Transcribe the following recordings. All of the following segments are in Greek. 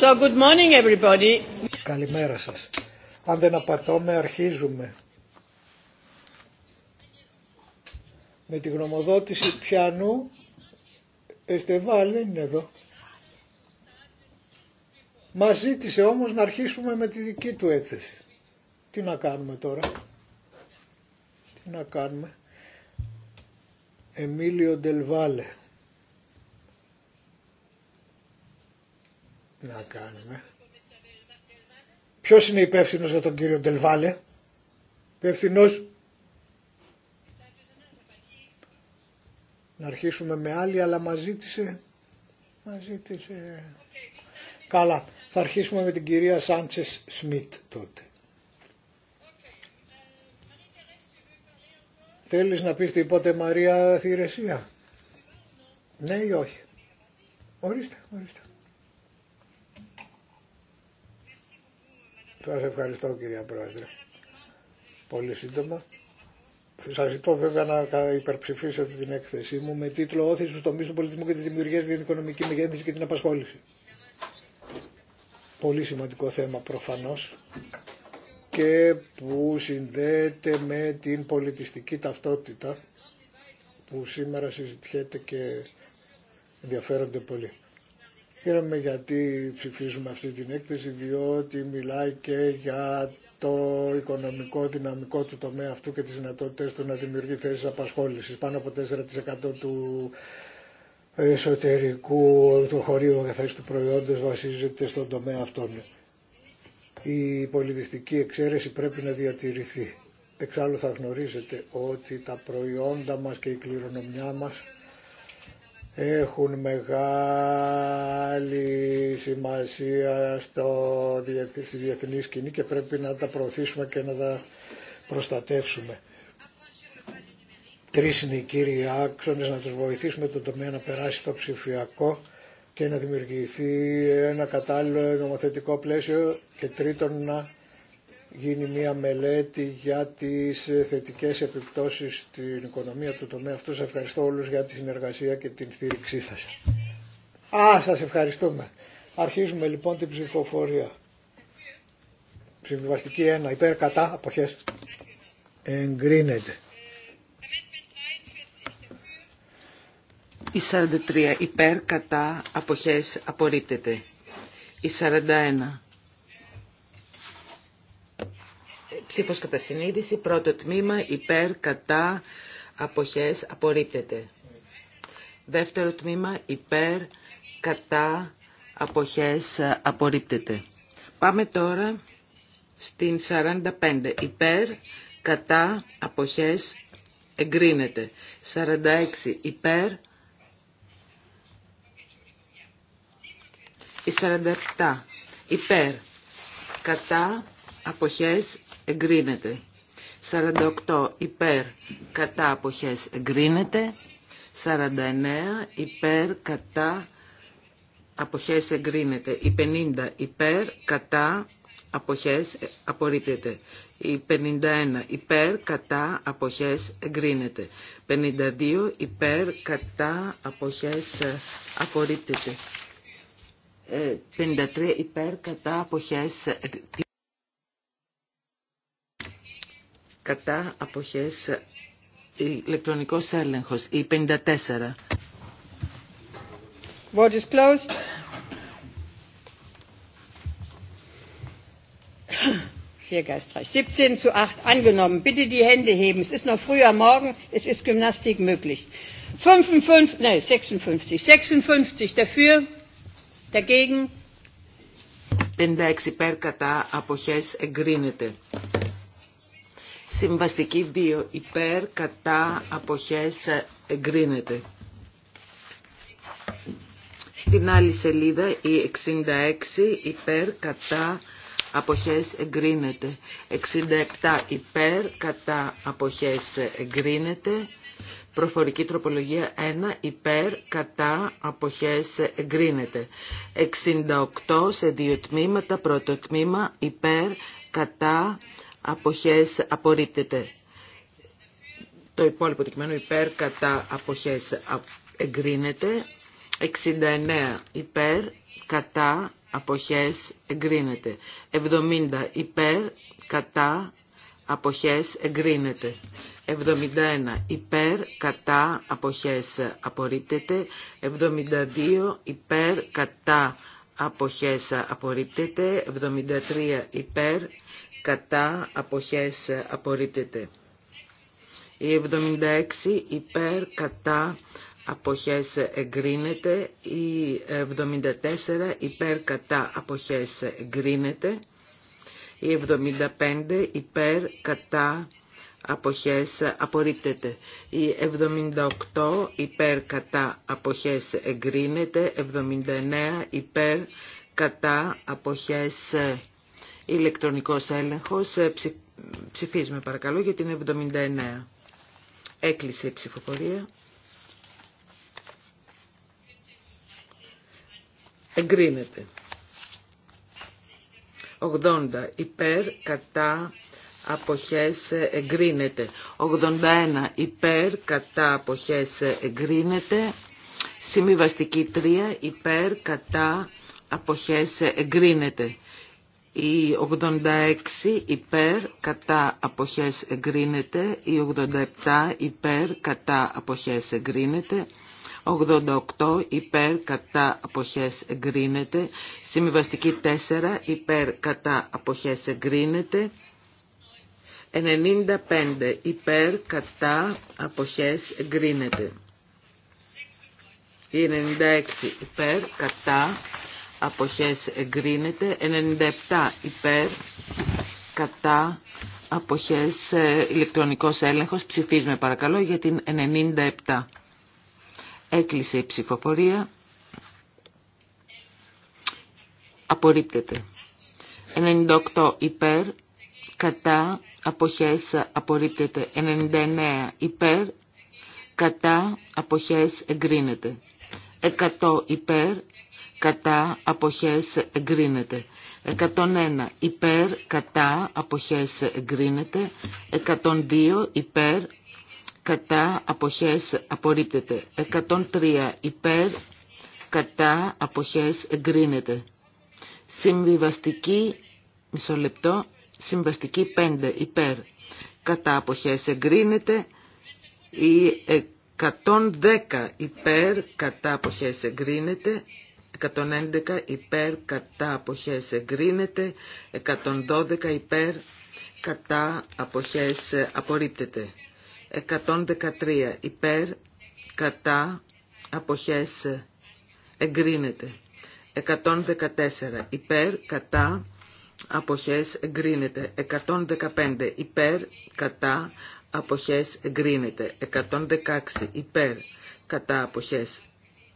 So, good morning everybody. Καλημέρα σας. Αν δεν απατώμε αρχίζουμε. Με τη γνωμοδότηση πιανού Εστεβάλ δεν είναι εδώ. Μας ζήτησε όμως να αρχίσουμε με τη δική του έκθεση. Τι να κάνουμε τώρα. Τι να κάνουμε. Εμίλιο Ντελβάλε. να κάνουμε. Ποιος είναι υπεύθυνο για τον κύριο Ντελβάλε. Υπεύθυνο. Να αρχίσουμε με άλλη, αλλά μαζί ζήτησε. μαζί ζήτησε. Καλά, θα αρχίσουμε με την κυρία Σάντσες Σμιτ τότε. Θέλεις να πεις τίποτε Μαρία Θηρεσία. Ναι ή όχι. Ορίστε, ορίστε. Σας ευχαριστώ κυρία Πρόεδρε. Πολύ σύντομα. Σα ζητώ βέβαια να υπερψηφίσετε την έκθεσή μου με τίτλο Όθηση στου τομεί του πολιτισμού και τη δημιουργία για την οικονομική μεγέθυνση και την απασχόληση. Πολύ σημαντικό θέμα προφανώ και που συνδέεται με την πολιτιστική ταυτότητα που σήμερα συζητιέται και ενδιαφέρονται πολύ. Χαίρομαι γιατί ψηφίζουμε αυτή την έκθεση, διότι μιλάει και για το οικονομικό δυναμικό του τομέα αυτού και τις δυνατότητες του να δημιουργεί θέσεις απασχόλησης. Πάνω από 4% του εσωτερικού του χωρίου αγαθάς του προϊόντος βασίζεται στον τομέα αυτόν. Η πολιτιστική εξαίρεση πρέπει να διατηρηθεί. Εξάλλου θα γνωρίζετε ότι τα προϊόντα μας και η κληρονομιά μας έχουν μεγάλη σημασία στο, στη διεθνή σκηνή και πρέπει να τα προωθήσουμε και να τα προστατεύσουμε. Τρεις είναι οι κύριοι άξονες να τους βοηθήσουμε τον τομέα να περάσει στο ψηφιακό και να δημιουργηθεί ένα κατάλληλο νομοθετικό πλαίσιο και τρίτον να γίνει μια μελέτη για τις ε, θετικές επιπτώσεις στην οικονομία του τομέα αυτού. Σας ευχαριστώ όλους για τη συνεργασία και την στήριξή σας. Α, σας ευχαριστούμε. Αρχίζουμε λοιπόν την ψηφοφορία. Συμβιβαστική 1, υπέρ, κατά, αποχές. Εγκρίνεται. Η 43 υπέρ κατά αποχές απορρίπτεται. Η 41 Ψήφος κατά συνείδηση, πρώτο τμήμα, υπέρ, κατά, αποχές, απορρίπτεται. Δεύτερο τμήμα, υπέρ, κατά, αποχές, απορρίπτεται. Πάμε τώρα στην 45. Υπέρ, κατά, αποχές, εγκρίνεται. 46. Υπέρ, η 47. Υπέρ, κατά, αποχές, εγκρίνεται. 48 υπέρ κατά αποχές εγκρίνεται. 49 υπέρ κατά αποχές εγκρίνεται. Η 50 υπέρ κατά αποχές απορρίπτεται. Η 51 υπέρ κατά αποχές εγκρίνεται. 52 υπέρ κατά αποχές απορρίπτεται. 53 ε, υπέρ κατά αποχές κατά αποχές ηλεκτρονικός έλεγχος, η 54. Vote is closed. geistreich. 17 zu 8 angenommen. Bitte die Hände heben. Es ist noch früh am Morgen. Es ist Gymnastik möglich. 55, nein, 56. 56 dafür, dagegen. 56 υπέρ κατά αποχές εγκρίνεται. Συμβαστική 2 υπέρ κατά αποχές εγκρίνεται. Στην άλλη σελίδα η 66 υπέρ κατά αποχές εγκρίνεται. 67 υπέρ κατά αποχές εγκρίνεται. Προφορική τροπολογία 1 υπέρ κατά αποχές εγκρίνεται. 68 σε δύο τμήματα, πρώτο τμήμα υπέρ κατά αποχές απορρίπτεται. Το υπόλοιπο το υπέρ κατά αποχές εγκρίνεται. 69 υπέρ κατά αποχές εγκρίνεται. 70 υπέρ κατά αποχές εγκρίνεται. 71 υπέρ κατά αποχές απορρίπτεται. 72 υπέρ κατά αποχές απορρίπτεται. 73 υπέρ κατά αποχές απορρίπτεται. Η 76 υπέρ κατά αποχές εγκρίνεται. Η 74 υπέρ κατά αποχές εγκρίνεται. Η 75 υπέρ κατά αποχές απορρίπτεται. Η 78 υπέρ κατά αποχές εγκρίνεται. 79 υπέρ κατά αποχές εγκρίνεται Ηλεκτρονικός έλεγχος. Ε, ψηφίζουμε παρακαλώ για την 79. Έκλεισε η ψηφοφορία. Εγκρίνεται. 80 υπέρ κατά αποχές εγκρίνεται. 81 υπέρ κατά αποχές εγκρίνεται. Συμβιβαστική 3 υπέρ κατά αποχές εγκρίνεται. Η 86 υπέρ κατά αποχές εγκρίνεται, η 87 υπέρ κατά αποχές εγκρίνεται, 88 υπέρ κατά αποχές εγκρίνεται, συμβιβαστική 4 υπέρ κατά αποχές εγκρίνεται, 95 υπέρ κατά αποχές εγκρίνεται. Η 96 υπέρ κατά αποχές εγκρίνεται 97 υπέρ κατά αποχές ε, ηλεκτρονικός έλεγχος ψηφίζουμε παρακαλώ για την 97 έκλεισε η ψηφοφορία απορρίπτεται 98 υπέρ κατά αποχές απορρίπτεται 99 υπέρ κατά αποχές εγκρίνεται 100 υπέρ κατά αποχές εγκρίνεται. 101 υπέρ κατά αποχές εγκρίνεται. 102 υπέρ κατά αποχές απορρίπτεται. 103 υπέρ κατά αποχές εγκρίνεται. Συμβιβαστική, μισό λεπτό, συμβαστική 5 υπέρ κατά αποχές εγκρίνεται. Η 110 υπέρ κατά αποχές εγκρίνεται. 111 υπέρ κατά αποχές εγκρίνεται, 112 υπέρ κατά αποχές απορρίπτεται, 113 υπέρ κατά αποχές εγκρίνεται, 114 υπέρ κατά αποχές εγκρίνεται, 115 υπέρ κατά αποχές εγκρίνεται, 116 υπέρ κατά αποχές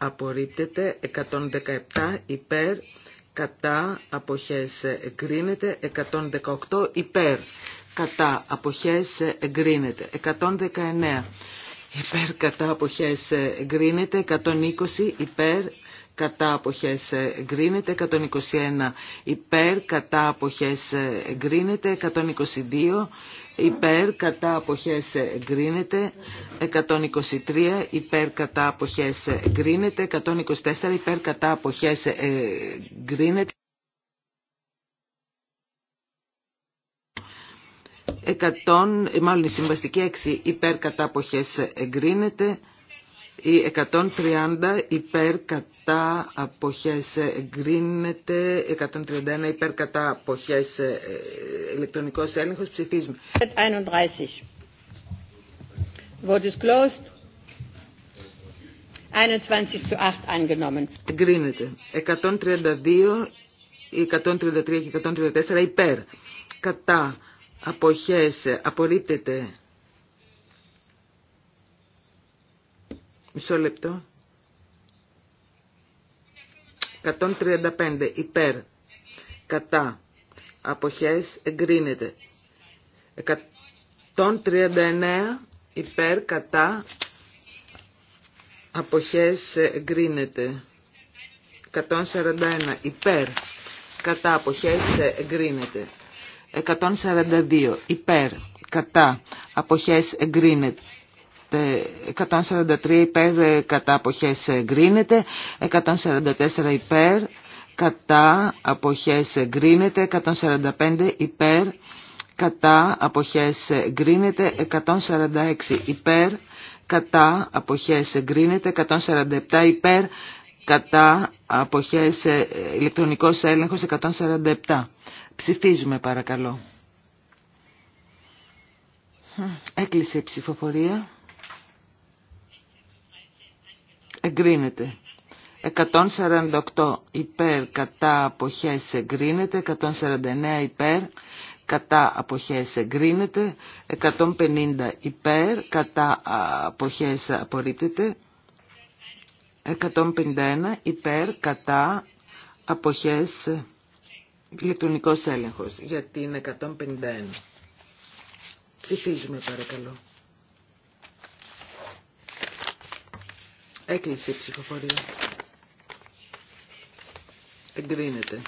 απορρίπτεται 117 υπέρ κατά αποχές εγκρίνεται 118 υπέρ κατά αποχές εγκρίνεται 119 υπέρ κατά αποχές εγκρίνεται 120 υπέρ κατά αποχές εγκρίνεται 121 υπέρ κατά αποχές εγκρίνεται 122 υπέρ κατά αποχές εγκρίνεται 123 υπέρ κατά αποχές εγκρίνεται 124 υπέρ κατά αποχές εγκρίνεται 100, μάλλον η συμβαστική 6 υπέρ κατά αποχές εγκρίνεται η 130 υπέρ κατά κατά αποχές ε, εγκρίνεται 131 υπέρ κατά αποχές ε, ηλεκτρονικός έλεγχος ψηφίζουμε 31 Vote is 21 zu 8 angenommen εγκρίνεται 132 133 και 134 υπέρ κατά αποχές απορρίπτεται μισό λεπτό 135 υπέρ κατά αποχές εγκρίνεται. 139 υπέρ κατά αποχές εγκρίνεται. 141 υπέρ κατά αποχές εγκρίνεται. 142 υπέρ κατά αποχές εγκρίνεται. 143 ε, υπέρ κατά αποχές εγκρίνεται, 144 υπέρ κατά αποχές εγκρίνεται, 145 υπέρ κατά αποχές εγκρίνεται, 146 υπέρ κατά αποχές εγκρίνεται, 147 υπέρ κατά αποχές ηλεκτρονικός έλεγχος 147. Ψηφίζουμε παρακαλώ. Έκλεισε η ψηφοφορία. εγκρίνεται. 148 υπέρ κατά αποχές εγκρίνεται, 149 υπέρ κατά αποχές εγκρίνεται, 150 υπέρ κατά αποχές απορρίπτεται, 151 υπέρ κατά αποχές ηλεκτρονικός έλεγχος για την 151. Ψηφίζουμε παρακαλώ. Έκλεισε η ψηφοφορία. Εγκρίνεται.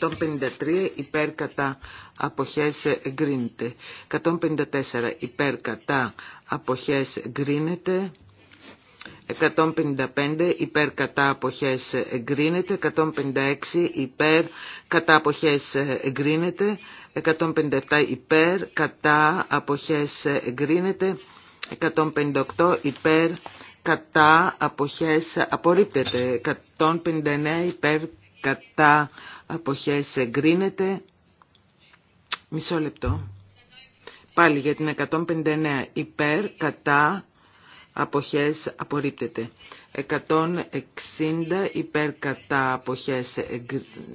153 υπέρ κατά αποχές εγκρίνεται. 154 υπέρ κατά αποχές εγκρίνεται. 155 υπέρ κατά αποχές εγκρίνεται. 156 υπέρ κατά αποχές εγκρίνεται. 157 υπέρ, κατά, αποχές ε, εγκρίνεται. 158 υπέρ, κατά, αποχές ε, απορρίπτεται. 159 υπέρ, κατά, αποχές εγκρίνεται. Μισό λεπτό. Πάλι για την 159 υπέρ, κατά, αποχές απορρίπτεται. 160 υπέρ κατά αποχές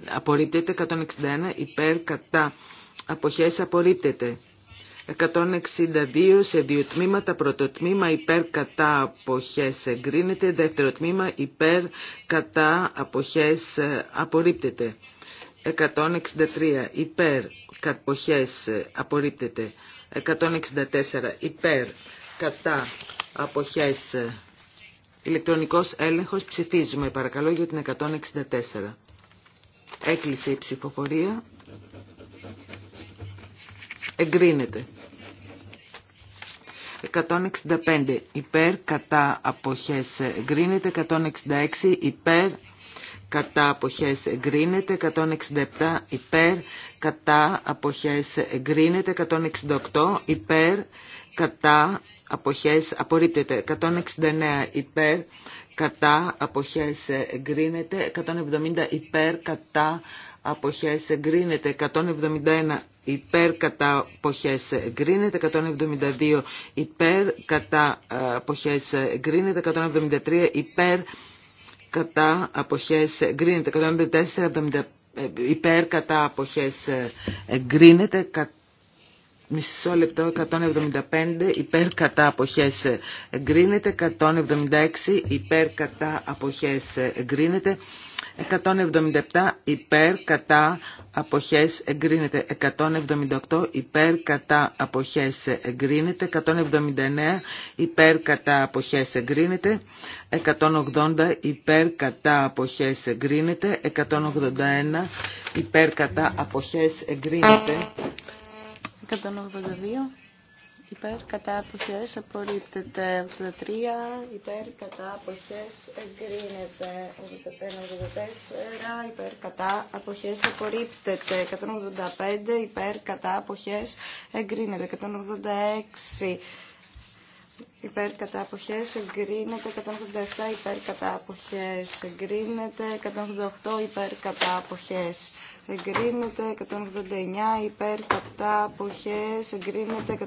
απορρίπτεται. 161 υπέρ κατά αποχές απορρίπτεται. 162 σε δύο τμήματα, πρώτο τμήμα υπέρ κατά αποχές εγκρίνεται, δεύτερο τμήμα υπέρ κατά αποχές απορρίπτεται. 163 υπέρ κατά αποχές απορρίπτεται. 164 υπέρ κατά αποχές ηλεκτρονικός έλεγχος ψηφίζουμε παρακαλώ για την 164. Έκλεισε η ψηφοφορία εγκρίνεται. 165 υπέρ κατά αποχές εγκρίνεται, 166 υπέρ κατά αποχές εγκρίνεται, 167 υπέρ κατά αποχές εγκρίνεται, 168 υπέρ κατά αποχές απορρίπτεται, 169 υπέρ κατά αποχές εγκρίνεται, 170 υπέρ κατά αποχές εγκρίνεται 171 υπέρ κατά αποχές εγκρίνεται 172 ε, υπέρ κατά αποχές εγκρίνεται 173 ε, υπέρ κατά αποχές ε, εγκρίνεται 174 υπέρ κατά αποχές εγκρίνεται μισό λεπτό 175 υπέρ κατά αποχές εγκρίνεται 176 υπέρ κατά αποχές εγκρίνεται 177 υπέρ κατά αποχές εγκρίνεται. 178 υπέρ κατά αποχές εγκρίνεται. 179 υπέρ κατά αποχές εγκρίνεται. 180 υπέρ κατά αποχές εγκρίνεται. 181 υπέρ κατά αποχές εγκρίνεται. 182 υπέρ κατά αποχές απορρίπτεται 83 υπέρ κατά αποχές εγκρίνεται 85-84 υπέρ κατά αποχές απορρίπτεται 185 υπέρ κατά αποχές εγκρίνεται 186 υπέρ κατά αποχές εγκρίνεται 187 υπέρ κατά αποχές εγκρίνεται 188 υπέρ κατά αποχές εγκρίνεται 189 υπέρ κατά αποχές εγκρίνεται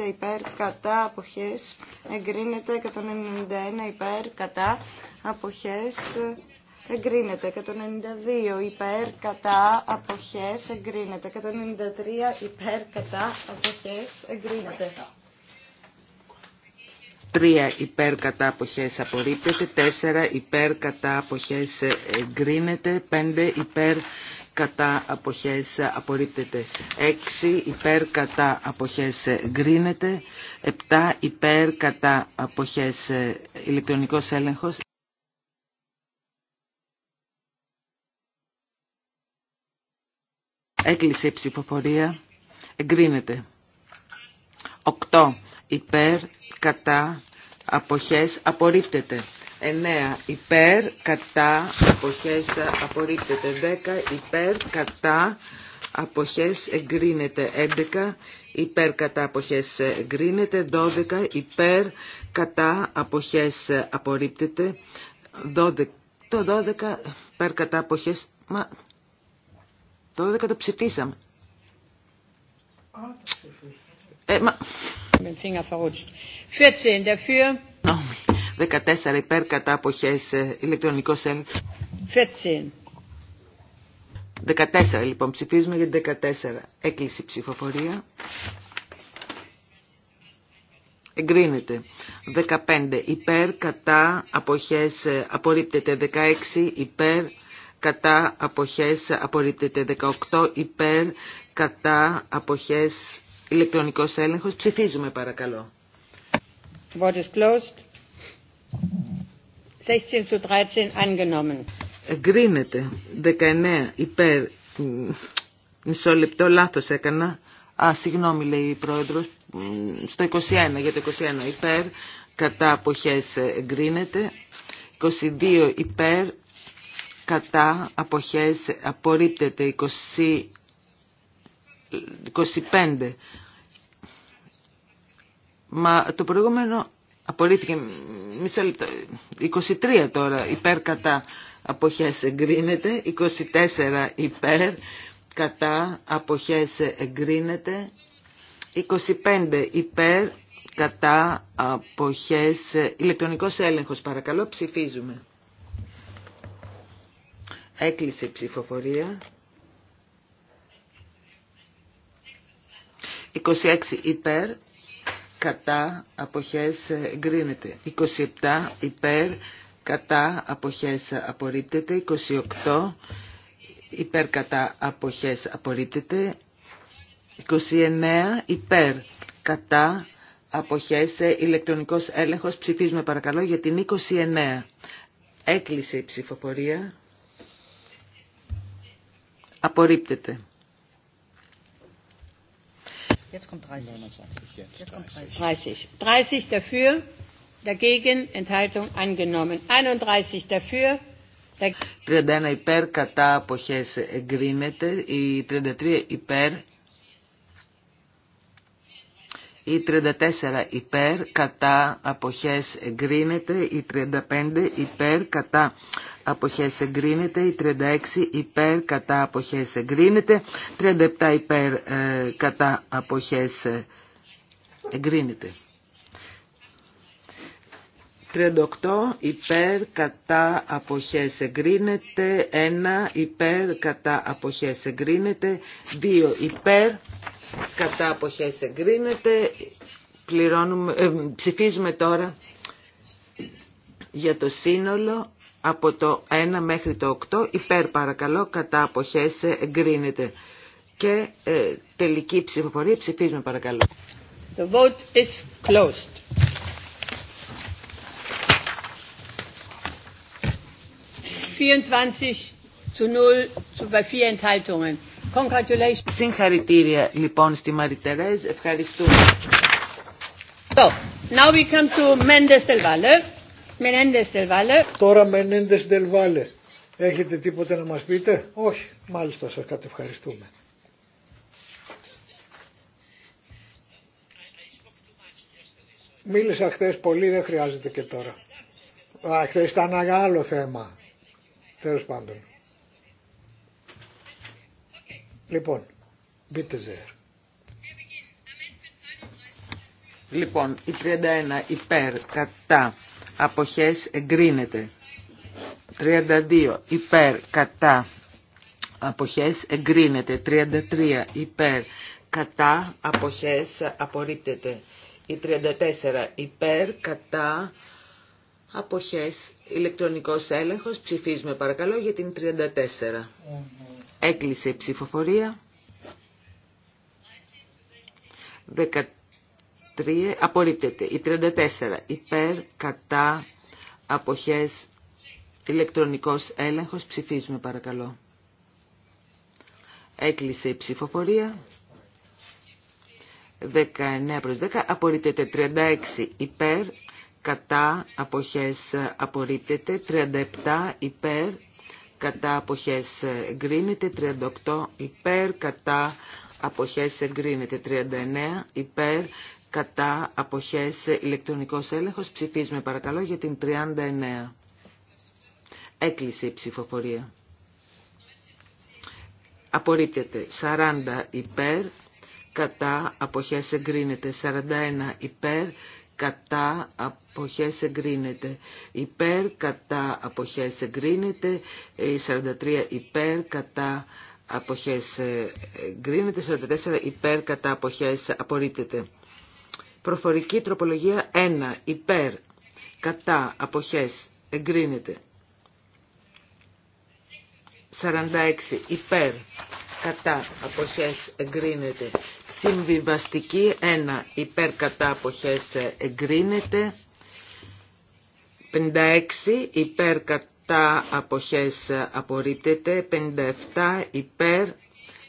190 υπέρ κατά αποχές εγκρίνεται 191 υπέρ κατά αποχές εγκρίνεται 192 υπέρ κατά αποχές εγκρίνεται 193 υπέρ κατά αποχές εγκρίνεται 3 υπέρ κατά αποχές απορρίπτεται, 4 υπέρ κατά αποχές εγκρίνεται, 5 υπέρ κατά αποχές απορρίπτεται, 6 υπέρ κατά αποχές γκρίνεται. 7 υπέρ κατά αποχές ηλεκτρονικός έλεγχος. Έκλεισε η ψηφοφορία. Εγκρίνεται. 8. Υπέρ, κατά, αποχές απορρίπτεται. 9 υπέρ κατά αποχές απορρίπτεται. 10 υπέρ κατά αποχές εγκρίνεται. 11 υπέρ κατά αποχές εγκρίνεται. 12 υπέρ κατά αποχές απορρίπτεται. 12, το 12 υπέρ κατά αποχές... Μα, το 12 το ψηφίσαμε. Ε, μα, 14 υπέρ κατά αποχές ε, ηλεκτρονικός έλεγχος. 14 λοιπόν ψηφίζουμε για την 14. Έκλεισε ψηφοφορία. Εγκρίνεται. 15 ε, υπέρ κατά αποχές απορρίπτεται. 16 υπέρ κατά αποχές απορρίπτεται. 18 υπέρ κατά αποχές Ηλεκτρονικός έλεγχος. Ψηφίζουμε παρακαλώ. Vote closed. 16 zu 13 angenommen. Εγκρίνεται. 19 υπέρ. Μισό λεπτό λάθος έκανα. Α, συγγνώμη λέει η πρόεδρος. Στο 21, για το 21 υπέρ. Κατά αποχές εγκρίνεται. 22 υπέρ. Κατά αποχές απορρίπτεται. 25. Μα το προηγούμενο απορρίφθηκε μισό λεπτό. 23 τώρα υπέρ κατά αποχές εγκρίνεται. 24 υπέρ κατά αποχές εγκρίνεται. 25 υπέρ κατά αποχές ηλεκτρονικός έλεγχος παρακαλώ ψηφίζουμε έκλεισε η ψηφοφορία 26 υπέρ, κατά, αποχές, εγκρίνεται. 27 υπέρ, κατά, αποχές, απορρίπτεται. 28 υπέρ, κατά, αποχές, απορρίπτεται. 29 υπέρ, κατά, αποχές, ηλεκτρονικός έλεγχος. Ψηφίζουμε παρακαλώ για την 29. Έκλεισε η ψηφοφορία. Απορρίπτεται. Jetzt kommt 30. jetzt 30. 30 dafür, dagegen, Enthaltung angenommen. 31 dafür. 31 υπέρ, κατά, αποχές εγκρίνεται. οι 33 υπέρ, η 34 υπέρ κατά αποχές εγκρίνεται, η 35 υπέρ κατά αποχές εγκρίνεται, η 36 υπέρ κατά αποχές εγκρίνεται, 37 ε, ε, υπέρ κατά αποχές εγκρίνεται. 38 υπέρ κατά αποχές εγκρίνεται, 1 υπέρ κατά αποχές εγκρίνεται, 2 υπέρ κατά αποχές εγκρίνεται. Πληρώνουμε, ε, ψηφίζουμε τώρα για το σύνολο από το 1 μέχρι το 8 υπέρ παρακαλώ κατά αποχές εγκρίνεται. Και ε, τελική ψηφοφορία ψηφίζουμε παρακαλώ. The vote is closed. zu 0 bei 4 Enthaltungen. Συγχαρητήρια λοιπόν στη Μαρή Τερέζ. Ευχαριστούμε. So, now we come to Mendes del Valle. Menendez del Valle. Τώρα Μενέντες del Έχετε τίποτε να μας πείτε. Όχι. Μάλιστα σας κατευχαριστούμε. Μίλησα χθε πολύ, δεν χρειάζεται και τώρα. Α, χθε ήταν ένα άλλο θέμα. Τέλο πάντων. Λοιπόν, μπείτε ζερ. Λοιπόν, η 31 υπέρ κατά αποχές εγκρίνεται. 32 υπέρ κατά αποχές εγκρίνεται. 33 υπέρ κατά αποχές απορρίπτεται. Η 34 υπέρ κατά Αποχές. Ηλεκτρονικός έλεγχος. Ψηφίζουμε παρακαλώ για την 34. Έκλεισε η ψηφοφορία. 13. Απορρίπτεται. Η 34. Υπέρ, κατά, αποχές, ηλεκτρονικός έλεγχος. Ψηφίζουμε παρακαλώ. Έκλεισε η ψηφοφορία. 19 προς 10. Απορρίπτεται. 36. Υπέρ, κατά αποχές ε, απορρίπτεται, 37 ε, υπέρ κατά αποχές εγκρίνεται, 38 υπέρ κατά αποχές εγκρίνεται, 39 υπέρ κατά αποχές ηλεκτρονικός έλεγχος. Ψηφίζουμε παρακαλώ για την 39. Έκλεισε η ψηφοφορία. Απορρίπτεται 40 υπέρ, κατά αποχές εγκρίνεται 41 υπέρ, κατά αποχές εγκρίνεται. Υπέρ κατά αποχές εγκρίνεται. 43 ε, υπέρ κατά αποχές ε, εγκρίνεται. 44 υπέρ κατά αποχές απορρίπτεται. Προφορική τροπολογία 1 υπέρ κατά αποχές εγκρίνεται. 46 υπέρ κατά αποχές εγκρίνεται. Συμβιβαστική ένα υπέρ κατά αποχές εγκρίνεται. 56 υπέρ κατά αποχές απορρίπτεται. 57 υπέρ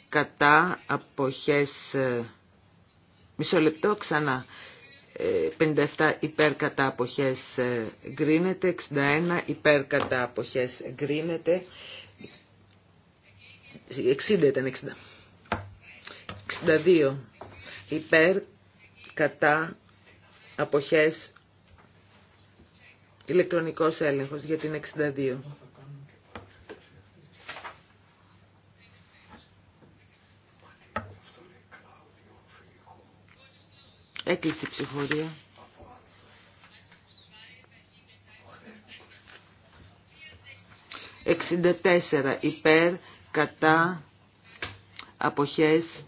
κατά αποχές μισό λεπτό ξανά 57 ε, υπέρ κατά αποχές εγκρίνεται 61 υπέρ κατά αποχές εγκρίνεται 60 ήταν 60. 62 υπέρ κατά αποχές ηλεκτρονικός έλεγχος για την 62. Έκλεισε η ψηφορία. 64 υπέρ κατά αποχές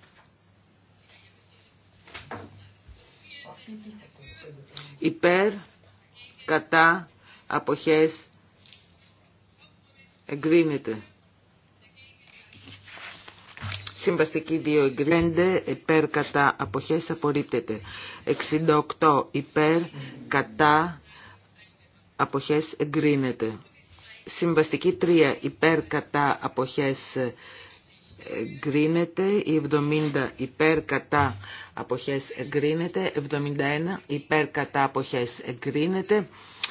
υπέρ κατά αποχές εγκρίνεται Συμβαστική 2 εγκρίνεται, υπέρ κατά αποχές απορρίπτεται. 68 υπέρ κατά αποχές εγκρίνεται. Συμβαστική 3 υπέρ κατά αποχές εγκρίνεται, η 70 υπέρ κατά αποχές εγκρίνεται, 71 υπέρ κατά αποχές εγκρίνεται,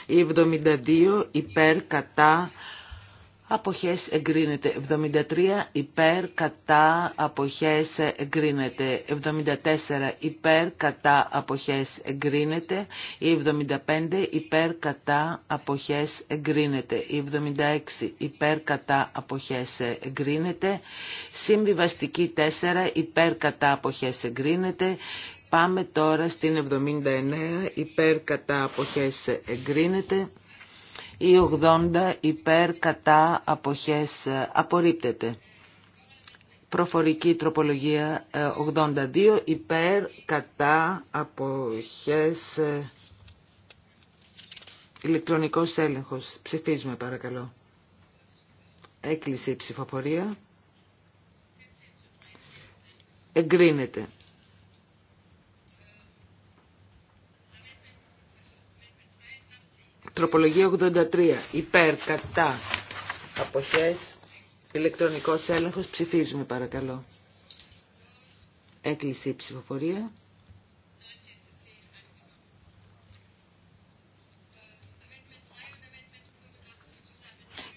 η 72 υπέρ κατά Αποχές εγκρίνεται 73 υπέρ κατά αποχές εγκρίνεται 74 υπέρ κατά αποχές εγκρίνεται 75 υπέρ κατά αποχές εγκρίνεται 76 υπέρ κατά αποχές εγκρίνεται συμβιβαστική 4 υπέρ κατά αποχές εγκρίνεται Πάμε τώρα στην 79 υπέρ κατά αποχές εγκρίνεται ή 80 υπέρ κατά αποχές ε, απορρίπτεται. Προφορική τροπολογία 82 ε, υπέρ κατά αποχές ε, ηλεκτρονικός έλεγχος. Ψηφίζουμε παρακαλώ. Έκλεισε η ψηφοφορία. Εγκρίνεται. Τροπολογία 83. Υπέρ, κατά, αποχές, ηλεκτρονικός έλεγχος. Ψηφίζουμε παρακαλώ. Έκλεισε η ψηφοφορία.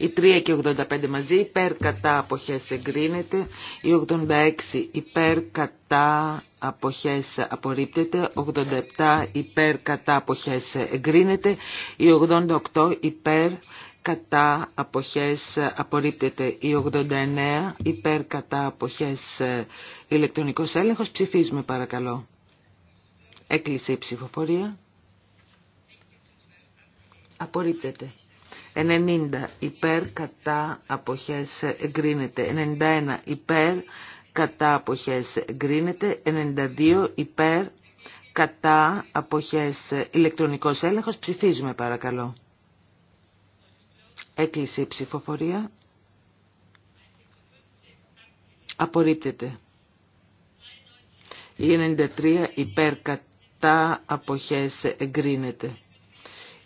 Η 3 και 85 μαζί υπέρ κατά αποχές εγκρίνεται. Η 86 υπέρ κατά αποχές απορρίπτεται. 87 υπέρ κατά αποχές εγκρίνεται. Η 88 υπέρ κατά αποχές απορρίπτεται η 89, υπέρ κατά αποχές ηλεκτρονικός έλεγχος. Ψηφίζουμε παρακαλώ. Έκλεισε η ψηφοφορία. Απορρίπτεται. 90 υπέρ κατά αποχές εγκρίνεται. 91 υπέρ κατά αποχές εγκρίνεται. 92 υπέρ κατά αποχές ηλεκτρονικός έλεγχος. Ψηφίζουμε παρακαλώ. Έκλεισε η ψηφοφορία. Απορρίπτεται. Η 93 υπέρ κατά αποχές εγκρίνεται.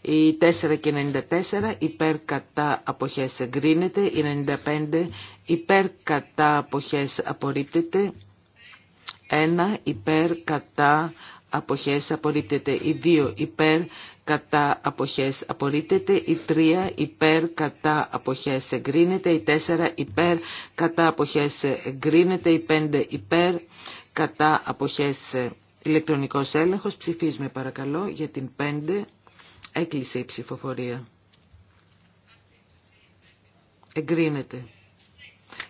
Η 4 και 94 υπέρ κατά αποχές εγκρίνεται. Η 95 υπέρ κατά αποχές απορρίπτεται. 1 υπέρ κατά αποχές απορρίπτεται. Η 2 υπέρ κατά αποχές απορρίπτεται, η 3 υπέρ κατά αποχές εγκρίνεται, η 4 υπέρ κατά αποχές εγκρίνεται, η 5 υπέρ κατά αποχές ηλεκτρονικός έλεγχος. Ψηφίζουμε παρακαλώ για την 5. Έκλεισε η ψηφοφορία. Εγκρίνεται.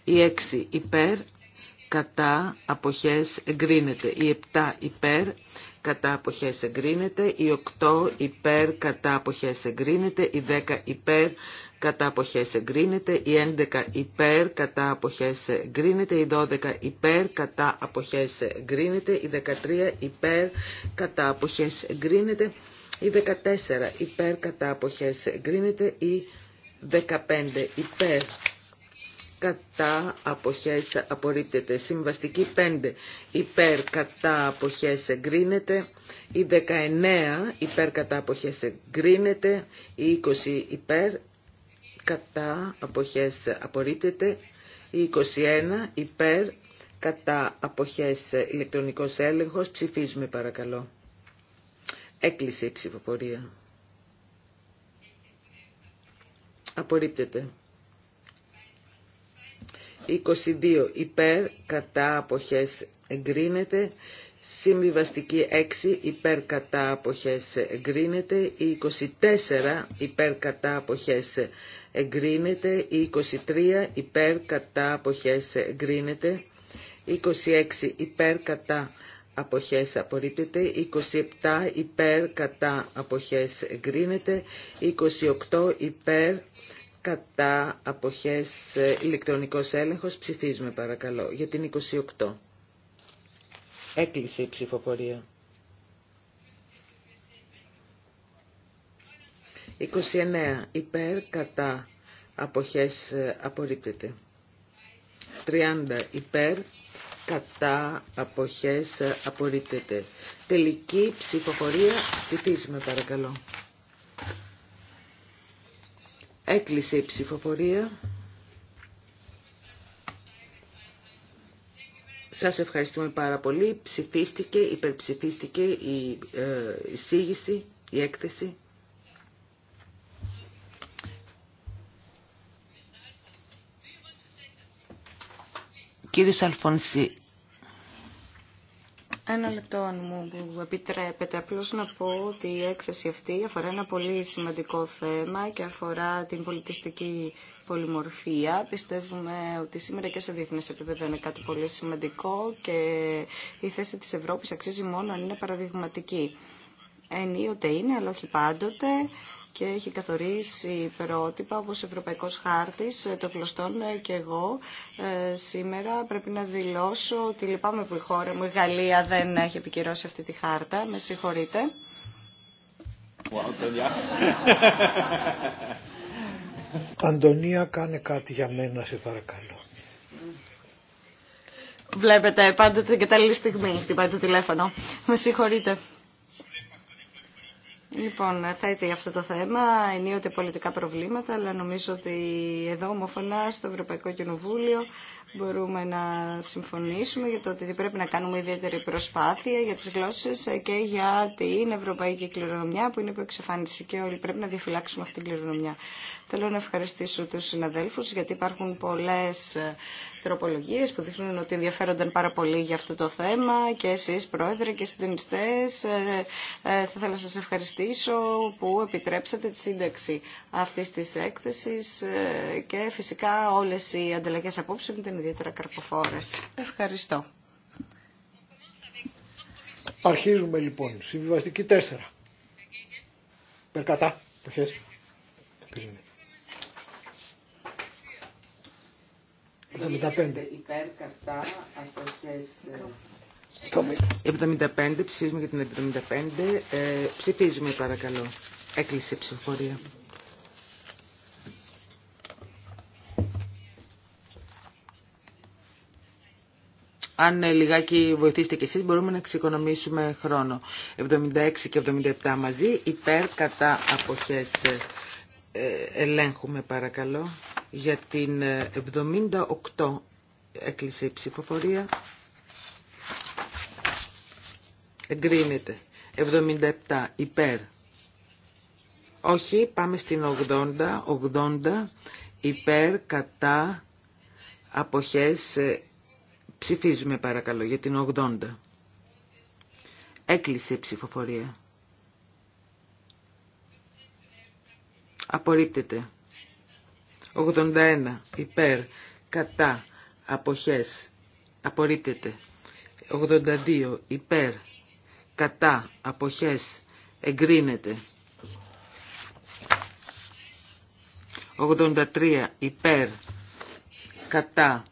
Η 6 υπέρ, κατά αποχές εγκρίνεται. Η 7 υπέρ, κατά αποχές εγκρίνεται. Η 8 υπέρ, κατά αποχές εγκρίνεται. Η 10 υπέρ, κατά αποχές εγκρίνεται, η 11 υπέρ κατά αποχές εγκρίνεται, η 12 υπέρ κατά αποχές εγκρίνεται, η 13 υπέρ κατά αποχές εγκρίνεται, η 14 υπέρ κατά αποχές εγκρίνεται. Η 15 υπέρ κατά αποχές απορρίπτεται. Συμβαστική 5 υπέρ κατά αποχές εγκρίνεται. Η 19 υπέρ κατά αποχές εγκρίνεται. Η 20 υπέρ κατά αποχές απορρίπτεται. Η 21 υπέρ κατά αποχές ηλεκτρονικός έλεγχος. Ψηφίζουμε παρακαλώ. Έκλεισε η ψηφοφορία. Απορρίπτεται. 22 υπέρ κατά αποχές εγκρίνεται. Συμβιβαστική 6 υπέρ κατά αποχές εγκρίνεται. 24 υπέρ κατά αποχές εγκρίνεται. 23 υπέρ κατά αποχές εγκρίνεται. 26 υπέρ κατά αποχές απορρίπτεται, 27 υπέρ κατά αποχές εγκρίνεται, 28 υπέρ κατά αποχές ε, ηλεκτρονικός έλεγχος. Ψηφίζουμε παρακαλώ για την 28. Έκλεισε η ψηφοφορία. 29 υπέρ κατά αποχές ε, απορρίπτεται. 30 υπέρ κατά αποχές απορρίπτεται. Τελική ψηφοφορία Ψηφίσουμε παρακαλώ. Έκλεισε η ψηφοφορία. Σας ευχαριστούμε πάρα πολύ. Ψηφίστηκε, υπερψηφίστηκε η ε, εισήγηση, η έκθεση. κύριος Αλφονσί. Ένα λεπτό, αν μου επιτρέπετε. Απλώ να πω ότι η έκθεση αυτή αφορά ένα πολύ σημαντικό θέμα και αφορά την πολιτιστική πολυμορφία. Πιστεύουμε ότι σήμερα και σε διεθνέ επίπεδο είναι κάτι πολύ σημαντικό και η θέση της Ευρώπης αξίζει μόνο αν είναι παραδειγματική. Ενίοτε είναι, αλλά όχι πάντοτε και έχει καθορίσει πρότυπα όπως ο Ευρωπαϊκός Χάρτης ε, των κλωστών ε, και εγώ ε, σήμερα πρέπει να δηλώσω ότι λυπάμαι που η χώρα μου, η Γαλλία δεν έχει επικυρώσει αυτή τη χάρτα, με συγχωρείτε. Αντωνία κάνε κάτι για μένα σε παρακαλώ. Βλέπετε, πάντοτε την κατάλληλη στιγμή χτυπάει το τηλέφωνο. Με συγχωρείτε. Λοιπόν, θα είτε για αυτό το θέμα, ενίοτε πολιτικά προβλήματα, αλλά νομίζω ότι εδώ ομόφωνα στο Ευρωπαϊκό Κοινοβούλιο μπορούμε να συμφωνήσουμε για το ότι πρέπει να κάνουμε ιδιαίτερη προσπάθεια για τις γλώσσες και για την ευρωπαϊκή κληρονομιά που είναι υπό εξαφάνιση και όλοι πρέπει να διαφυλάξουμε αυτή την κληρονομιά. Θέλω να ευχαριστήσω τους συναδέλφους γιατί υπάρχουν πολλέ ε, τροπολογίε που δείχνουν ότι ενδιαφέρονταν πάρα πολύ για αυτό το θέμα και εσείς Πρόεδρε και συντονιστέ. Ε, ε, θα ήθελα να σα ευχαριστήσω που επιτρέψατε τη σύνταξη αυτή τη έκθεση και φυσικά όλες οι ανταλλαγέ απόψεων ήταν ιδιαίτερα καρποφόρε. Ευχαριστώ. Αρχίζουμε λοιπόν. Συμβιβαστική 4. Περκατά. Υπέρ, κατά, 75, ψηφίζουμε για την 75. Ε, ψηφίζουμε παρακαλώ. Έκλεισε η ψηφοφορία. Αν ε, λιγάκι βοηθήσετε κι εσείς μπορούμε να ξεκονομήσουμε χρόνο. 76 και 77 μαζί, υπέρ κατά αποχές ε, ε, ελέγχουμε παρακαλώ για την 78 ε, έκλεισε η ψηφοφορία εγκρίνεται 77 υπέρ όχι πάμε στην 80 80 υπέρ κατά αποχές ε, ψηφίζουμε παρακαλώ για την 80 έκλεισε η ψηφοφορία Απορρίπτεται. 81 υπέρ κατά αποχές. Απορρίπτεται. 82 υπέρ κατά αποχές. Εγκρίνεται. 83 υπέρ κατά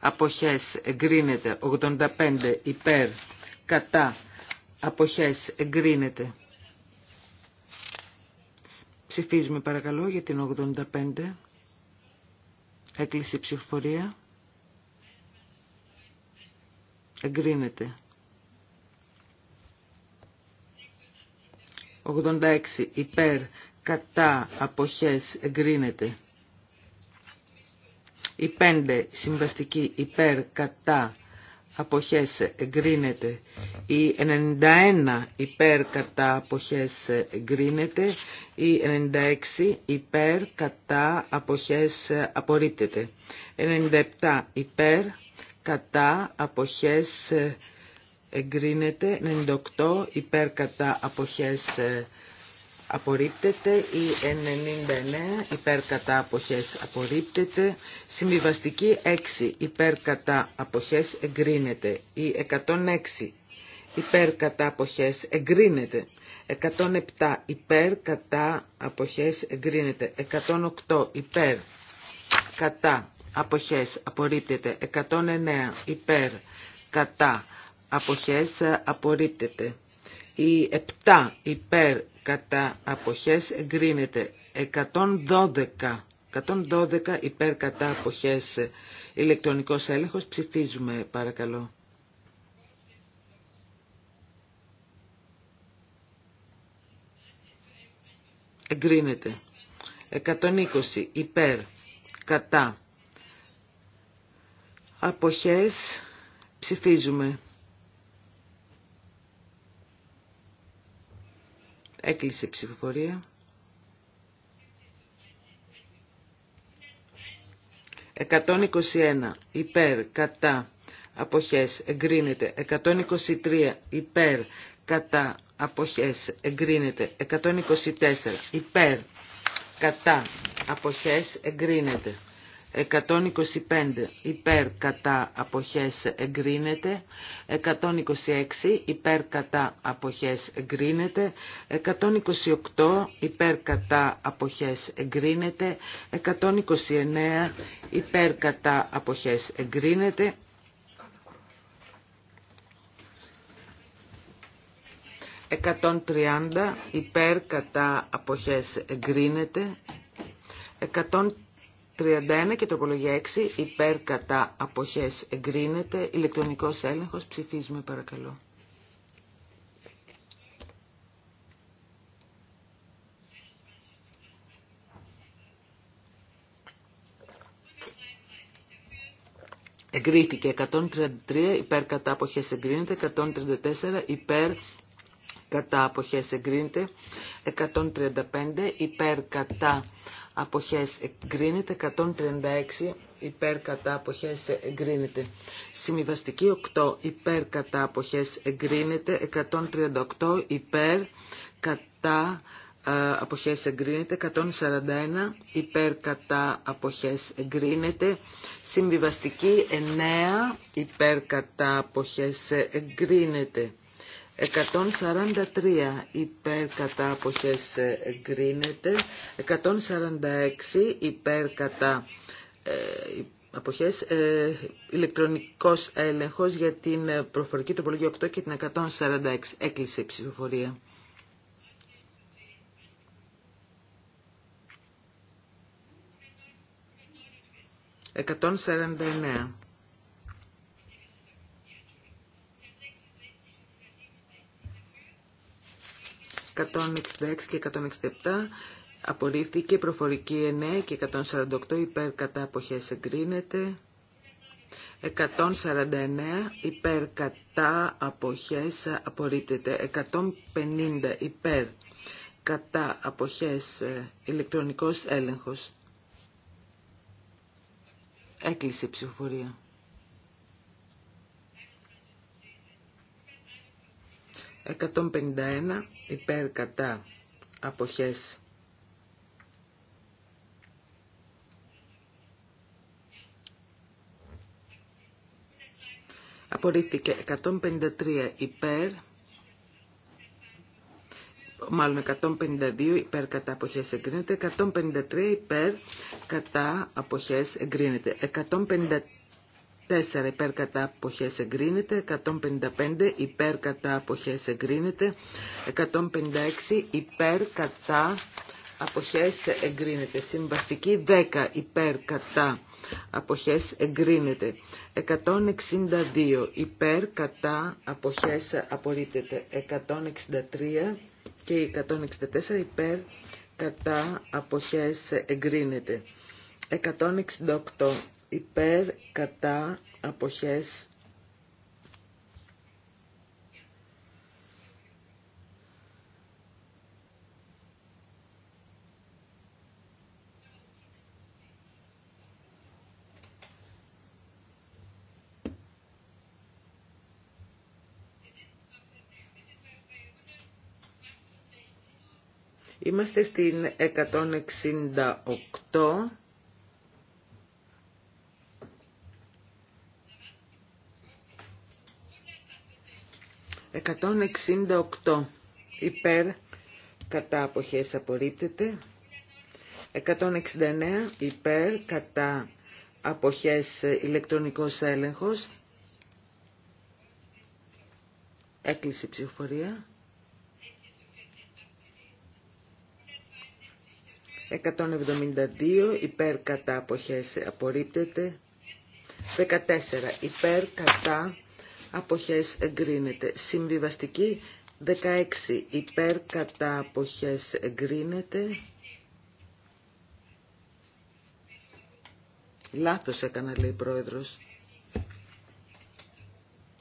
αποχές εγκρίνεται 85 υπέρ κατά αποχές εγκρίνεται Ψηφίζουμε παρακαλώ για την 85. Έκλεισε η ψηφοφορία. Εγκρίνεται. 86 υπέρ κατά αποχές εγκρίνεται. Η 5 συμβαστική υπέρ κατά αποχές εγκρίνεται. Η 91 υπέρ κατά αποχές εγκρίνεται. Η 96 υπέρ κατά αποχές απορρίπτεται. 97 υπέρ κατά αποχές εγκρίνεται. 98 υπέρ κατά αποχές εγκρίνεται απορρίπτεται, η 99 υπέρ κατά αποχές απορρίπτεται, συμβιβαστική 6 υπέρ κατά αποχές εγκρίνεται, η 106 υπέρ κατά αποχές εγκρίνεται, 107 υπέρ κατά αποχές εγκρίνεται, 108 υπέρ κατά αποχές απορρίπτεται, 109 υπέρ κατά αποχές απορρίπτεται. Οι 7 υπέρ κατά αποχές εγκρίνεται. 112, 112 υπέρ κατά αποχές ηλεκτρονικός έλεγχος. Ψηφίζουμε παρακαλώ. Εγκρίνεται. 120 υπέρ κατά αποχές ψηφίζουμε. Έκλεισε ψηφοφορία. 121 υπέρ κατά αποχές εγκρίνεται 123 υπέρ κατά αποχές εγκρίνεται 124 υπέρ κατά αποχές εγκρίνεται 125 υπέρ κατά αποχές εγκρίνεται, 126 υπέρ κατά αποχές εγκρίνεται, 128 υπέρ κατά αποχές εγκρίνεται, 129 υπέρ κατά αποχές εγκρίνεται, 130 υπέρ κατά αποχές εγκρίνεται, 31 και τροπολογία 6 υπέρ κατά αποχές εγκρίνεται. Ηλεκτρονικός έλεγχος ψηφίζουμε παρακαλώ. Εγκρίθηκε 133 υπέρ κατά αποχές εγκρίνεται, 134 υπέρ κατά αποχές εγκρίνεται, 135 υπέρ κατά αποχές εγκρίνεται, 136 υπέρ κατά αποχές εγκρίνεται. Συμβιβαστική 8 υπέρ κατά αποχές εγκρίνεται, 138 υπέρ κατά ε, αποχές εγκρίνεται, 141 υπέρ κατά αποχές εγκρίνεται, συμβιβαστική 9 υπέρ κατά αποχές εγκρίνεται. 143 υπέρ κατά αποχές ε, εγκρίνεται, 146 υπέρ κατά ε, αποχές, ε, ηλεκτρονικός έλεγχος για την ε, προφορική τοπολογία 8 και την 146 έκλεισε η ψηφοφορία. «149». 166 και 167 απορρίφθηκε, προφορική 9 και 148 υπέρ κατά αποχές εγκρίνεται, 149 υπέρ κατά αποχές απορρίπτεται, 150 υπέρ κατά αποχές ε, ηλεκτρονικός έλεγχος. Έκλεισε η ψηφοφορία. 151 υπέρ κατά αποχές απορρίφθηκε 153 υπέρ μάλλον 152 υπέρ κατά αποχές εγκρίνεται 153 υπέρ κατά αποχές εγκρίνεται 153... 4 υπέρ κατά αποχές εγκρίνεται, 155 υπέρ κατά αποχές εγκρίνεται, 156 υπέρ κατά αποχές εγκρίνεται, συμβαστική 10 υπέρ κατά αποχές εγκρίνεται, 162 υπέρ κατά αποχές απορρίπτεται, 163 και 164 υπέρ κατά αποχές εγκρίνεται. 168 υπέρ κατά αποχές Είμαστε στην 168 168 υπέρ κατά αποχές απορρίπτεται. 169 υπέρ κατά αποχές ηλεκτρονικός έλεγχος. Έκλεισε η ψηφοφορία. 172 υπέρ κατά αποχές απορρίπτεται. 14 υπέρ κατά αποχές εγκρίνεται. Συμβιβαστική 16 υπέρ κατά αποχές εγκρίνεται. Λάθος έκανα λέει η πρόεδρος.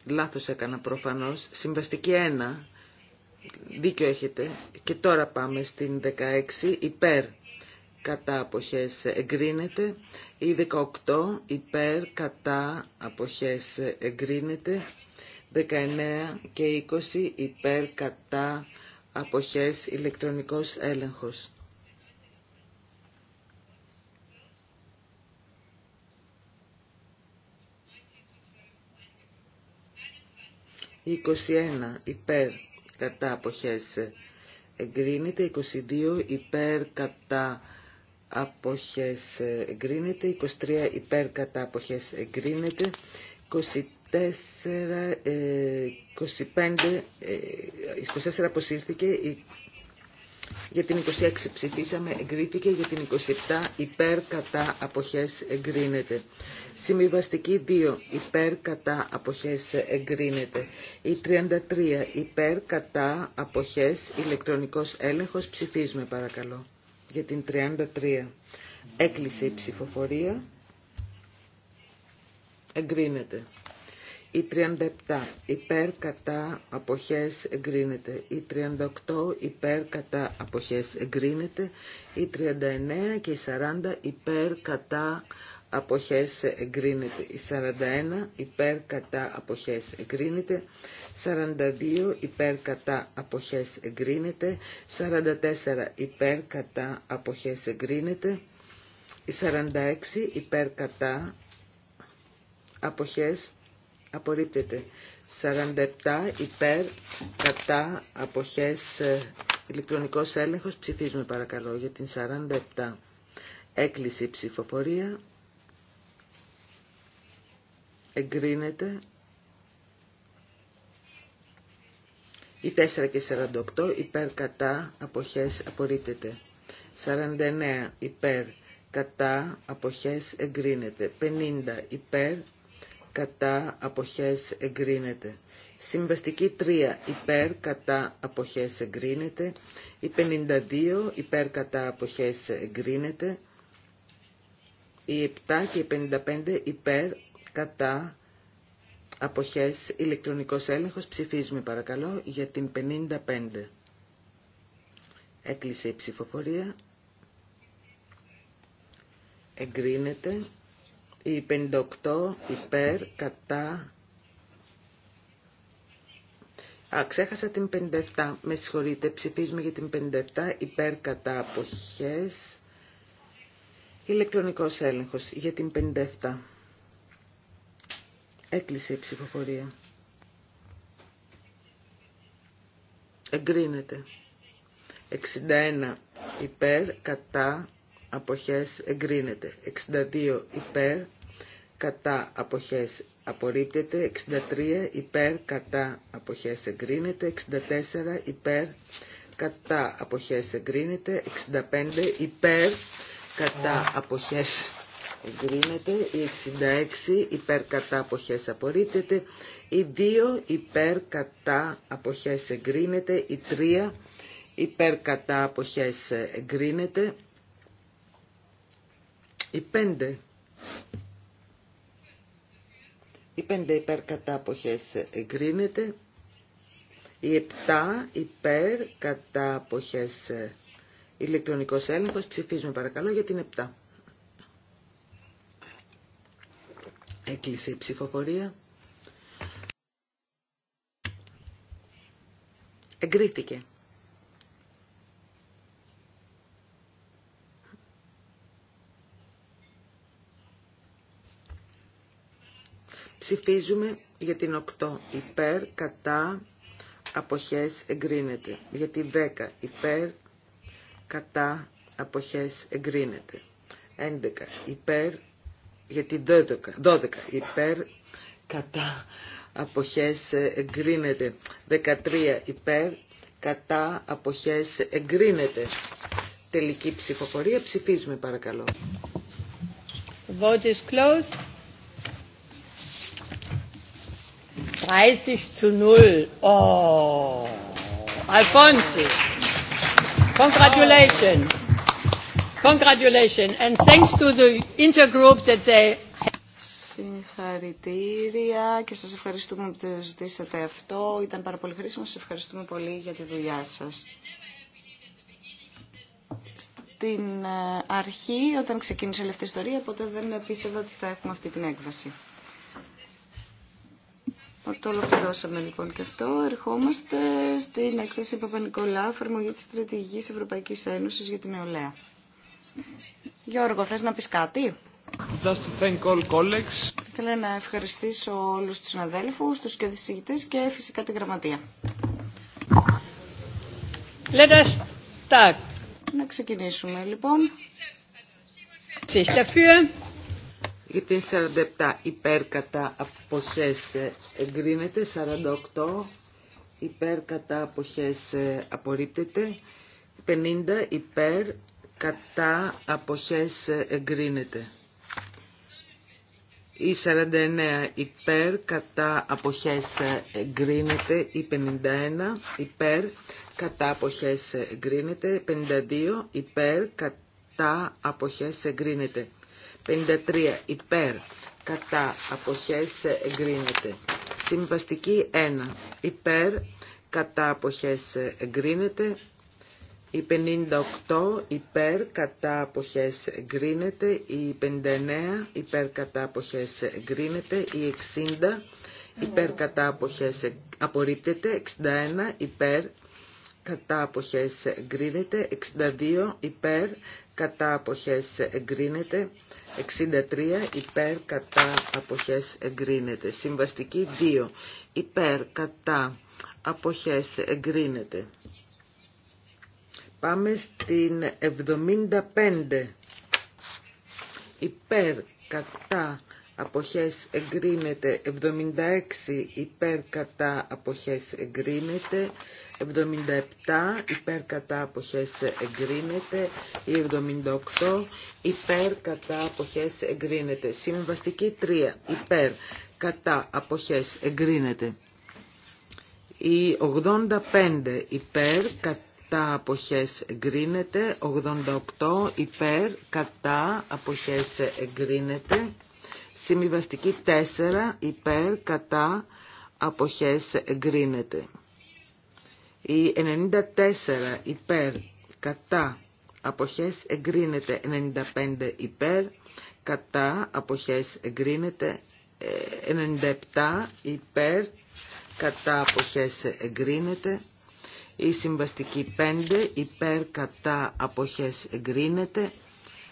Λάθος έκανα προφανώς. Συμβαστική 1. Δίκιο έχετε. Και τώρα πάμε στην 16 υπέρ κατά αποχές εγκρίνεται, η 18 υπέρ κατά αποχές εγκρίνεται, 19 και 20 υπέρ κατά αποχές ηλεκτρονικός έλεγχος. Η 21 υπέρ κατά αποχές εγκρίνεται, 22 υπέρ κατά αποχές εγκρίνεται, 23 υπέρ κατά αποχές εγκρίνεται, 24, 25, 24 αποσύρθηκε, για την 26 ψηφίσαμε, εγκρίθηκε, για την 27 υπέρ κατά αποχές εγκρίνεται. Συμβιβαστική 2 υπέρ κατά αποχές εγκρίνεται. Η 33 υπέρ κατά αποχές ηλεκτρονικός έλεγχος ψηφίζουμε παρακαλώ για την 33. Έκλεισε η ψηφοφορία. Εγκρίνεται. Η 37 υπέρ κατά αποχές εγκρίνεται. Η 38 υπέρ κατά αποχές εγκρίνεται. Η 39 και η 40 υπέρ κατά αποχές εγκρίνεται. Η 41 υπέρ κατά αποχές εγκρίνεται. 42 υπέρ κατά αποχές εγκρίνεται. 44 υπέρ κατά αποχές εγκρίνεται. Η 46 υπέρ κατά αποχές απορρίπτεται. 47 υπέρ κατά αποχές ε, ηλεκτρονικός έλεγχος. Ψηφίζουμε παρακαλώ για την 47. Έκλεισε ψηφοφορία εγκρίνεται η 4 και 48 υπέρ κατά αποχές απορρίτεται 49 υπέρ κατά αποχές εγκρίνεται 50 υπέρ κατά αποχές εγκρίνεται Συμβαστική 3 υπέρ κατά αποχές εγκρίνεται η 52 υπέρ κατά αποχές εγκρίνεται η 7 και η 55 υπέρ κατά αποχές ηλεκτρονικός έλεγχος. Ψηφίζουμε παρακαλώ για την 55. Έκλεισε η ψηφοφορία. Εγκρίνεται. Η 58 υπέρ κατά... Α, ξέχασα την 57. Με συγχωρείτε. Ψηφίζουμε για την 57 υπέρ κατά αποχές. Ηλεκτρονικός έλεγχος για την 57. Έκλεισε η ψηφοφορία. Εγκρίνεται. 61 υπέρ, κατά, αποχές, εγκρίνεται. 62 υπέρ, κατά, αποχές, απορρίπτεται. 63 υπέρ, κατά, αποχές, εγκρίνεται. 64 υπέρ, κατά, αποχές, εγκρίνεται. 65 υπέρ, κατά, αποχές, εγκρίνεται, η 66 υπέρ κατά αποχές απορρίπτεται, η 2 υπέρ κατά αποχές εγκρίνεται, η 3 υπέρ κατά αποχές εγκρίνεται, η 5 η 5 υπέρ κατά αποχές εγκρίνεται, η 7 υπέρ κατά αποχές ηλεκτρονικός έλεγχος, ψηφίζουμε παρακαλώ για την 7. Έκλεισε η ψηφοφορία. Εγκρίθηκε. Ψηφίζουμε για την 8 υπέρ, κατά, αποχές εγκρίνεται. Για την 10 υπέρ, κατά, αποχές εγκρίνεται. 11 υπέρ, για την 12, 12 υπέρ κατά αποχές ε, εγκρίνεται 13 υπέρ κατά αποχές εγκρίνεται τελική ψηφοφορία ψηφίζουμε παρακαλώ The vote is closed 30 zu 0 oh Alfonsi congratulations Συγχαρητήρια και σας ευχαριστούμε που το ζητήσατε αυτό. Ήταν πάρα πολύ χρήσιμο. Σας ευχαριστούμε πολύ για τη δουλειά σας. Στην ε, αρχή, όταν ξεκίνησε η αυτή η ιστορία, ποτέ δεν πίστευα ότι θα έχουμε αυτή την έκβαση. Το ολοκληρώσαμε λοιπόν και αυτό. Ερχόμαστε στην έκθεση Παπα-Νικολά, εφαρμογή της Στρατηγικής Ευρωπαϊκής Ένωσης για την νεολαία. Γιώργο, θες να πεις κάτι? Just thank all colleagues. Θέλω να ευχαριστήσω όλους τους συναδέλφους, τους και οδησηγητές και φυσικά τη γραμματεία. Let us Να ξεκινήσουμε λοιπόν. γιατί 47 υπέρ κατά αποχές ε, εγκρίνεται, 48 υπέρ κατά αποχές ε, απορρίπτεται, 50 υπέρ κατά αποχές εγκρίνεται. Η 49 υπέρ κατά αποχές εγκρίνεται. Η 51 υπέρ κατά αποχές εγκρίνεται. 52 υπέρ κατά αποχές εγκρίνεται. 53 υπέρ κατά αποχές εγκρίνεται. Συμβαστική 1 υπέρ κατά αποχές εγκρίνεται. Η 58 υπέρ κατά αποχές γκρίνεται, η 59 υπέρ κατά αποχές εγκρίνεται, η 60 υπέρ κατά αποχές απορρίπτεται, 61 υπέρ κατά αποχές γκρίνεται, 62 υπέρ κατά αποχές εγκρίνεται, 63 υπέρ κατά αποχές εγκρίνεται. Συμβαστική 2 υπέρ κατά αποχές εγκρίνεται. Πάμε στην 75 υπέρ κατά αποχές εγκρίνεται 76 υπέρ κατά αποχές εγκρίνεται 77 υπέρ κατά αποχές εγκρίνεται ή 78 υπέρ κατά αποχές εγκρίνεται συμβαστική 3 υπέρ κατά αποχές εγκρίνεται η 85 υπέρ κατά Κατά αποχές εγκρίνεται. 88 υπέρ. Κατά αποχές εγκρίνεται. Συμβιβαστική 4 υπέρ. Κατά αποχές εγκρίνεται. Η 94 υπέρ. Κατά αποχές εγκρίνεται. 95 υπέρ. Κατά αποχές εγκρίνεται. 97 ε, υπέρ. Κατά αποχές εγκρίνεται. Η συμβαστική 5 υπέρ κατά αποχές εγκρίνεται.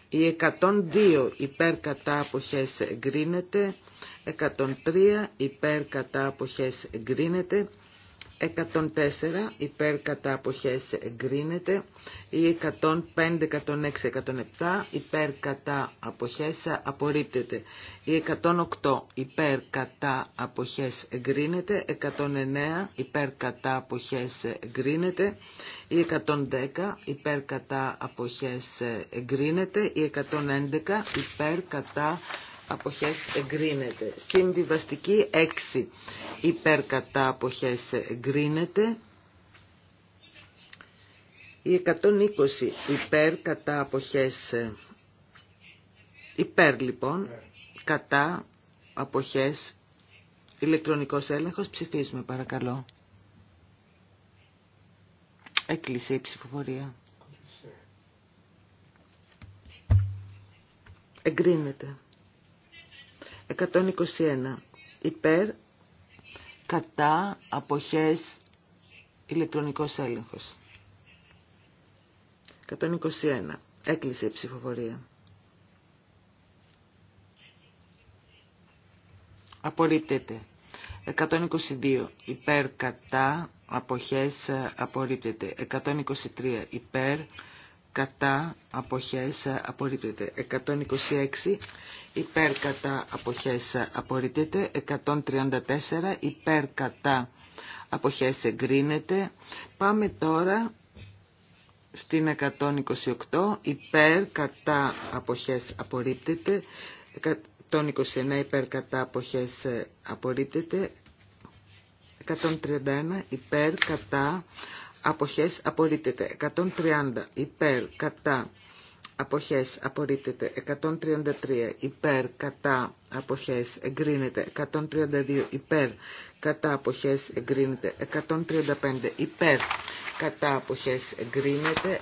Η 102 υπέρ κατά αποχές εγκρίνεται. 103 υπέρ κατά αποχές εγκρίνεται. 104 υπέρ κατά αποχές εγκρίνεται ή 105, 106, 107 υπέρ κατά αποχές απορρίπτεται ή 108 υπέρ κατά αποχές εγκρίνεται 109 υπέρ κατά αποχές εγκρίνεται ή 110 υπέρ κατά αποχές εγκρίνεται ή 111 υπέρ κατά αποχές εγκρίνεται. Συμβιβαστική 6 υπέρ κατά αποχές εγκρίνεται. Η 120 υπέρ κατά αποχές υπέρ λοιπόν κατά αποχές ηλεκτρονικός έλεγχος ψηφίζουμε παρακαλώ. Έκλεισε η ψηφοφορία. Εγκρίνεται. 121. Υπέρ, κατά, αποχές, ηλεκτρονικός έλεγχος. 121. Έκλεισε η ψηφοφορία. Απορρίπτεται. 122. Υπέρ, κατά, αποχές, απορρίπτεται. 123. Υπέρ, κατά, αποχές, απορρίπτεται. 126 υπέρ κατά αποχές απορριτέται, 134 υπέρ κατά αποχές εγκρίνεται. Πάμε τώρα στην 128 υπέρ κατά αποχές απορρίπτεται, 129 υπέρ κατά αποχές απορρίπτεται, 131 υπέρ κατά αποχές απορρίπτεται, 130 υπέρ κατά αποχές απορρίπτεται 133 υπέρ κατά αποχές εγκρίνεται 132 υπέρ κατά αποχές εγκρίνεται 135 υπέρ κατά αποχές εγκρίνεται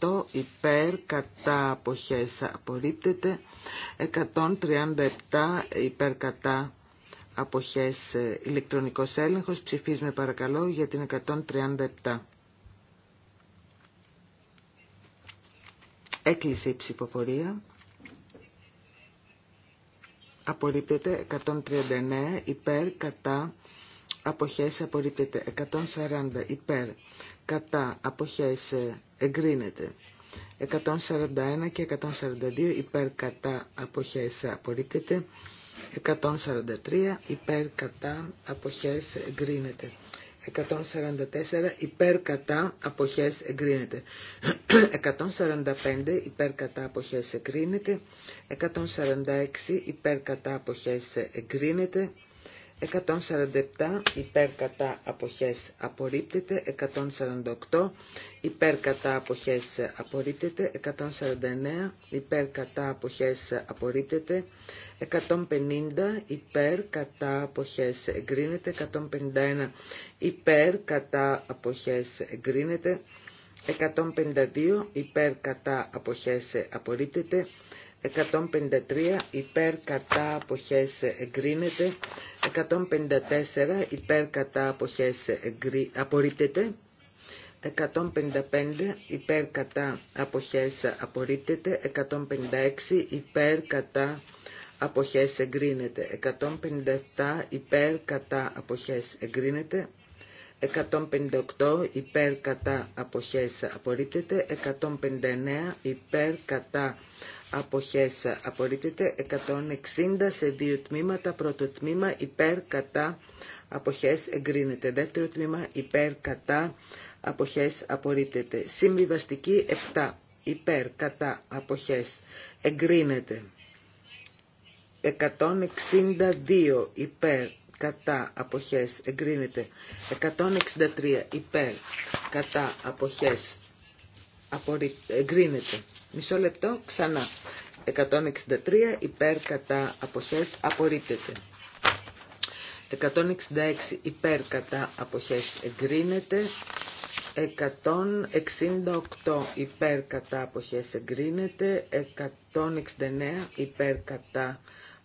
138 υπέρ κατά αποχές απορρίπτεται 137 υπέρ κατά αποχές ηλεκτρονικός έλεγχος ψηφίζουμε παρακαλώ για την 137 Έκλεισε η ψηφοφορία. Απορρίπτεται 139 υπέρ κατά αποχές απορρίπτεται 140 υπέρ κατά αποχές εγκρίνεται 141 και 142 υπέρ κατά αποχές απορρίπτεται 143 υπέρ κατά αποχές εγκρίνεται 144 υπέρ κατά αποχές εγκρίνεται. 145 υπέρ κατά αποχές εγκρίνεται. 146 υπέρ κατά αποχές εγκρίνεται. 147 υπέρ κατά αποχές απορρίπτεται, 148 υπέρ κατά αποχές απορρίπτεται, 149 υπέρ κατά αποχές απορρίπτεται, 150 υπέρ κατά αποχές εγκρίνεται, 151 υπέρ κατά αποχές εγκρίνεται, 152 υπέρ κατά αποχές απορρίπτεται, 153 υπέρ κατά αποχές εγκρίνεται, 154 υπέρ κατά αποχές εγκρι... απορρίπτεται, 155 υπέρ κατά αποχές απορρίπτεται, 156 υπέρ κατά αποχές εγκρίνεται, 157 υπέρ κατά αποχές εγκρίνεται, 158 υπέρ κατά αποχές απορρίπτεται, 159 υπέρ κατά αποχές απορρίπτεται 160 σε δύο τμήματα. Πρώτο τμήμα υπέρ κατά αποχές εγκρίνεται. Δεύτερο τμήμα υπέρ κατά αποχές απορρίπτεται. Συμβιβαστική 7 υπέρ κατά αποχές εγκρίνεται. 162 υπέρ κατά αποχές εγκρίνεται. 163 υπέρ κατά αποχές εγκρίνεται. Μισό λεπτό, ξανά. 163 υπέρ κατά αποχές απορρίπτεται. 166 υπέρ κατά αποχές εγκρίνεται. 168 υπέρ κατά αποχές εγκρίνεται. 169 υπέρ κατά αποχές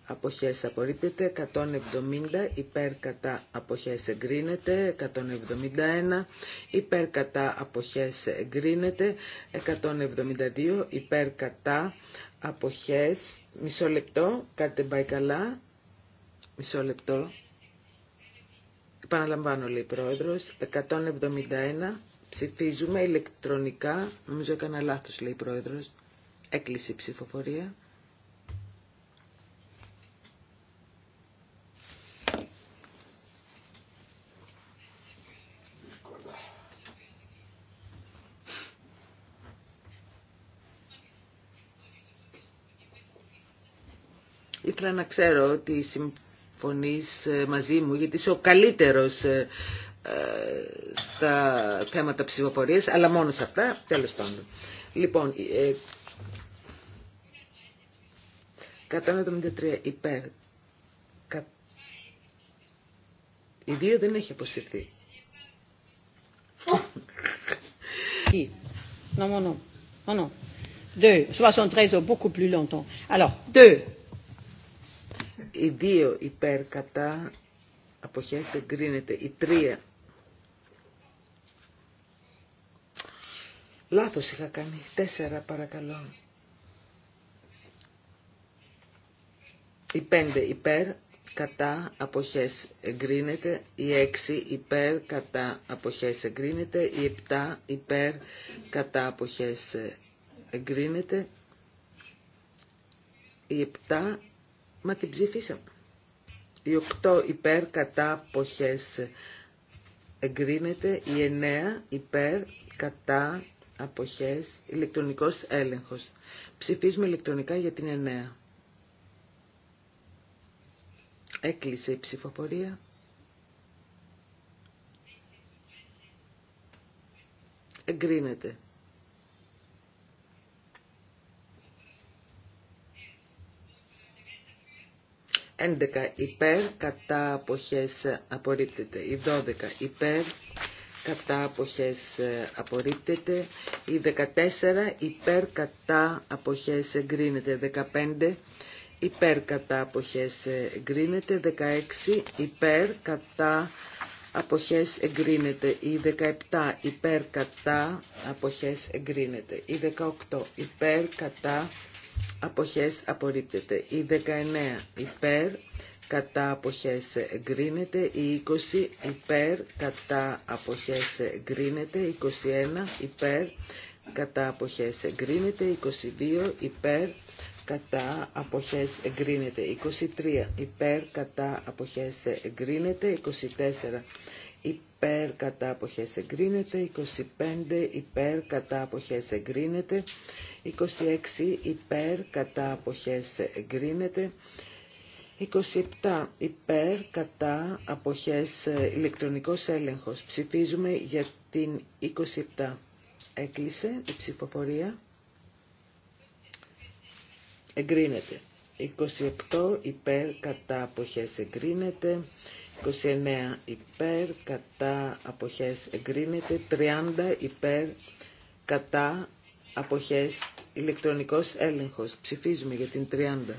αποχές απορρίπτεται, 170 υπέρ κατά αποχές εγκρίνεται, 171 υπέρ κατά αποχές εγκρίνεται, 172 υπέρ κατά αποχές, μισό λεπτό, κάτι πάει καλά, μισό λεπτό, επαναλαμβάνω λέει πρόεδρος, 171 ψηφίζουμε ηλεκτρονικά, νομίζω έκανα λάθος λέει πρόεδρος, έκλεισε η ψηφοφορία. ήθελα να ξέρω ότι συμφωνείς ε, μαζί μου, γιατί είσαι ο καλύτερος ε, ε, στα θέματα ψηφοφορίας, αλλά μόνο σε αυτά, τέλος πάντων. Λοιπόν, ε, 173 υπέρ. Κα... Η δύο δεν έχει αποσυρθεί. Non, non, non. Non, 73 η 2 υπέρ κατά αποχές εγκρίνεται, η 3 Λάθος είχα κάνει. 4 παρακαλώ. Η 5 υπέρ κατά αποχές εγκρίνεται, η 6 υπέρ κατά αποχές εγκρίνεται, η 7 υπέρ κατά αποχές εγκρίνεται, η 7 Μα την ψηφίσαμε. Η οκτώ υπέρ κατά αποχές εγκρίνεται. Η 9 υπέρ κατά αποχές ηλεκτρονικός έλεγχος. Ψηφίζουμε ηλεκτρονικά για την 9. Έκλεισε η ψηφοφορία. Εγκρίνεται. 11 υπέρ κατά αποχές ε, απορρίπτεται. Η 12 υπέρ κατά αποχές ε, απορρίπτεται. Η 14 υπέρ κατά αποχές εγκρίνεται. 15 υπέρ κατά αποχές ε, εγκρίνεται. 16 υπέρ κατά αποχές εγκρίνεται. Η 17 υπέρ κατά αποχές εγκρίνεται. Η 18 υπέρ κατά αποχές απορρίπτεται. Η 19 υπέρ κατά αποχές εγκρίνεται. Η 20 υπέρ κατά αποχές εγκρίνεται. Η 21 υπέρ κατά αποχές εγκρίνεται. Η 22 υπέρ κατά αποχές εγκρίνεται. 23 υπέρ κατά αποχές εγκρίνεται. 24 υπέρ κατά αποχές εγκρίνεται, 25 υπέρ κατά αποχές εγκρίνεται, 26 υπέρ κατά αποχές εγκρίνεται, 27 υπέρ κατά αποχές ηλεκτρονικός έλεγχος. Ψηφίζουμε για την 27. Έκλεισε η ψηφοφορία. Εγκρίνεται. 28 υπέρ κατά αποχές εγκρίνεται. 29 υπέρ, κατά αποχές εγκρίνεται, 30 υπέρ, κατά αποχές ηλεκτρονικός έλεγχος. Ψηφίζουμε για την 30.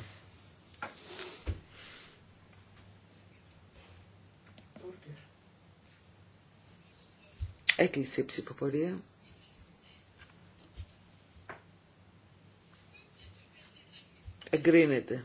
Έκλεισε η ψηφοφορία. εγκρίνεται.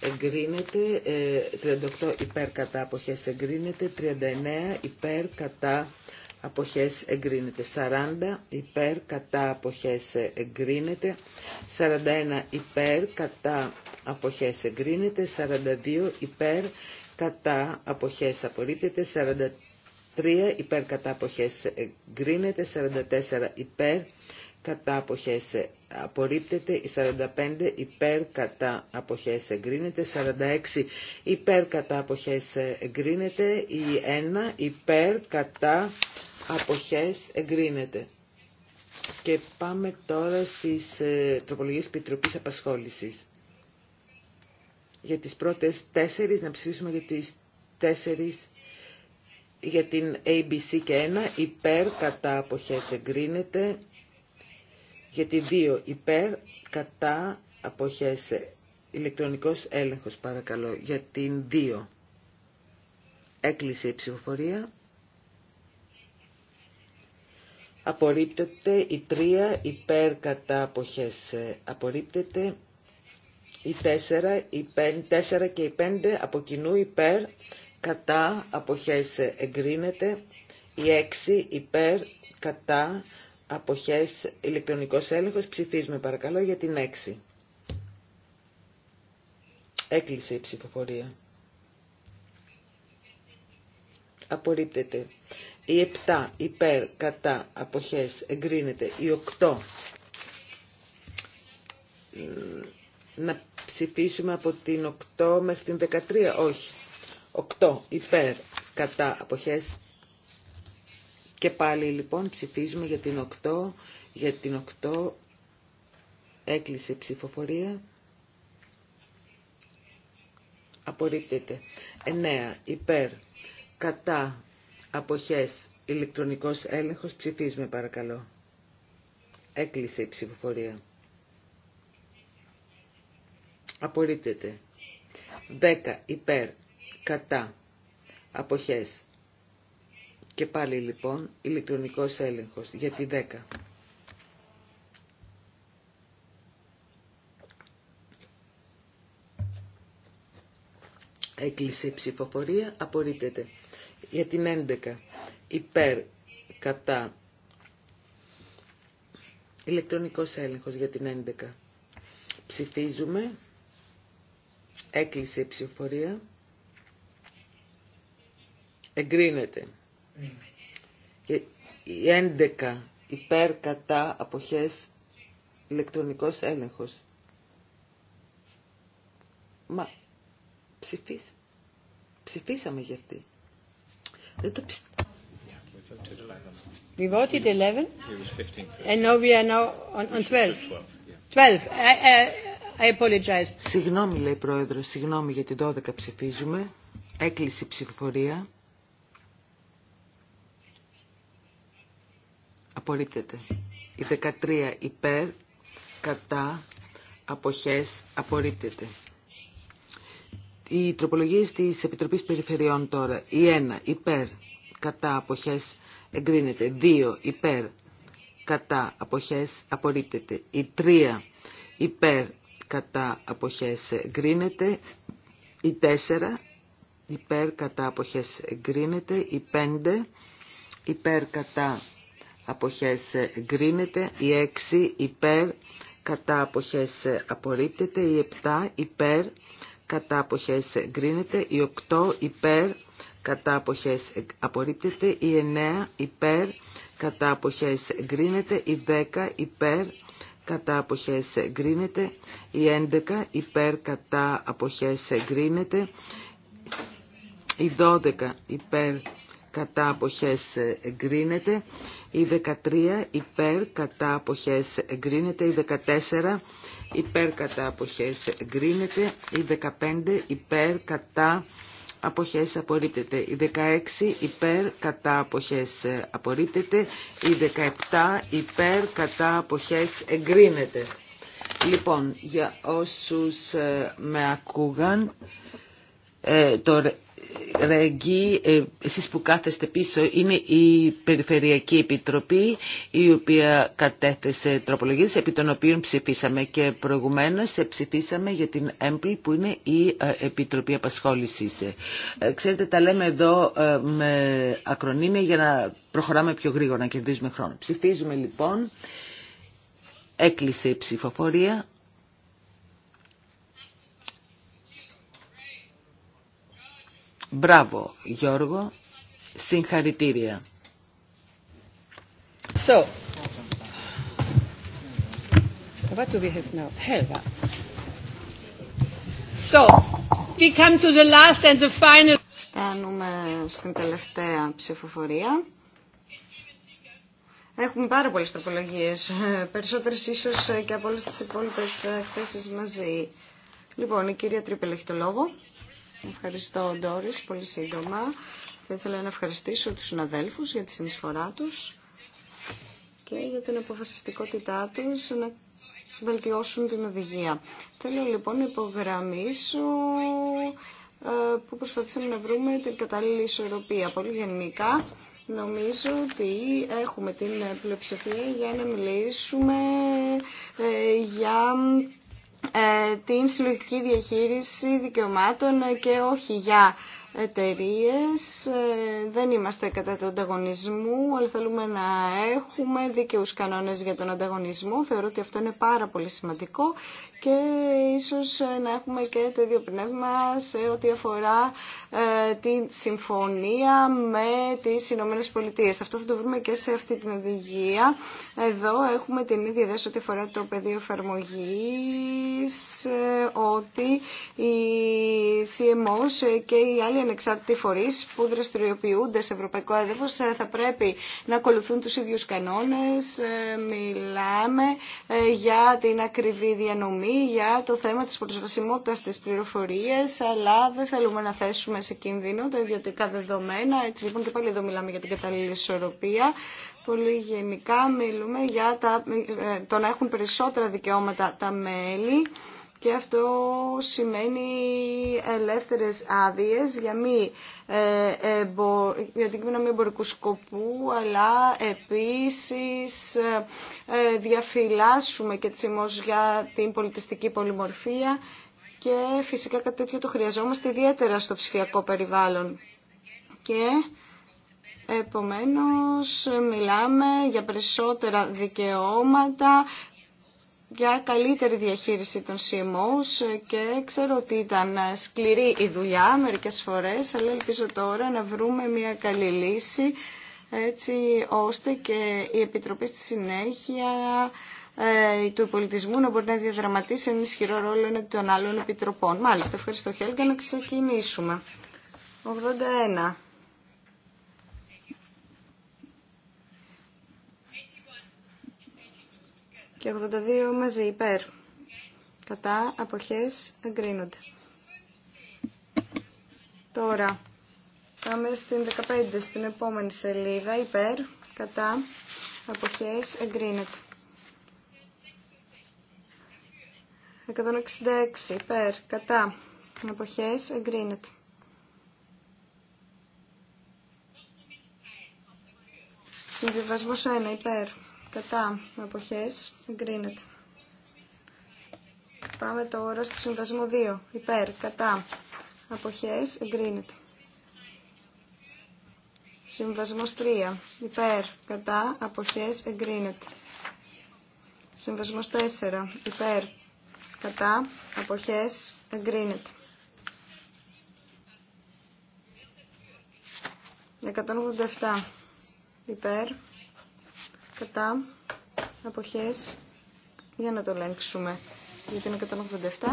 εγκρίνεται, 38 ε, υπέρ κατά αποχές εγκρίνεται, 39 υπέρ κατά αποχές εγκρίνεται, 40 υπέρ κατά αποχές εγκρίνεται, 41 υπέρ κατά αποχές εγκρίνεται, 42 υπέρ κατά αποχές απορρίπτεται, 43 υπέρ κατά αποχές εγκρίνεται, 44 υπέρ κατά αποχές απορρίπτεται, η 45 υπέρ κατά αποχές εγκρίνεται, 46 υπέρ κατά αποχές εγκρίνεται, η 1 υπέρ κατά αποχές εγκρίνεται. Και πάμε τώρα στις ε, τροπολογίες Επιτροπής Απασχόλησης. Για τις πρώτες τέσσερις, να ψηφίσουμε για τις τέσσερις για την ABC και 1, υπέρ κατά αποχές εγκρίνεται, και την 2 υπέρ κατά αποχές ε, ηλεκτρονικός έλεγχος παρακαλώ για την 2 έκλεισε η ψηφοφορία απορρίπτεται η 3 υπέρ κατά αποχές ε, απορρίπτεται η 4, η 5, 4 και η 5 από κοινού υπέρ κατά αποχές ε, εγκρίνεται η 6 υπέρ κατά αποχές ηλεκτρονικός έλεγχος. Ψηφίζουμε παρακαλώ για την 6. Έκλεισε η ψηφοφορία. Απορρίπτεται. Η 7 υπέρ κατά αποχές εγκρίνεται. Η 8 να ψηφίσουμε από την 8 μέχρι την 13. Όχι. 8 υπέρ κατά αποχές και πάλι λοιπόν ψηφίζουμε για την 8, για την 8 έκλεισε ψηφοφορία. Απορρίπτεται. 9. Υπέρ. Κατά. Αποχές. Ηλεκτρονικός έλεγχος. Ψηφίζουμε παρακαλώ. Έκλεισε η ψηφοφορία. Απορρίπτεται. 10. Υπέρ. Κατά. Αποχές. Και πάλι λοιπόν ηλεκτρονικός έλεγχος για τη 10. Έκλεισε η ψηφοφορία, απορρίπτεται. Για την 11. Υπέρ, κατά. Ηλεκτρονικός έλεγχος για την 11. Ψηφίζουμε. Έκλεισε η ψηφοφορία. Εγκρίνεται. Και η 11 υπέρ κατά αποχές ηλεκτρονικός έλεγχος. Μα ψηφίσαμε για αυτή. Δεν το 11 and now 12. I, Συγγνώμη λέει πρόεδρο, συγγνώμη για την 12 ψηφίζουμε. Έκλεισε η ψηφοφορία. απορρίπτεται. Η 13 υπέρ, κατά, αποχές, απορρίπτεται. Οι τροπολογίε τη επιτροπή Περιφερειών τώρα. Η 1 υπέρ, κατά, αποχές, εγκρίνεται. 2 υπέρ, κατά, αποχές, απορρίπτεται. Η 3 υπέρ, κατά, αποχές, εγκρίνεται. Η 4 υπέρ, κατά, αποχές, εγκρίνεται. Η 5 υπέρ, κατά, αποχές εγκρίνεται, η 6 υπέρ κατά αποχές απορρίπτεται, η 7 υπέρ κατά αποχές γκρίνεται, η 8 υπέρ κατά αποχές απορρίπτεται, η 9 υπέρ κατά αποχές γκρίνεται, η 10 υπέρ κατά αποχές γκρίνεται, η 11 υπέρ κατά αποχές εγκρίνεται, η 12 υπέρ κατά αποχές εγκρίνεται, η 13 υπέρ κατά αποχές εγκρίνεται. Η 14 υπέρ κατά αποχές εγκρίνεται. Η 15 υπέρ κατά αποχές απορρίπτεται. Η 16 υπέρ κατά αποχές απορρίπτεται. Η 17 υπέρ κατά αποχές εγκρίνεται. Λοιπόν, για όσους ε, με ακούγαν, ε, Ρεγγί, ε, εσείς που κάθεστε πίσω, είναι η Περιφερειακή Επιτροπή η οποία κατέθεσε τροπολογίες επί των οποίων ψηφίσαμε και προηγουμένως ε, ψηφίσαμε για την ΕΜΠΛ που είναι η ε, Επιτροπή Απασχόλησης. Ξέρετε τα λέμε εδώ με ακρονίμια για να προχωράμε πιο γρήγορα, να κερδίζουμε χρόνο. Ψηφίζουμε λοιπόν, έκλεισε η ψηφοφορία. Μπράβο, Γιώργο. Συγχαρητήρια. So, what do we have now? Helga. So, we come to the last and the final. Φτάνουμε στην τελευταία ψηφοφορία. Έχουμε πάρα πολλές τροπολογίες, περισσότερες ίσως και από όλες τις υπόλοιπες εκθέσεις μαζί. Λοιπόν, η κυρία Τρίπελ έχει το λόγο. Ευχαριστώ, Ντόρις, πολύ σύντομα. Θα ήθελα να ευχαριστήσω τους συναδέλφους για τη συνεισφορά τους και για την αποφασιστικότητά τους να βελτιώσουν την οδηγία. Θέλω λοιπόν να υπογραμμίσω ε, που προσπαθήσαμε να βρούμε την κατάλληλη ισορροπία. Πολύ γενικά νομίζω ότι έχουμε την πλειοψηφία για να μιλήσουμε ε, για ε, την συλλογική διαχείριση δικαιωμάτων και όχι για εταιρείε. Ε, δεν είμαστε κατά του ανταγωνισμού, αλλά θέλουμε να έχουμε δίκαιους κανόνες για τον ανταγωνισμό. Θεωρώ ότι αυτό είναι πάρα πολύ σημαντικό και ίσως να έχουμε και το ίδιο πνεύμα σε ό,τι αφορά ε, τη συμφωνία με τις Ηνωμένε Πολιτείε. Αυτό θα το βρούμε και σε αυτή την οδηγία. Εδώ έχουμε την ίδια ιδέα σε ό,τι αφορά το πεδίο εφαρμογή ε, ότι οι CMOs και οι άλλοι ανεξάρτητοι φορείς που δραστηριοποιούνται σε ευρωπαϊκό έδαφος θα πρέπει να ακολουθούν τους ίδιους κανόνες. Ε, μιλάμε για την ακριβή διανομή για το θέμα της προσβασιμότητας της πληροφορίας, αλλά δεν θέλουμε να θέσουμε σε κίνδυνο τα ιδιωτικά δεδομένα. Έτσι λοιπόν και πάλι εδώ μιλάμε για την κατάλληλη ισορροπία. Πολύ γενικά μιλούμε για τα, ε, το να έχουν περισσότερα δικαιώματα τα μέλη και αυτό σημαίνει ελεύθερες άδειε για, μη, ε, την μη εμπορικού σκοπού, αλλά επίσης ε, διαφυλάσσουμε και τσιμός για την πολιτιστική πολυμορφία και φυσικά κάτι τέτοιο το χρειαζόμαστε ιδιαίτερα στο ψηφιακό περιβάλλον. Και Επομένως, μιλάμε για περισσότερα δικαιώματα για καλύτερη διαχείριση των CMOs και ξέρω ότι ήταν σκληρή η δουλειά μερικές φορές, αλλά ελπίζω τώρα να βρούμε μια καλή λύση έτσι ώστε και η Επιτροπή στη συνέχεια ε, του πολιτισμού να μπορεί να διαδραματίσει έναν ισχυρό ρόλο ενάντια των άλλων επιτροπών. Μάλιστα, ευχαριστώ Χέλγα, να ξεκινήσουμε. 81. και 82 μαζί υπέρ. Κατά αποχές εγκρίνονται. Τώρα πάμε στην 15, στην επόμενη σελίδα υπέρ. Κατά αποχές εγκρίνεται. 166 υπέρ. Κατά αποχές εγκρίνεται. Συμβιβασμός 1 υπέρ κατά αποχές εγκρίνεται. Πάμε τώρα στο συμβασμό 2. Υπέρ, κατά, αποχές, εγκρίνεται. Συμβασμό 3. Υπέρ, κατά, αποχές, εγκρίνεται. Συμβασμό 4. Υπέρ, κατά, αποχές, εγκρίνεται. 187. Υπέρ, κατά αποχές για να το ελέγξουμε για την 187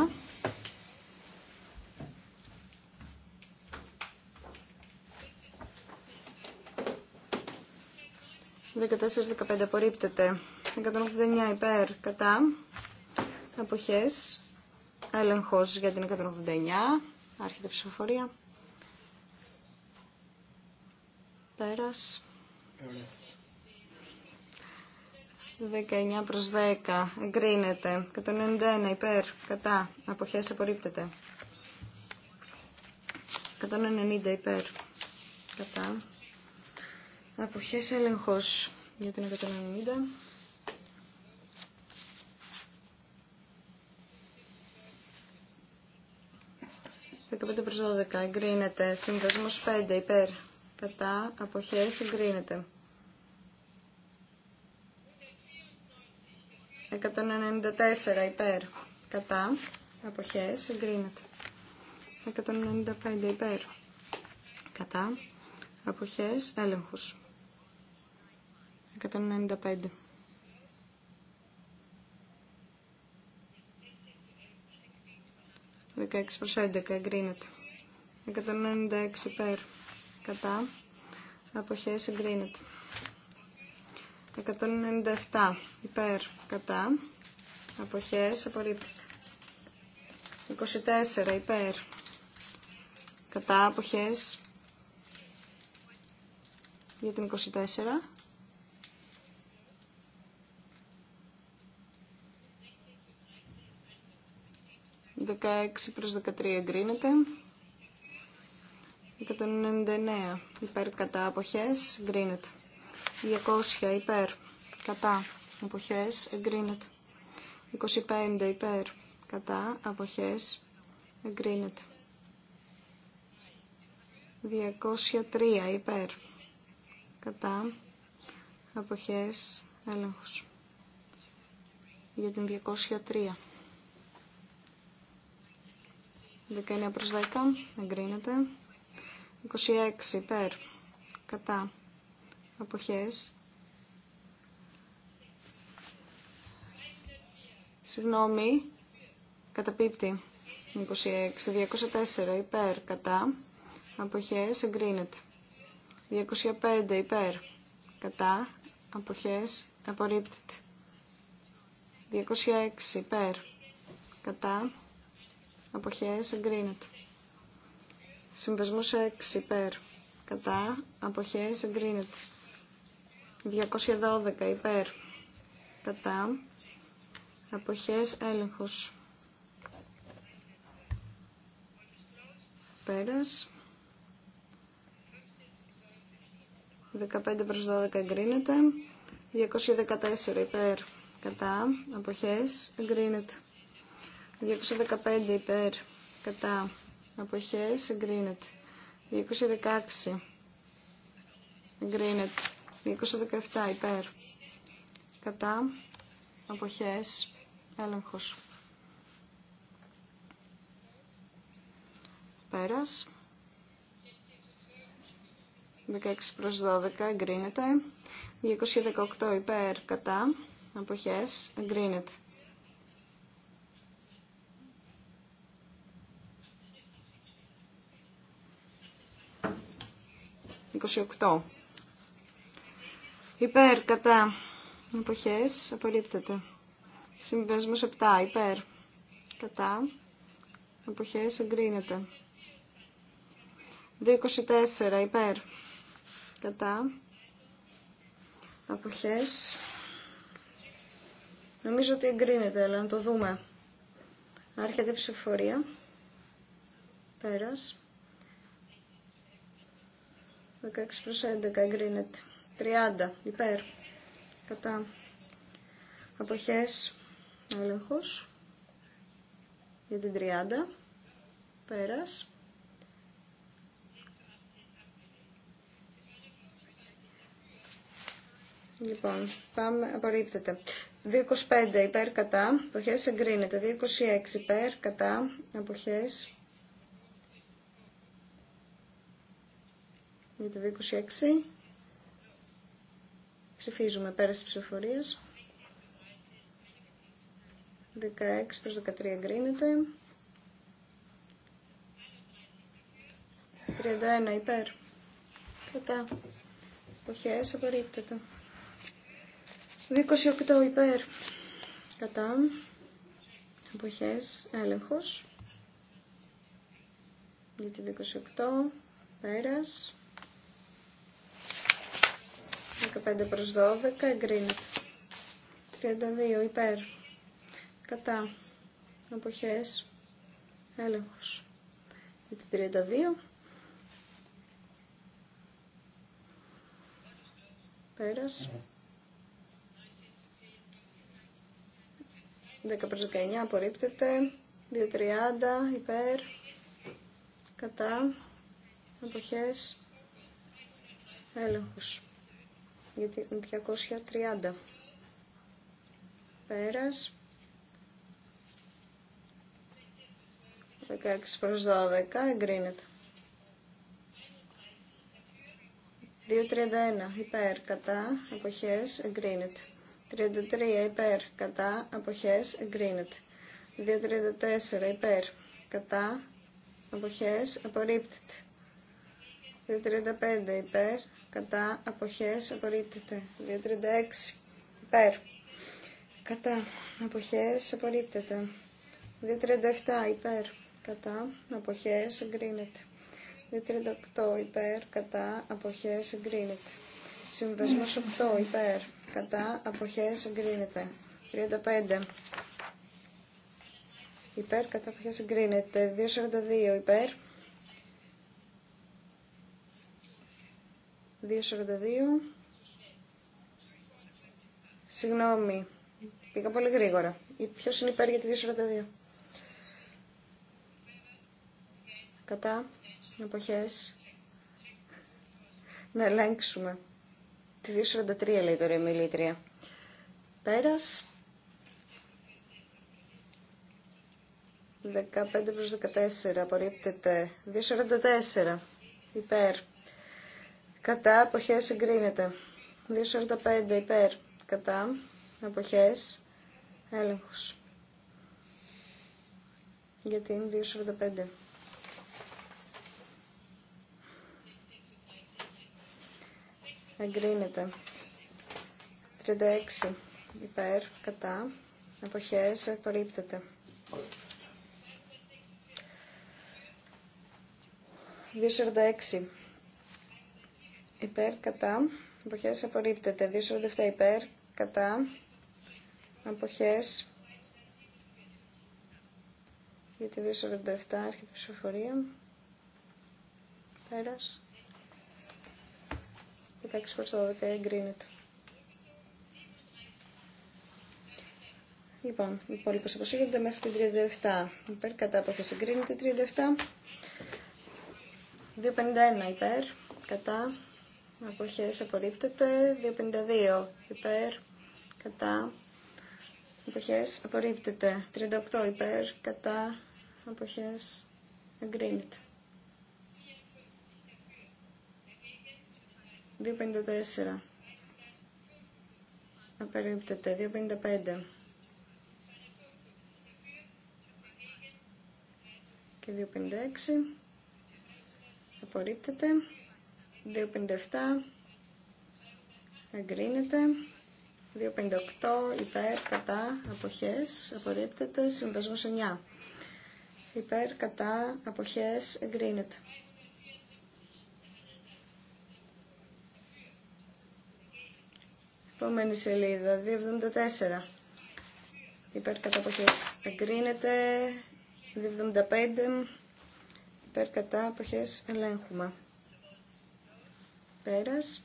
14-15 απορρίπτεται 189 υπέρ κατά αποχές έλεγχος για την 189 άρχεται ψηφοφορία πέρας Πέρας. 19 προς 10 εγκρίνεται. 191 υπέρ κατά αποχές απορρίπτεται. 190 υπέρ κατά αποχές έλεγχος για την 190. 15 προς 12 εγκρίνεται. Συμβασμός 5 υπέρ κατά αποχές εγκρίνεται. 194 υπέρ κατά αποχές εγκρίνεται. 195 υπέρ κατά αποχές έλεγχους. 195. 16 προς 11 εγκρίνεται. 196 υπέρ. Κατά. Αποχές εγκρίνεται. 197 υπέρ κατά αποχές απορρίπτεται 24 υπέρ κατά αποχές για την 24 16 προς 13 εγκρίνεται. 199 υπέρ κατά αποχές εγκρίνεται. 200 υπέρ κατά αποχές εγκρίνεται. 25 υπέρ κατά αποχές εγκρίνεται. 203 υπέρ κατά αποχές έλεγχος για την 203. 19 προς 10 εγκρίνεται. 26 υπέρ κατά αποχές. Συγγνώμη, καταπίπτει. 26, 204 υπέρ, κατά, αποχές, εγκρίνεται. 205 υπέρ, κατά, αποχές, απορρίπτεται. 206 υπέρ, κατά, αποχές, εγκρίνεται. Συμβασμός 6 υπέρ, κατά, αποχές, εγκρίνεται. 212 υπέρ κατά αποχές έλεγχος πέρας 15 προς 12 εγκρίνεται 214 υπέρ κατά αποχές εγκρίνεται 215 υπέρ κατά αποχές εγκρίνεται 216 εγκρίνεται 217 υπέρ. Κατά. Αποχές. Έλεγχος. Πέρας. 16 προς 12 εγκρίνεται. 218 υπέρ. Κατά. Αποχές. Εγκρίνεται. 28 Υπέρ, κατά. Εποχές, απορρίπτεται. Συμβασμός 7, υπέρ. Κατά. Εποχές, εγκρίνεται. 24 υπέρ. Κατά. εποχές Νομίζω ότι εγκρίνεται, αλλά να το δούμε. Άρχεται η ψηφορία. Πέρας. 16 προς 11 εγκρίνεται. 30 υπέρ κατά αποχές έλεγχος για την 30 πέρας Λοιπόν, πάμε, απορρίπτεται. 2,25 υπέρ κατά, αποχές εγκρίνεται. 2,26 υπέρ κατά, αποχές. Για το 26 Ψηφίζουμε πέρα της ψηφοφορίες. 16 προς 13 εγκρίνεται. 31 υπέρ. Κατά. Εποχές απορρίπτεται. 28 υπέρ. Κατά. Εποχές έλεγχος. Γιατί 28 πέρας. 15 προς 12 εγκρίνεται. 32 υπέρ. Κατά. Αποχές. Έλεγχος. Για την 32. Πέρας. 10 προς 19 απορρίπτεται. 2.30 υπέρ. Κατά. Αποχές. Έλεγχος γιατί είναι 230. Πέρας. 16 προς 12 εγκρίνεται. 2.31 υπέρ κατά αποχές εγκρίνεται. 33 υπέρ κατά αποχές εγκρίνεται. 2.34 υπέρ κατά αποχές απορρίπτεται. 2.35 υπέρ κατά αποχές απορρίπτεται. 2.36 υπέρ κατά αποχές απορρίπτεται. 2.37 υπέρ κατά αποχές εγκρίνεται. 2.38 υπέρ κατά αποχές εγκρίνεται. Συμβασμός 8 υπέρ κατά αποχές εγκρίνεται. 35 υπέρ κατά αποχές εγκρίνεται. 2.42 υπέρ 2.42. Συγγνώμη, πήγα πολύ γρήγορα. Ποιο είναι υπέρ για τη 2.42. Κατά, εποχές. Να ελέγξουμε. Τη 2.43 λέει τώρα η μιλήτρια. Πέρας. 15 προς 14, απορρίπτεται. 2.44, υπέρ κατά αποχές εγκρίνεται. 2.45 υπέρ κατά αποχές έλεγχος. Γιατί είναι 2.45. Εγκρίνεται. 36 υπέρ κατά αποχές απορρίπτεται. 2.46 υπέρ, κατά, αποχές απορρίπτεται. 2.47 υπέρ, κατά, αποχές. Γιατί δύο 2.47 έρχεται η ψηφοφορία. Πέρας. 16 προς 12 εγκρίνεται. Λοιπόν, οι υπόλοιπες αποσύρονται μέχρι την 37. Υπέρ, κατά, από εγκρίνεται 37. 2.51 υπέρ, κατά, αποχές απορρίπτεται 252 υπέρ κατά αποχές απορρίπτεται 38 υπέρ κατά αποχές εγκρίνεται 254 απορρίπτεται 255 και 256 απορρίπτεται 2.57 εγκρίνεται. 2.58 υπέρ, κατά, αποχές, απορρίπτεται. Συμβασμός 9. Υπέρ, κατά, αποχές, εγκρίνεται. Επόμενη σελίδα, 2.74. Υπέρ κατά αποχές εγκρίνεται, 2.75. Υπέρ κατά αποχές ελέγχουμε. Πέρας.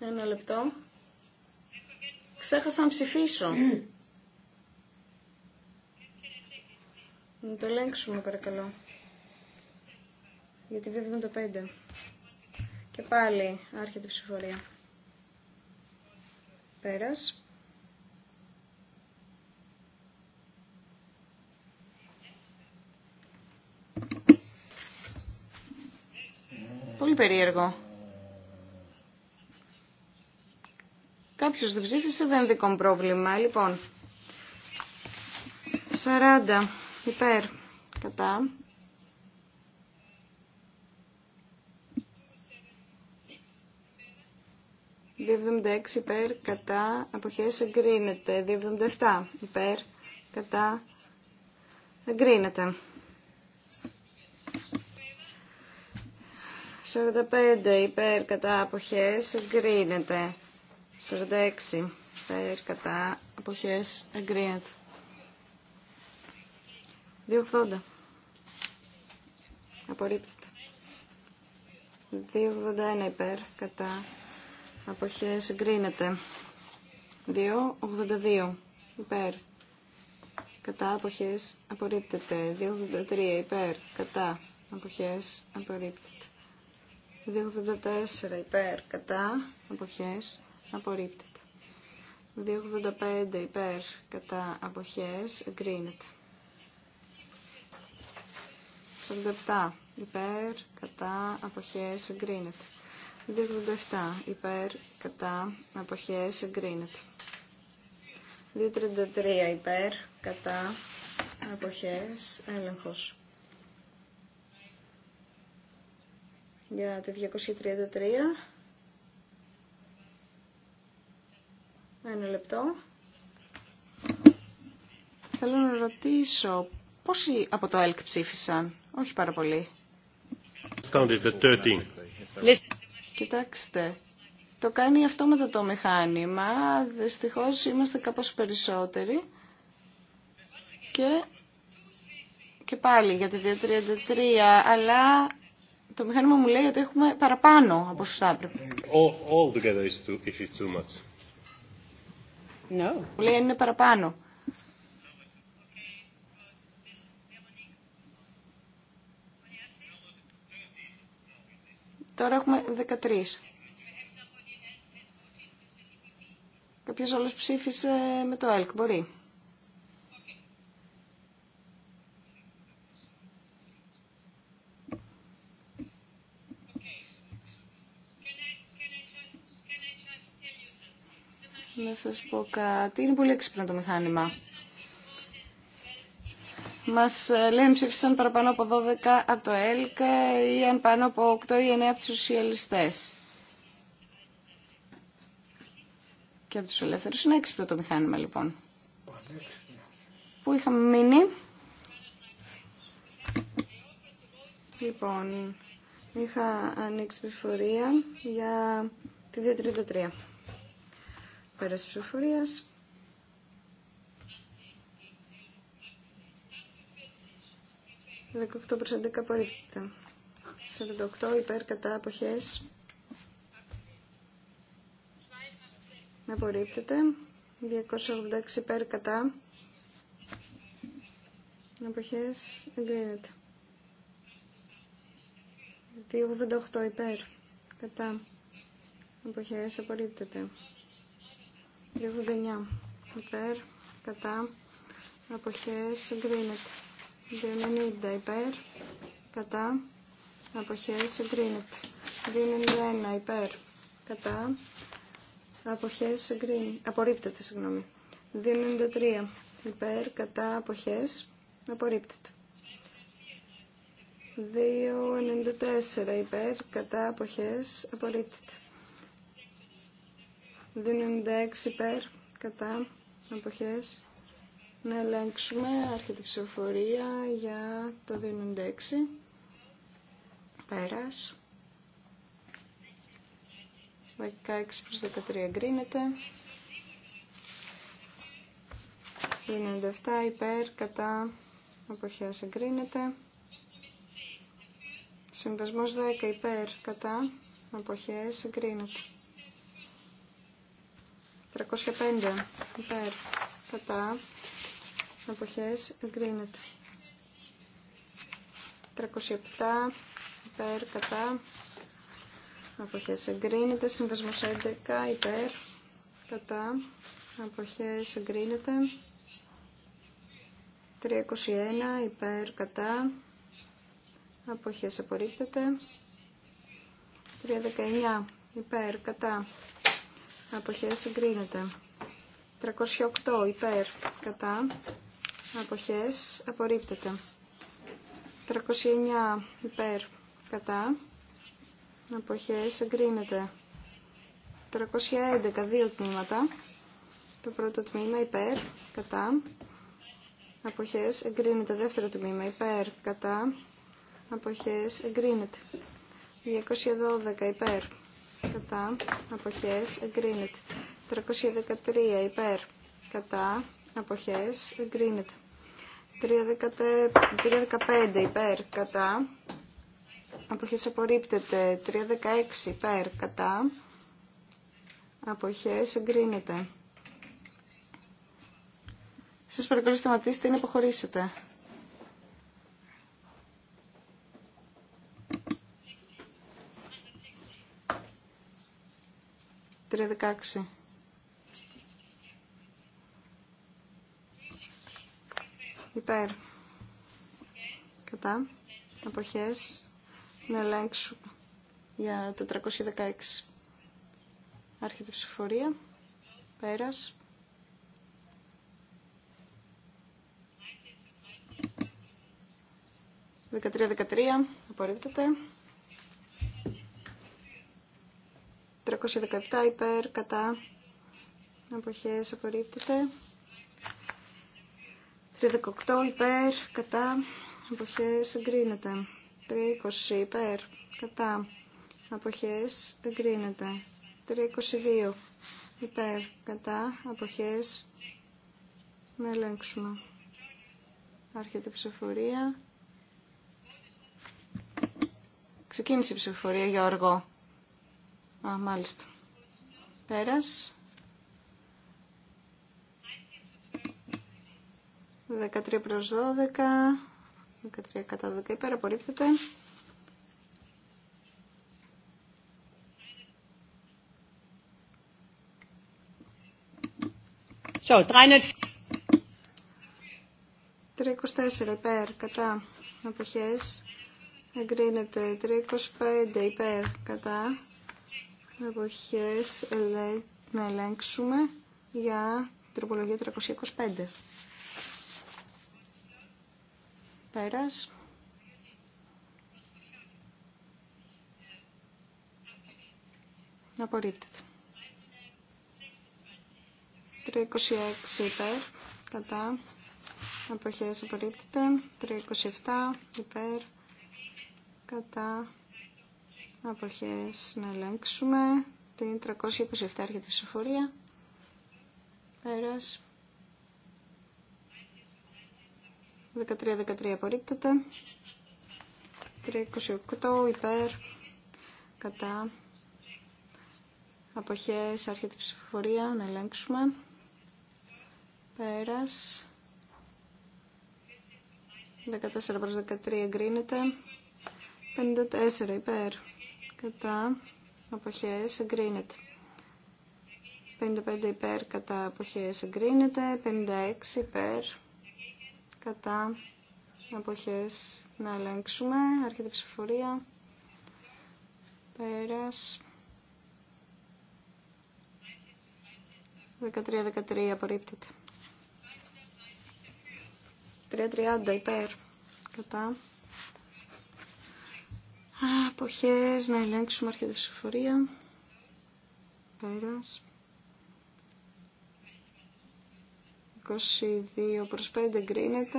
Ένα λεπτό. Ξέχασα να ψηφίσω. Να το ελέγξουμε παρακαλώ. Γιατί δεν το 5. Και πάλι άρχεται η ψηφορία. Πέρας. Πολύ περίεργο. Κάποιος δεν ψήφισε, δεν είναι δικό μου πρόβλημα. Λοιπόν, 40 υπέρ κατά. 276 υπέρ κατά αποχές εγκρίνεται. 277 υπέρ κατά εγκρίνεται. 45 υπέρ κατά αποχές εγκρίνεται. 46 υπέρ κατά αποχές εγκρίνεται. 280 απορρίπτεται. 281 υπέρ κατά αποχές εγκρίνεται. 282 υπέρ κατά αποχές απορρίπτεται. 283 υπέρ κατά αποχές απορρίπτεται. 284 υπέρ κατά αποχές απορρίπτεται. 285 υπέρ κατά αποχές εγκρίνεται. 47 υπέρ κατά αποχές εγκρίνεται. 287 υπέρ κατά αποχές εγκρίνεται. 233 υπέρ κατά αποχές έλεγχος. για τη 233. Ένα λεπτό. Θέλω να ρωτήσω πόσοι από το ΕΛΚ ψήφισαν. Όχι πάρα πολύ. Κοιτάξτε, το κάνει αυτόματα το μηχάνημα. Δυστυχώς είμαστε κάπως περισσότεροι. Και, και πάλι για τη 233, αλλά το μηχάνημα μου λέει ότι έχουμε παραπάνω από όσους θα έπρεπε. No. Μου λέει είναι παραπάνω. Τώρα έχουμε 13. Κάποιος όλος ψήφισε με το ΕΛΚ, μπορεί. να σας πω κάτι. Είναι πολύ έξυπνο το μηχάνημα. Μας ε, λένε ψήφισαν παραπάνω από 12 από το ΕΛΚ ε, ή αν πάνω από 8 ή 9 από τους σοσιαλιστές. Και από τους ελεύθερους. Είναι έξυπνο το μηχάνημα λοιπόν. Πού είχαμε μείνει. Λοιπόν, είχα ανοίξει πληροφορία για τη 233. Πέρας ψηφοφορίας. 18 προς 11 απορρίπτεται. 48 υπέρ κατά αποχές. Απορρίπτεται. 286 υπέρ κατά. Αποχές εγκρίνεται. 288 υπέρ. Κατά. Αποχές απορρίπτεται. 89 υπέρ, κατά, αποχές συγκρίνεται. 290 υπέρ, κατά, αποχές εγκρίνεται. 291 υπέρ, κατά, αποχές εγκρίνεται. Απορρίπτεται, συγγνώμη. 293 υπέρ, κατά, αποχές, απορρίπτεται. 294 υπέρ, κατά, αποχές, απορρίπτεται. 2,96 υπέρ κατά αποχές να ελέγξουμε άρχεται η ψηφοφορία για το 2,96 πέρας 16 προς 13 εγκρίνεται 2,97 υπέρ κατά αποχές εγκρίνεται Συμβασμός 10 υπέρ κατά αποχές εγκρίνεται 305 υπέρ κατά αποχές εγκρίνεται 307 υπέρ κατά αποχές εγκρίνεται συμβασμός 11 υπέρ κατά αποχές εγκρίνεται 321 υπέρ κατά αποχές απορρίπτεται 319 υπέρ κατά αποχές εγκρίνεται. 308 υπέρ κατά αποχές απορρίπτεται. 309 υπέρ κατά αποχές εγκρίνεται. 311 δύο τμήματα. Το πρώτο τμήμα υπέρ κατά αποχές εγκρίνεται. Δεύτερο τμήμα υπέρ κατά αποχές εγκρίνεται. 212 υπέρ κατά, αποχές, εγκρίνεται. 313 υπέρ, κατά, αποχές, εγκρίνεται. 315 υπέρ, κατά, αποχές απορρίπτεται. 316 υπέρ, κατά, αποχές, εγκρίνεται. Σας παρακαλώ σταματήστε ή να αποχωρήσετε. 16 Υπέρ. Κατά. Αποχές. Να ελέγξω για 416. Άρχεται ψηφορία. Πέρας. 13-13. Απορρίπτεται. 13 13 απορριπτεται 317 υπέρ κατά αποχές απορρίπτεται. 318 υπέρ κατά αποχές εγκρίνεται. 320 υπέρ κατά αποχές εγκρίνεται. 322 υπέρ κατά αποχές να ελέγξουμε. Άρχεται η ψηφοφορία. Ξεκίνησε η ψηφοφορία, Γιώργο. Α, μάλιστα. Πέρας. 13 προς 12. 13 κατά 12 υπέρ, απορρίπτεται. 34 υπέρ, κατά αποχές. Εγκρίνεται 325 υπέρ, κατά εποχές να ελέγξουμε για τροπολογία 325. Πέρας. Απορρίπτεται. 326 υπέρ, κατά, Εποχές απορρίπτεται. 327 υπέρ, κατά, αποχές να ελέγξουμε την 327 έρχεται ψηφορία πέρας 13-13 απορρίπτεται 328 υπέρ κατά αποχές έρχεται ψηφοφορία να ελέγξουμε πέρας 14 προς 13 εγκρίνεται 54 υπέρ κατά αποχές εγκρίνεται. 55 υπέρ κατά αποχές εγκρίνεται, 56 υπέρ κατά αποχές να ελέγξουμε, άρχεται ψηφορία, πέρας, 13-13 απορρίπτεται, 3-30 υπέρ κατά Αποχές, να ελέγξουμε αρχή συμφορία. Πέρας. 22 προς 5 εγκρίνεται.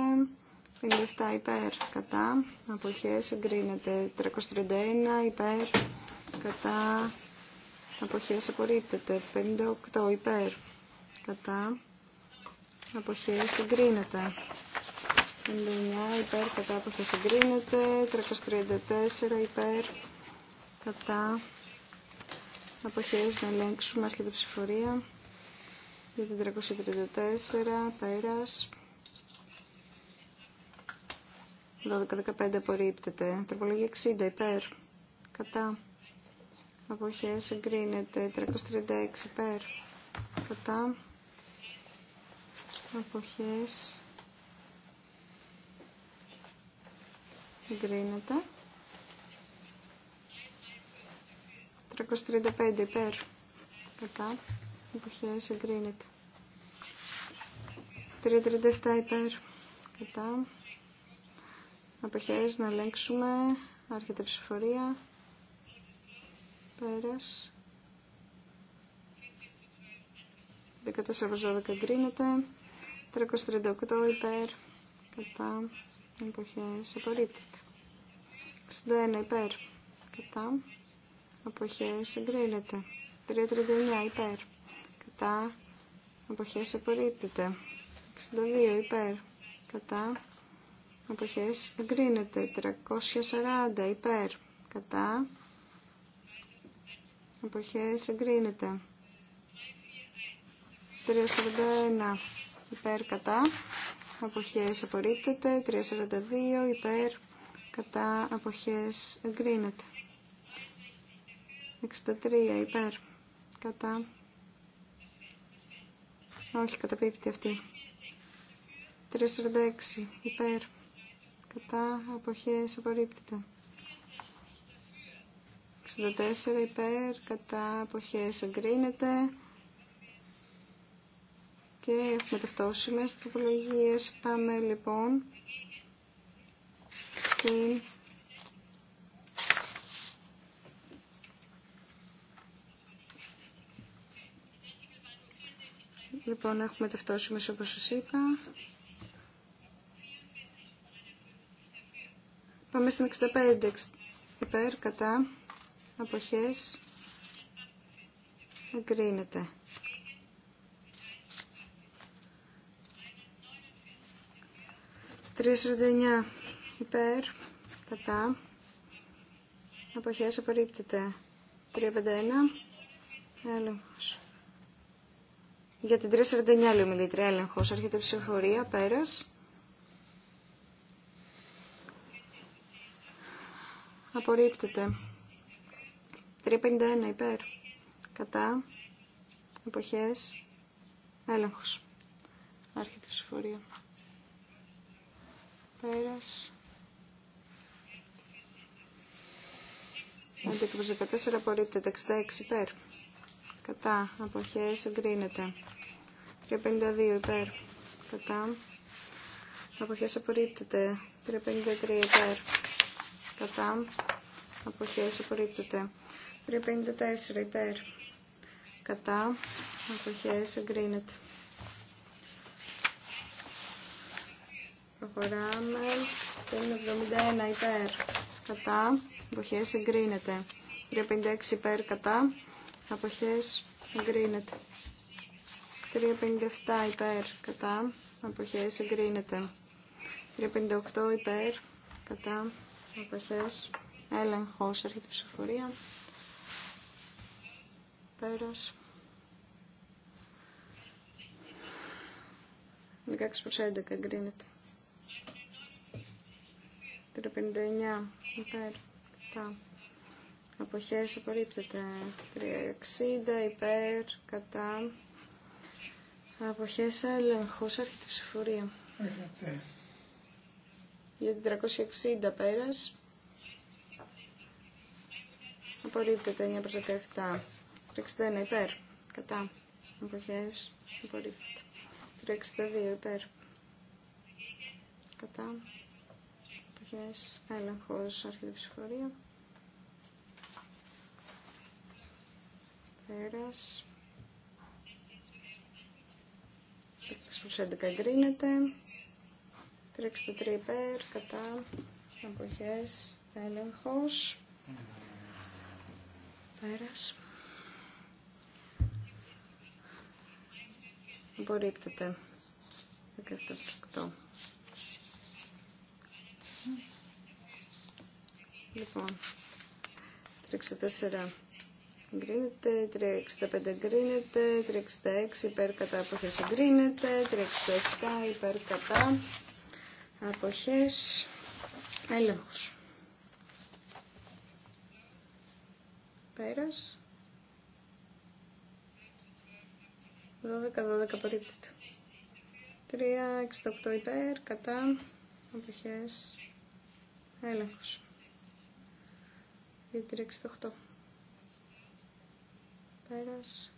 57 υπέρ, κατά. Αποχές εγκρίνεται. 331 υπέρ, κατά. Αποχές απορρίπτεται. 58 υπέρ, κατά. Αποχές εγκρίνεται. 59 υπέρ κατά θα συγκρίνεται, 334 υπέρ κατά αποχές να ελέγξουμε άρχεται ψηφορία για την 334 πέρας 12-15 απορρίπτεται, τροπολογία 60 υπέρ κατά αποχές συγκρίνεται, 336 υπέρ κατά αποχές Εγκρίνεται. 335 υπέρ. Κατά. Εποχές εγκρίνεται. 337 υπέρ. Κατά. Αποχές να ελέγξουμε. Άρχεται ψηφορία. Πέρας. 14 12 εγκρίνεται. 338 υπέρ. Κατά αποχές απορρίπτεται. 61 υπέρ κατά αποχές εγκρίνεται. 339 υπέρ κατά αποχές απορρίπτεται. 62 υπέρ κατά αποχές εγκρίνεται. 340 υπέρ κατά αποχές εγκρίνεται. 341 υπέρ κατά αποχές απορρίπτεται, 342 υπέρ κατά αποχές εγκρίνεται. 63 υπέρ κατά όχι καταπίπτει αυτή 346 υπέρ κατά αποχές απορρίπτεται 64 υπέρ κατά αποχές εγκρίνεται και έχουμε ταυτόσιμες τροπολογίες. Πάμε λοιπόν στην Λοιπόν, έχουμε μέσα όπω σα είπα. Πάμε στην 65 υπέρ, κατά, αποχές, εγκρίνεται. 349 υπέρ, κατά, αποχές απορρίπτεται. 351, έλεγχος. Για την 349 λέει μιλήτρια έλεγχος, έρχεται ψηφορία πέρας. Απορρίπτεται. 351 υπέρ, κατά, αποχές, έλεγχος. Άρχεται ψηφορια Πέρας. Αντίκρουση 14 απορρίπτεται. 66 υπέρ. Κατά. Αποχές εγκρίνεται. 352 υπέρ. Κατά. Αποχές απορρίπτεται. 353 υπέρ. Κατά. Αποχές απορρίπτεται. 354 υπέρ. Κατά. Αποχές εγκρίνεται. Προχωράμε στην 71 υπέρ κατά Αποχέ εγκρίνεται. 356 υπέρ κατά Αποχέ εγκρίνεται. 357 υπέρ κατά Αποχέ εγκρίνεται. 358 υπέρ κατά αποχέ, έλεγχο έρχεται η ψηφοφορία. Πέρας. 16 προς 11 εγκρίνεται. 3,59 59 υπέρ κατά αποχές απορρίπτεται. 360 υπέρ κατά αποχές έλεγχος έρχεται ψηφορία. Για την 360 πέρας απορρίπτεται 9 προς 17. 361 υπέρ κατά αποχές απορρίπτεται. 362 υπέρ κατά αποχές, έλεγχος, άρχεται ψηφορία. Πέρας. 6 11 εγκρίνεται. 363 υπέρ, κατά, αποχές, έλεγχος. Πέρας. το Λοιπόν, 364 εγκρίνεται, 365 εγκρίνεται, 366 υπέρ κατά αποχές εγκρίνεται, 367 υπέρ κατά αποχές έλεγχος. Πέρας. 12-12 απορρίπτεται. 368 υπέρ κατά αποχές Έλεγχος. 8 Πέρας.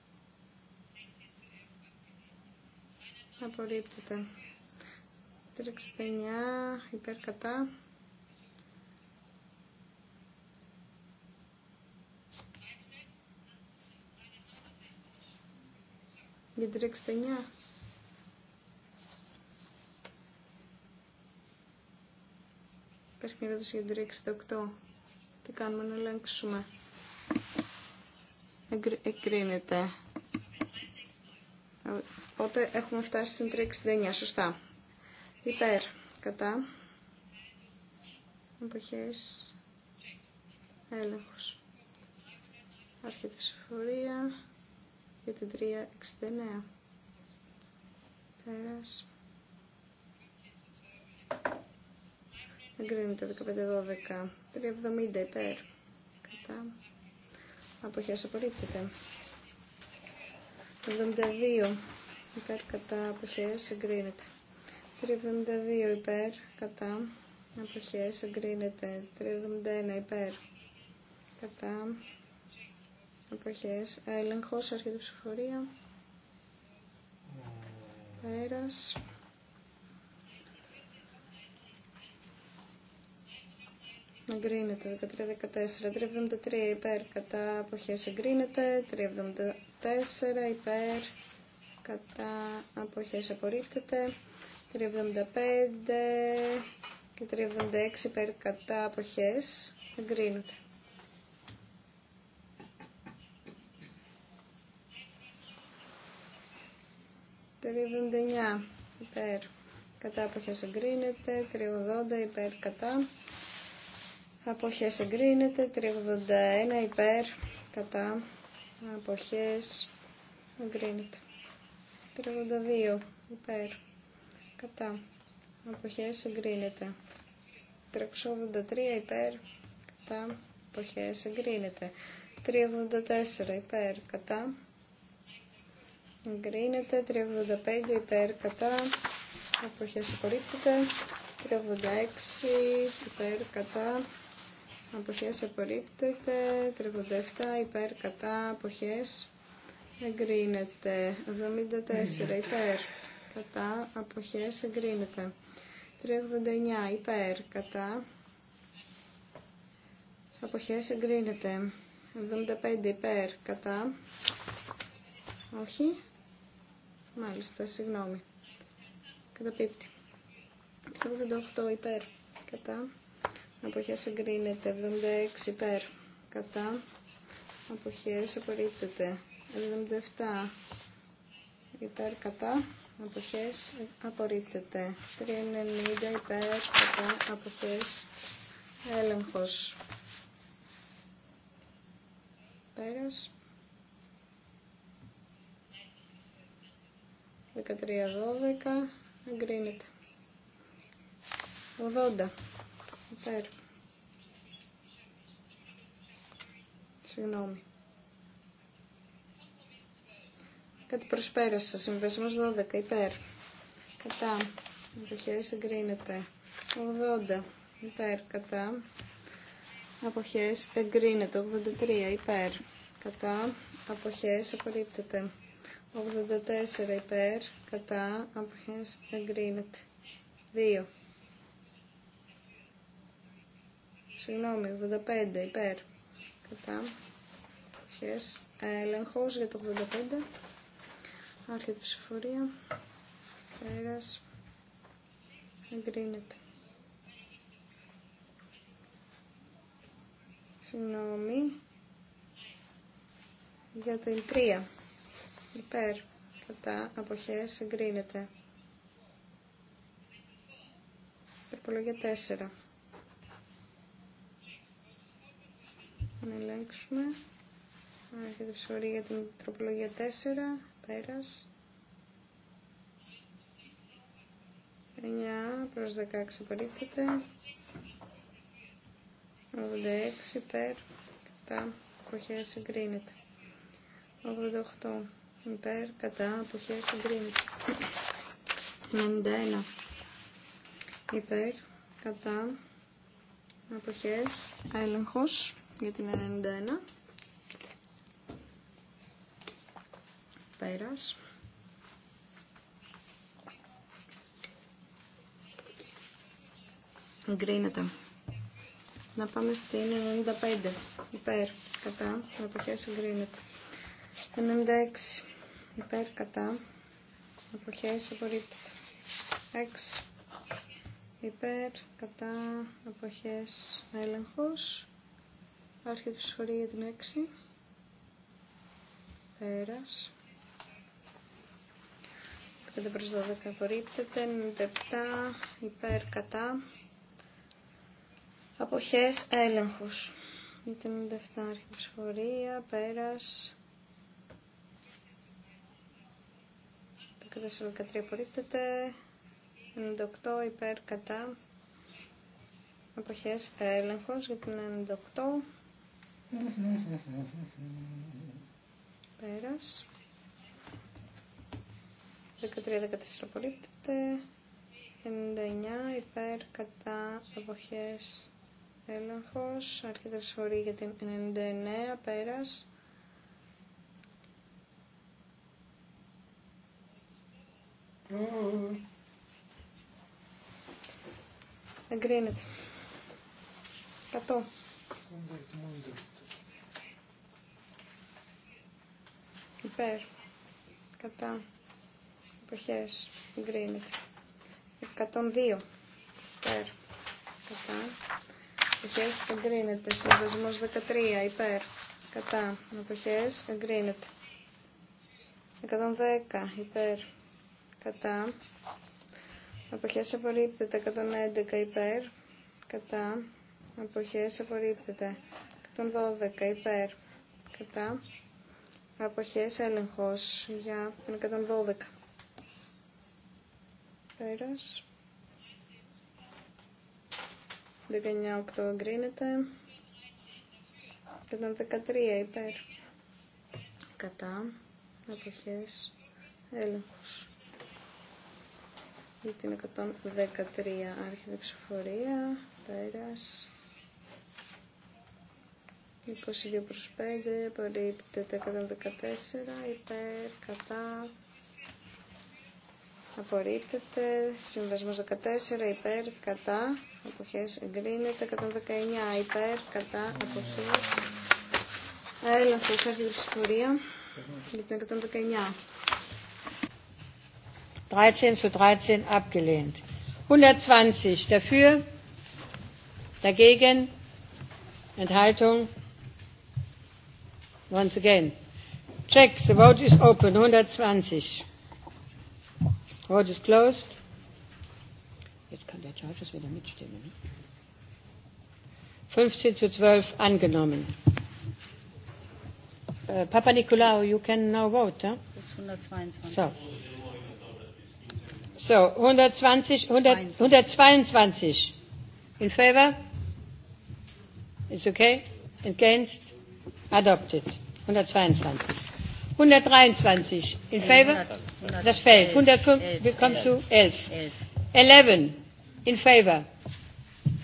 Απορρίπτεται. 369 υπέρ κατά. Για 369. Υπάρχει μια ερώτηση για την 368. Τι κάνουμε να ελέγξουμε. Εγκρίνεται. Ε, οπότε έχουμε φτάσει στην 369. Σωστά. Υπέρ. Κατά. Εποχές. Έλεγχος. Άρχεται η ψηφορία για την 369. Πέρασμα. Εγκρίνεται 15-12. 370 υπέρ. Κατά. Αποχέ απορρίπτεται. 72 υπέρ κατά αποχέ εγκρίνεται. 372 υπέρ κατά αποχέ εγκρίνεται. 371 υπέρ κατά αποχέ. έλεγχος αρχή ψηφορία. Πέρας. εγκρίνεται 13-14, 373 υπέρ κατά αποχές εγκρίνεται, 374 υπέρ κατά αποχές απορρίπτεται, 375 και 376 υπέρ κατά αποχές εγκρίνεται. Τρία υπέρ κατά αποχές εγκρίνεται, 380 υπέρ κατά αποχές εγκρίνεται, 381 υπέρ, κατά, αποχές εγκρίνεται, 32 υπέρ, κατά, αποχές εγκρίνεται, 383 υπέρ, κατά, αποχές εγκρίνεται, 384 υπέρ, κατά, εγκρίνεται, 385 υπέρ, κατά, αποχές απορρίπτεται, 386 υπέρ, κατά, αποχές απορρίπτεται, 37 υπέρ κατά αποχές εγκρίνεται, 74 υπέρ κατά αποχές εγκρίνεται, 389 υπέρ κατά αποχές εγκρίνεται, 75 υπέρ κατά, όχι, μάλιστα, συγγνώμη, καταπίπτει, 88 υπέρ κατά Αποχέ εγκρίνεται 76 υπέρ κατά Αποχέ απορρίπτεται 77 υπέρ κατά Αποχέ απορρίπτεται 390 υπέρ Κατά. Αποχέ. Έλεγχο. πέρας 13-12 εγκρίνεται 80 Πέρ. Συγγνώμη. Κάτι προσπέρασα. Συμβασμό 12 υπέρ. Κατά. Αποχές εγκρίνεται. 80 υπέρ. Κατά. Αποχές εγκρίνεται. 83 υπέρ. Κατά. Αποχές απορρίπτεται. 84 υπέρ. Κατά. Αποχές εγκρίνεται. 2 Συγγνώμη, 85 υπέρ. Κατά. Χες. Έλεγχος για το 85. Άρχεται η ψηφορία. Πέρας. Εγκρίνεται. Συγγνώμη. Για το 3. Υπέρ. Κατά. Αποχές. Εγκρίνεται. Τερπολογία 4. να ελέγξουμε. Άρχεται ψηφορία για την τροπολογία 4, πέρας. 9 προς 16 απορρίπτεται. 86 υπέρ, κατά, Αποχέ συγκρίνεται. 88 υπέρ, κατά, Αποχέ συγκρίνεται. 91 υπέρ, κατά, αποχές, έλεγχο για την 91. Πέρας. Εγκρίνεται. Να πάμε στην 95. Υπέρ, κατά, αποχέσει εγκρίνεται. 96. Υπέρ, κατά, αποχές απορρίπτεται. 6. Υπέρ, κατά, αποχές έλεγχος. Άρχεται τη για την 6. πέρα 5 προ 12 απορρίπτεται. 97 υπέρ κατά. Αποχές έλεγχος. 97 άρχεται η πέρα περας Πέρας. 14-13 απορρίπτεται. 98 υπέρ κατά. αποχέ, έλεγχο για την 98. Πέρας. 13-14 απορρίπτεται. 99 υπέρ κατά εποχές έλεγχος. Αρκετά ψηφορή για την 99 πέρας. Mm. Εγκρίνεται. 100. υπέρ, κατά, εποχές, εγκρίνεται. 102, υπέρ, κατά, εποχές, εγκρίνεται. Συμβασμός 13, υπέρ, κατά, εποχές, εγκρίνεται. 110, υπέρ, κατά, εποχές, απορρίπτεται. 111, υπέρ, κατά, εποχές, απορρίπτεται. 112, υπέρ, κατά, Αποχές έλεγχος για την 112. Πέρας. 8 εγκρίνεται. 113 υπέρ. Κατά. Αποχές. Έλεγχος. Για την 113 άρχιδη ψηφορία. Πέρας. 22 προς 5, απορρίπτεται 114, υπέρ, κατά, απορρίπτεται, συμβασμός 14, υπέρ, κατά, αποχές, εγκρίνεται, 119, υπέρ, κατά, αποχές, έλεγχος, έρχεται ψηφορία, για την 119. 13 zu 13 abgelehnt. 120 dafür, dagegen, Enthaltung once again. Check. The vote is open. 120. Vote is closed. Jetzt kann der wieder mitstimmen. 15 zu 12 angenommen. Papa Nicolaou, you can now vote. Huh? 122. So. 120, 122. In favor? It's okay? Against? adopted 122 123 in favor das fällt 105 wir kommen zu 11 11 in favor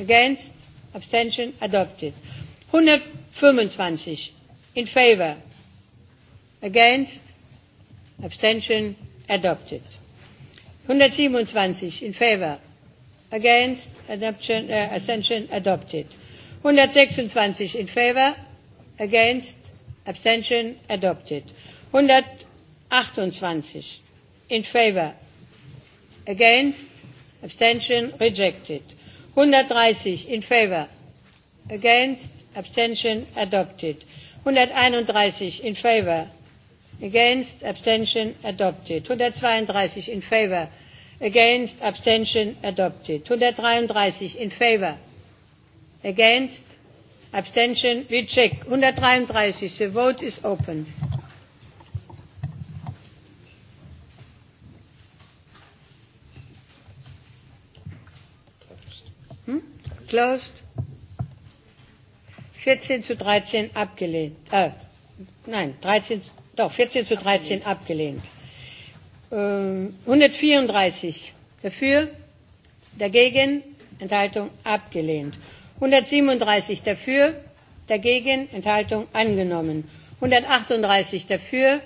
against abstention adopted 125 in favor against abstention adopted 127 in favor against abstention adopted 126 in favor against abstention adopted 128 in favor against abstention rejected 130 in favor against abstention adopted 131 in favor against abstention adopted 132 in favor against abstention adopted 133 in favor against Abstention. We check. 133. The vote is open. Closed. 14 zu 13 abgelehnt. nein, 13, doch, 14 zu 13 abgelehnt. 134. Dafür, dagegen, Enthaltung abgelehnt. 137 dafür, dagegen Enthaltung angenommen. 138 dafür,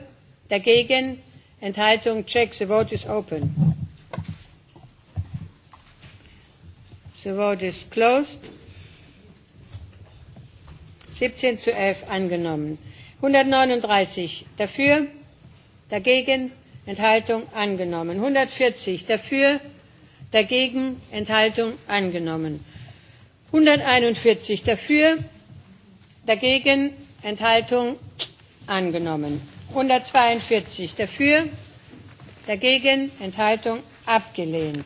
dagegen Enthaltung check. The vote is open. The vote is closed. 17 zu 11 angenommen. 139 dafür, dagegen Enthaltung angenommen. 140 dafür, dagegen Enthaltung angenommen. 141 dafür, dagegen Enthaltung angenommen. 142 dafür, dagegen Enthaltung abgelehnt.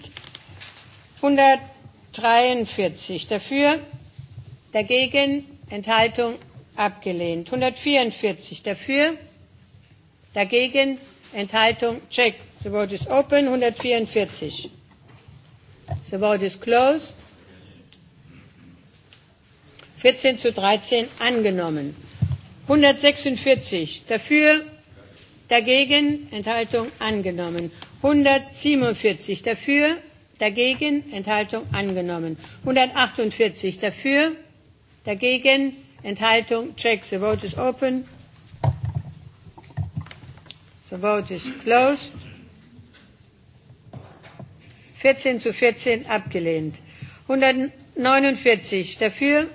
143 dafür, dagegen Enthaltung abgelehnt. 144 dafür, dagegen Enthaltung check. The vote is open. 144. The vote is closed. 14 zu 13 angenommen. 146 dafür, dagegen, Enthaltung angenommen. 147 dafür, dagegen, Enthaltung angenommen. 148 dafür, dagegen, Enthaltung, check. The vote is open. The vote is closed. 14 zu 14 abgelehnt. 149 dafür,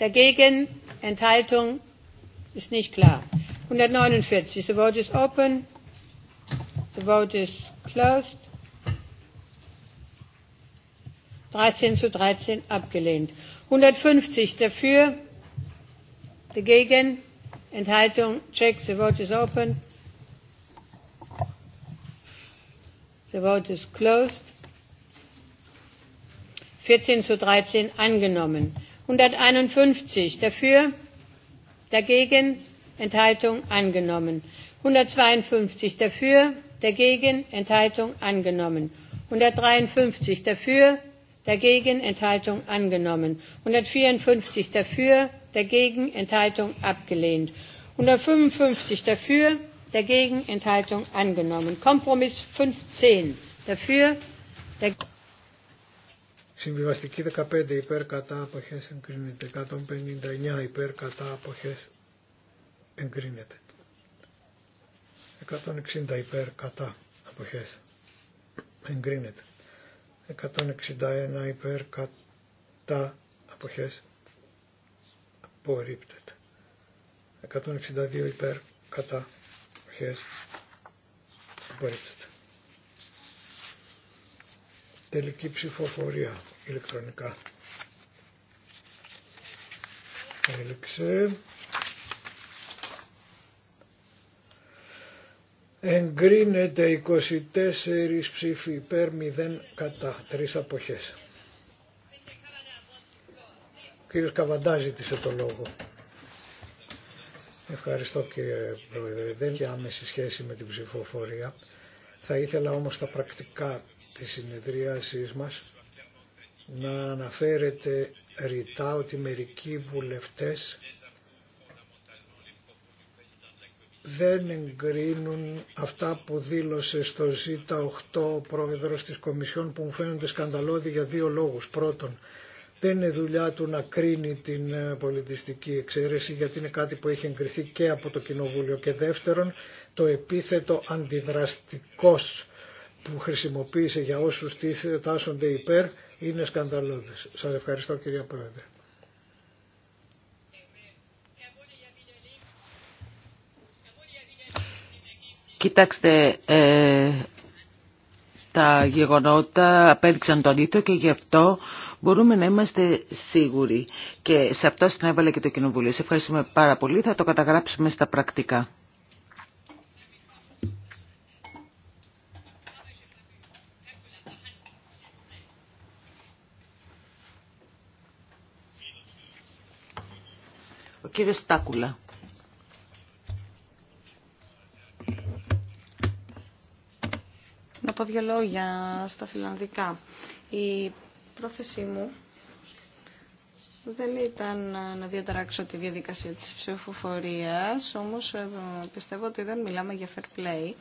Dagegen? Enthaltung? Ist nicht klar. 149. The vote is open. The vote is closed. 13 zu 13 abgelehnt. 150 dafür, dagegen, Enthaltung, check, the vote is open. The vote is closed. 14 zu 13 angenommen. 151 dafür, dagegen, Enthaltung angenommen. 152 dafür, dagegen, Enthaltung angenommen. 153 dafür, dagegen, Enthaltung angenommen. 154 dafür, dagegen, Enthaltung abgelehnt. 155 dafür, dagegen, Enthaltung angenommen. Kompromiss 15 dafür, dagegen. Συμβιβαστική 15 υπέρ κατά αποχές εγκρίνεται. 159 υπέρ κατά αποχές εγκρίνεται. 160 υπέρ κατά αποχές εγκρίνεται. 161 υπέρ κατά αποχές απορρίπτεται. 162 υπέρ κατά αποχές απορρίπτεται. Τελική ψηφοφορία ηλεκτρονικά. Έλεξε. Εγκρίνεται 24 ψήφοι υπέρ 0 κατά 3 αποχές. Ο κύριος Καβαντά ζήτησε το λόγο. Ευχαριστώ κύριε Πρόεδρε. Δεν έχει άμεση σχέση με την ψηφοφορία. Θα ήθελα όμως τα πρακτικά της συνεδρίασής μας να αναφέρεται ρητά ότι μερικοί βουλευτές δεν εγκρίνουν αυτά που δήλωσε στο ΖΙΤΑ 8 ο πρόεδρος της Κομισιόν που μου φαίνονται σκανδαλώδη για δύο λόγους. Πρώτον, δεν είναι δουλειά του να κρίνει την ε, πολιτιστική εξαίρεση γιατί είναι κάτι που έχει εγκριθεί και από το Κοινοβούλιο. Και δεύτερον, το επίθετο αντιδραστικός που χρησιμοποίησε για όσους τάσσονται υπέρ είναι σκανδαλώδες. Σας ευχαριστώ κυρία Πρόεδρε. Κοιτάξτε, ε, τα γεγονότα απέδειξαν τον ίδιο και γι' αυτό μπορούμε να είμαστε σίγουροι. Και σε αυτό συνέβαλε και το Κοινοβουλίο. Σε ευχαριστούμε πάρα πολύ. Θα το καταγράψουμε στα πρακτικά. κύριος Να πω δύο λόγια στα φιλανδικά. Η πρόθεσή μου δεν ήταν να διαταράξω τη διαδικασία της ψηφοφορίας, όμως ε, πιστεύω ότι δεν μιλάμε για fair play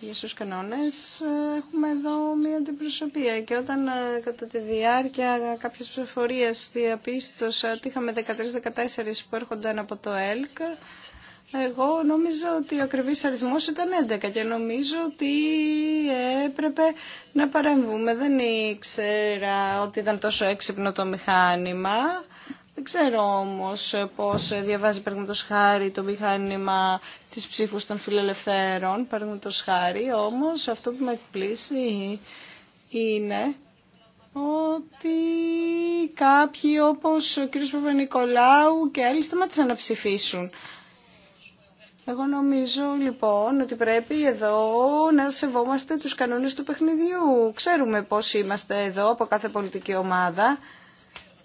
για στους κανόνες ε, έχουμε εδώ μια αντιπροσωπεία και όταν ε, κατά τη διάρκεια κάποιες ψηφορίες διαπίστωσα ότι είχαμε 13-14 που έρχονταν από το ΕΛΚ εγώ νόμιζα ότι ο ακριβής αριθμός ήταν 11 και νομίζω ότι έπρεπε να παρεμβούμε. Δεν ήξερα ότι ήταν τόσο έξυπνο το μηχάνημα, δεν ξέρω όμως πώς διαβάζει παραδείγματος χάρη το μηχάνημα της ψήφου των φιλελευθέρων, το χάρη, όμως αυτό που με εκπλήσει είναι ότι κάποιοι όπως ο κ. Παπα-Νικολάου και άλλοι σταμάτησαν να ψηφίσουν. Εγώ νομίζω λοιπόν ότι πρέπει εδώ να σεβόμαστε τους κανόνες του παιχνιδιού. Ξέρουμε πώς είμαστε εδώ από κάθε πολιτική ομάδα.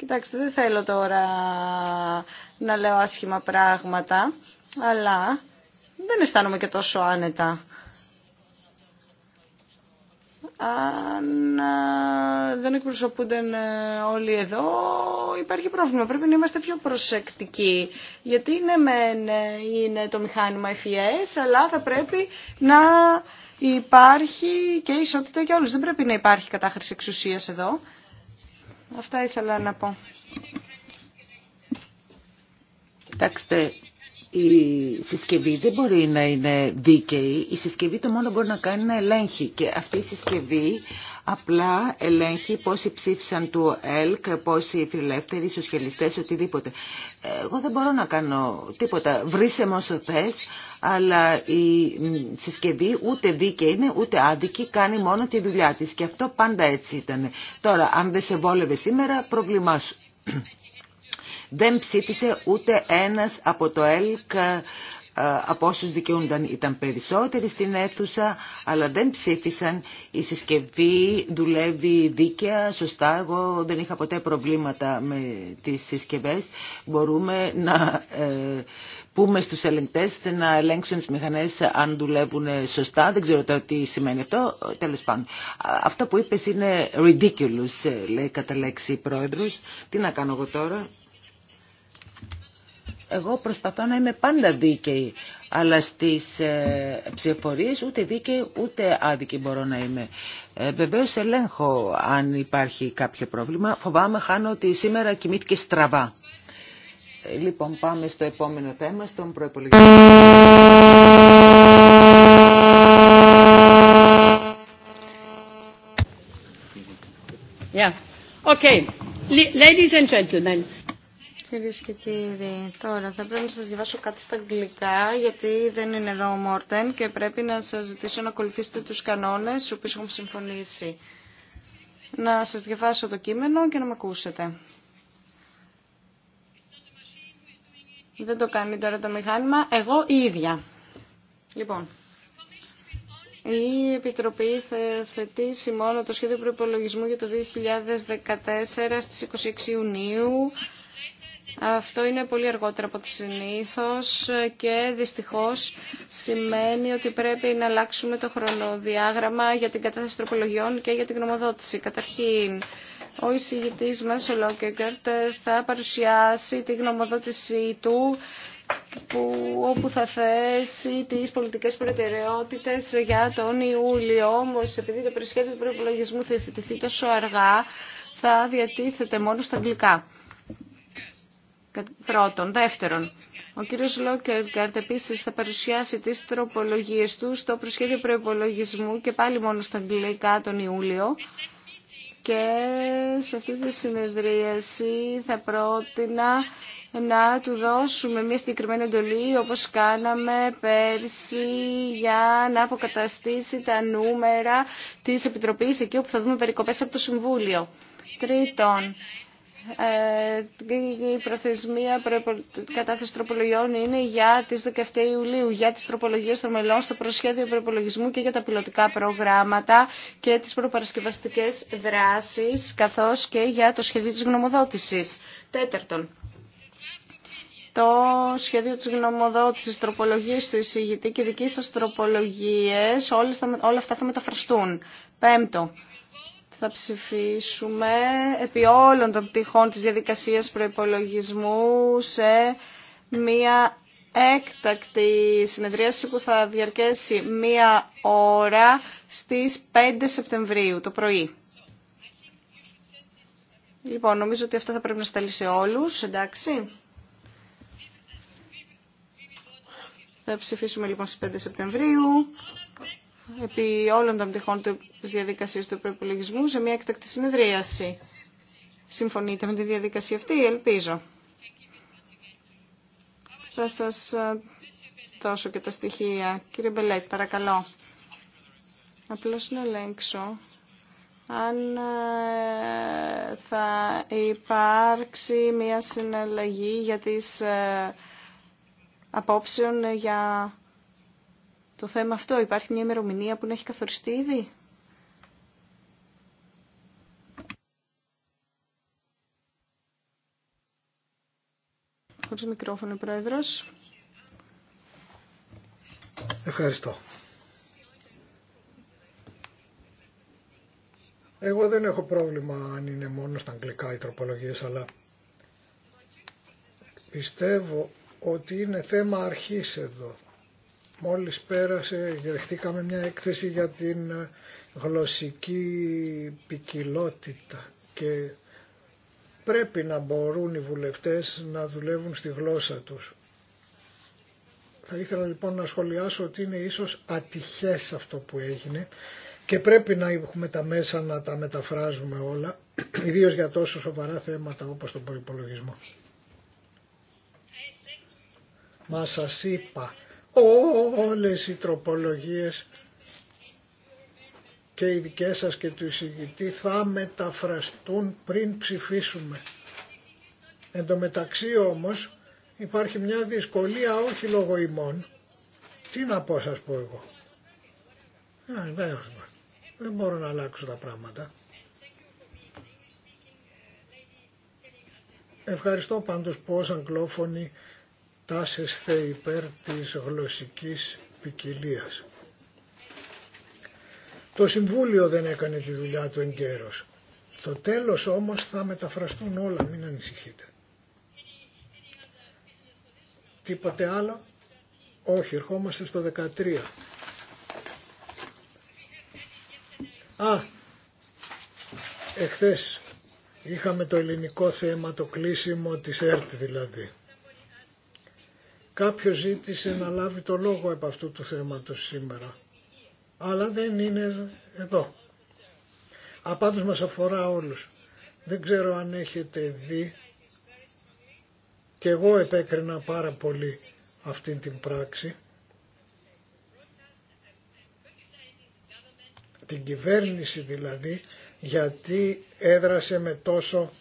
Κοιτάξτε, δεν θέλω τώρα να λέω άσχημα πράγματα, αλλά δεν αισθάνομαι και τόσο άνετα. Αν δεν εκπροσωπούνται ε, όλοι εδώ, υπάρχει πρόβλημα. Πρέπει να είμαστε πιο προσεκτικοί. Γιατί ναι, ε, είναι το μηχάνημα FES, αλλά θα πρέπει να υπάρχει και ισότητα για όλους. Δεν πρέπει να υπάρχει κατάχρηση εξουσίας εδώ. Αυτά ήθελα να πω. Κοιτάξτε, η συσκευή δεν μπορεί να είναι δίκαιη. Η συσκευή το μόνο μπορεί να κάνει να ελέγχει και αυτή η συσκευή απλά ελέγχει πόσοι ψήφισαν του ΕΛΚ, πόσοι φιλελεύθεροι, σοσιαλιστές, οτιδήποτε. Εγώ δεν μπορώ να κάνω τίποτα. Βρήσε με όσο αλλά η συσκευή ούτε δίκαιη είναι, ούτε άδικη, κάνει μόνο τη δουλειά της. Και αυτό πάντα έτσι ήταν. Τώρα, αν δεν σε βόλευε σήμερα, πρόβλημά σου. Δεν ψήφισε ούτε ένας από το ΕΛΚ ε, από όσου δικαιούνταν ήταν περισσότεροι στην αίθουσα, αλλά δεν ψήφισαν. Η συσκευή δουλεύει δίκαια, σωστά. Εγώ δεν είχα ποτέ προβλήματα με τις συσκευέ. Μπορούμε να ε, πούμε στους ελεγκτέ να ελέγξουν τι μηχανές αν δουλεύουν σωστά. Δεν ξέρω τώρα τι σημαίνει αυτό. τέλο πάντων. Αυτό που είπε, είναι ridiculous, ε, λέει κατά λέξη η πρόεδρο. Τι να κάνω εγώ τώρα. Εγώ προσπαθώ να είμαι πάντα δίκαιη, αλλά στις ε, ψηφορίες ούτε δίκαιη ούτε άδικη μπορώ να είμαι. Ε, Βεβαίω ελέγχω αν υπάρχει κάποιο πρόβλημα. Φοβάμαι, χάνω ότι σήμερα κοιμήθηκε στραβά. Ε, λοιπόν, πάμε στο επόμενο θέμα, στον προϋπολογισμό. Yeah. Okay. Ladies and gentlemen, Κυρίε και κύριοι, τώρα θα πρέπει να σας διαβάσω κάτι στα αγγλικά, γιατί δεν είναι εδώ ο Μόρτεν και πρέπει να σας ζητήσω να ακολουθήσετε τους κανόνες στους οποίους έχουμε συμφωνήσει. Να σας διαβάσω το κείμενο και να με ακούσετε. Δεν το κάνει τώρα το μηχάνημα, εγώ η ίδια. Λοιπόν, η Επιτροπή θα θετήσει μόνο το σχέδιο προπολογισμού για το 2014 στις 26 Ιουνίου αυτό είναι πολύ αργότερο από το συνήθως και δυστυχώς σημαίνει ότι πρέπει να αλλάξουμε το χρονοδιάγραμμα για την κατάθεση τροπολογιών και για την γνωμοδότηση. Καταρχήν, ο εισηγητής μας, ο Λόκεγκαρτ, θα παρουσιάσει τη γνωμοδότησή του όπου θα θέσει τις πολιτικές προτεραιότητες για τον Ιούλιο. Όμως, επειδή το προσχέδιο του προπολογισμού θα υιοθετηθεί τόσο αργά, θα διατίθεται μόνο στα αγγλικά. Πρώτον. Δεύτερον, ο κύριος Λόκερκαρτ επίσης θα παρουσιάσει τις τροπολογίες του στο προσχέδιο προϋπολογισμού και πάλι μόνο στα αγγλικά τον Ιούλιο. Και σε αυτή τη συνεδρίαση θα πρότεινα να του δώσουμε μια συγκεκριμένη εντολή όπως κάναμε πέρσι για να αποκαταστήσει τα νούμερα της Επιτροπής εκεί όπου θα δούμε περικοπές από το Συμβούλιο. Τρίτον, ε, η προθεσμία κατάθεση τροπολογιών είναι για τις 17 Ιουλίου, για τις τροπολογίες των μελών στο προσχέδιο προπολογισμού και για τα πιλωτικά προγράμματα και τις προπαρασκευαστικές δράσεις, καθώς και για το σχέδιο της γνωμοδότησης. Τέταρτον, το σχέδιο της γνωμοδότησης, τροπολογίες του εισηγητή και δικής σας τροπολογίες, όλα αυτά θα μεταφραστούν. Πέμπτο, θα ψηφίσουμε επί όλων των πτυχών της διαδικασίας προϋπολογισμού σε μία έκτακτη συνεδρίαση που θα διαρκέσει μία ώρα στις 5 Σεπτεμβρίου το πρωί. Λοιπόν, νομίζω ότι αυτό θα πρέπει να σταλεί σε όλους, εντάξει. Θα ψηφίσουμε λοιπόν στις 5 Σεπτεμβρίου επί όλων των πτυχών τη διαδικασία του προπολογισμού σε μια εκτακτή συνεδρίαση. Συμφωνείτε με τη διαδικασία αυτή, ελπίζω. Θα σα ε, δώσω και τα στοιχεία. Κύριε Μπελέτ, παρακαλώ. Απλώς να ελέγξω αν ε, θα υπάρξει μια συναλλαγή για τις ε, απόψεων για το θέμα αυτό. Υπάρχει μια ημερομηνία που να έχει καθοριστεί ήδη. Χωρίς μικρόφωνο, Πρόεδρος. Ευχαριστώ. Εγώ δεν έχω πρόβλημα αν είναι μόνο στα αγγλικά οι τροπολογίες, αλλά πιστεύω ότι είναι θέμα αρχής εδώ. Μόλις πέρασε, δεχτήκαμε μια έκθεση για την ε, γλωσσική ποικιλότητα και πρέπει να μπορούν οι βουλευτές να δουλεύουν στη γλώσσα τους. Θα ήθελα λοιπόν να σχολιάσω ότι είναι ίσως ατυχές αυτό που έγινε και πρέπει να έχουμε τα μέσα να τα μεταφράζουμε όλα, ιδίως για τόσο σοβαρά θέματα όπως τον προϋπολογισμό. Μα σας είπα όλες οι τροπολογίες και οι δικές σας και του εισηγητή θα μεταφραστούν πριν ψηφίσουμε. Εν τω μεταξύ όμως υπάρχει μια δυσκολία όχι λόγω ημών. Τι να πω σας πω εγώ. Δεν μπορώ να αλλάξω τα πράγματα. Ευχαριστώ πάντως που ως αγγλόφωνοι τάσεσθε υπέρ της γλωσσικής ποικιλία. Το Συμβούλιο δεν έκανε τη δουλειά του εν καιρός. Το τέλος όμως θα μεταφραστούν όλα, μην ανησυχείτε. Τίποτε άλλο. Όχι, ερχόμαστε στο 13. Α, εχθές είχαμε το ελληνικό θέμα, το κλείσιμο της ΕΡΤ δηλαδή. Κάποιος ζήτησε να λάβει το λόγο από αυτού του θέματος σήμερα, αλλά δεν είναι εδώ. Απάντως μας αφορά όλους. Δεν ξέρω αν έχετε δει και εγώ επέκρινα πάρα πολύ αυτή την πράξη. Την κυβέρνηση δηλαδή γιατί έδρασε με τόσο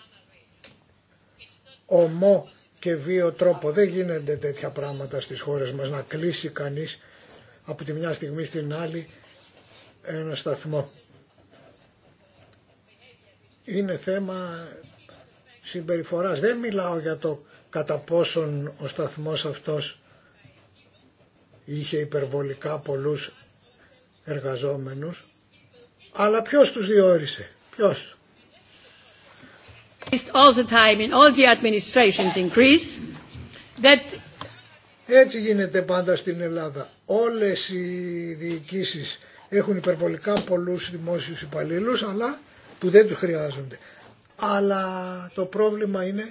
ομό και βίο τρόπο. Δεν γίνονται τέτοια πράγματα στις χώρες μας να κλείσει κανείς από τη μια στιγμή στην άλλη ένα σταθμό. Είναι θέμα συμπεριφοράς. Δεν μιλάω για το κατά πόσον ο σταθμός αυτός είχε υπερβολικά πολλούς εργαζόμενους, αλλά ποιος τους διόρισε, ποιος έτσι γίνεται πάντα στην Ελλάδα. Όλες οι διοικήσεις έχουν υπερβολικά πολλούς δημόσιους υπαλλήλους αλλά που δεν τους χρειάζονται. Αλλά το πρόβλημα είναι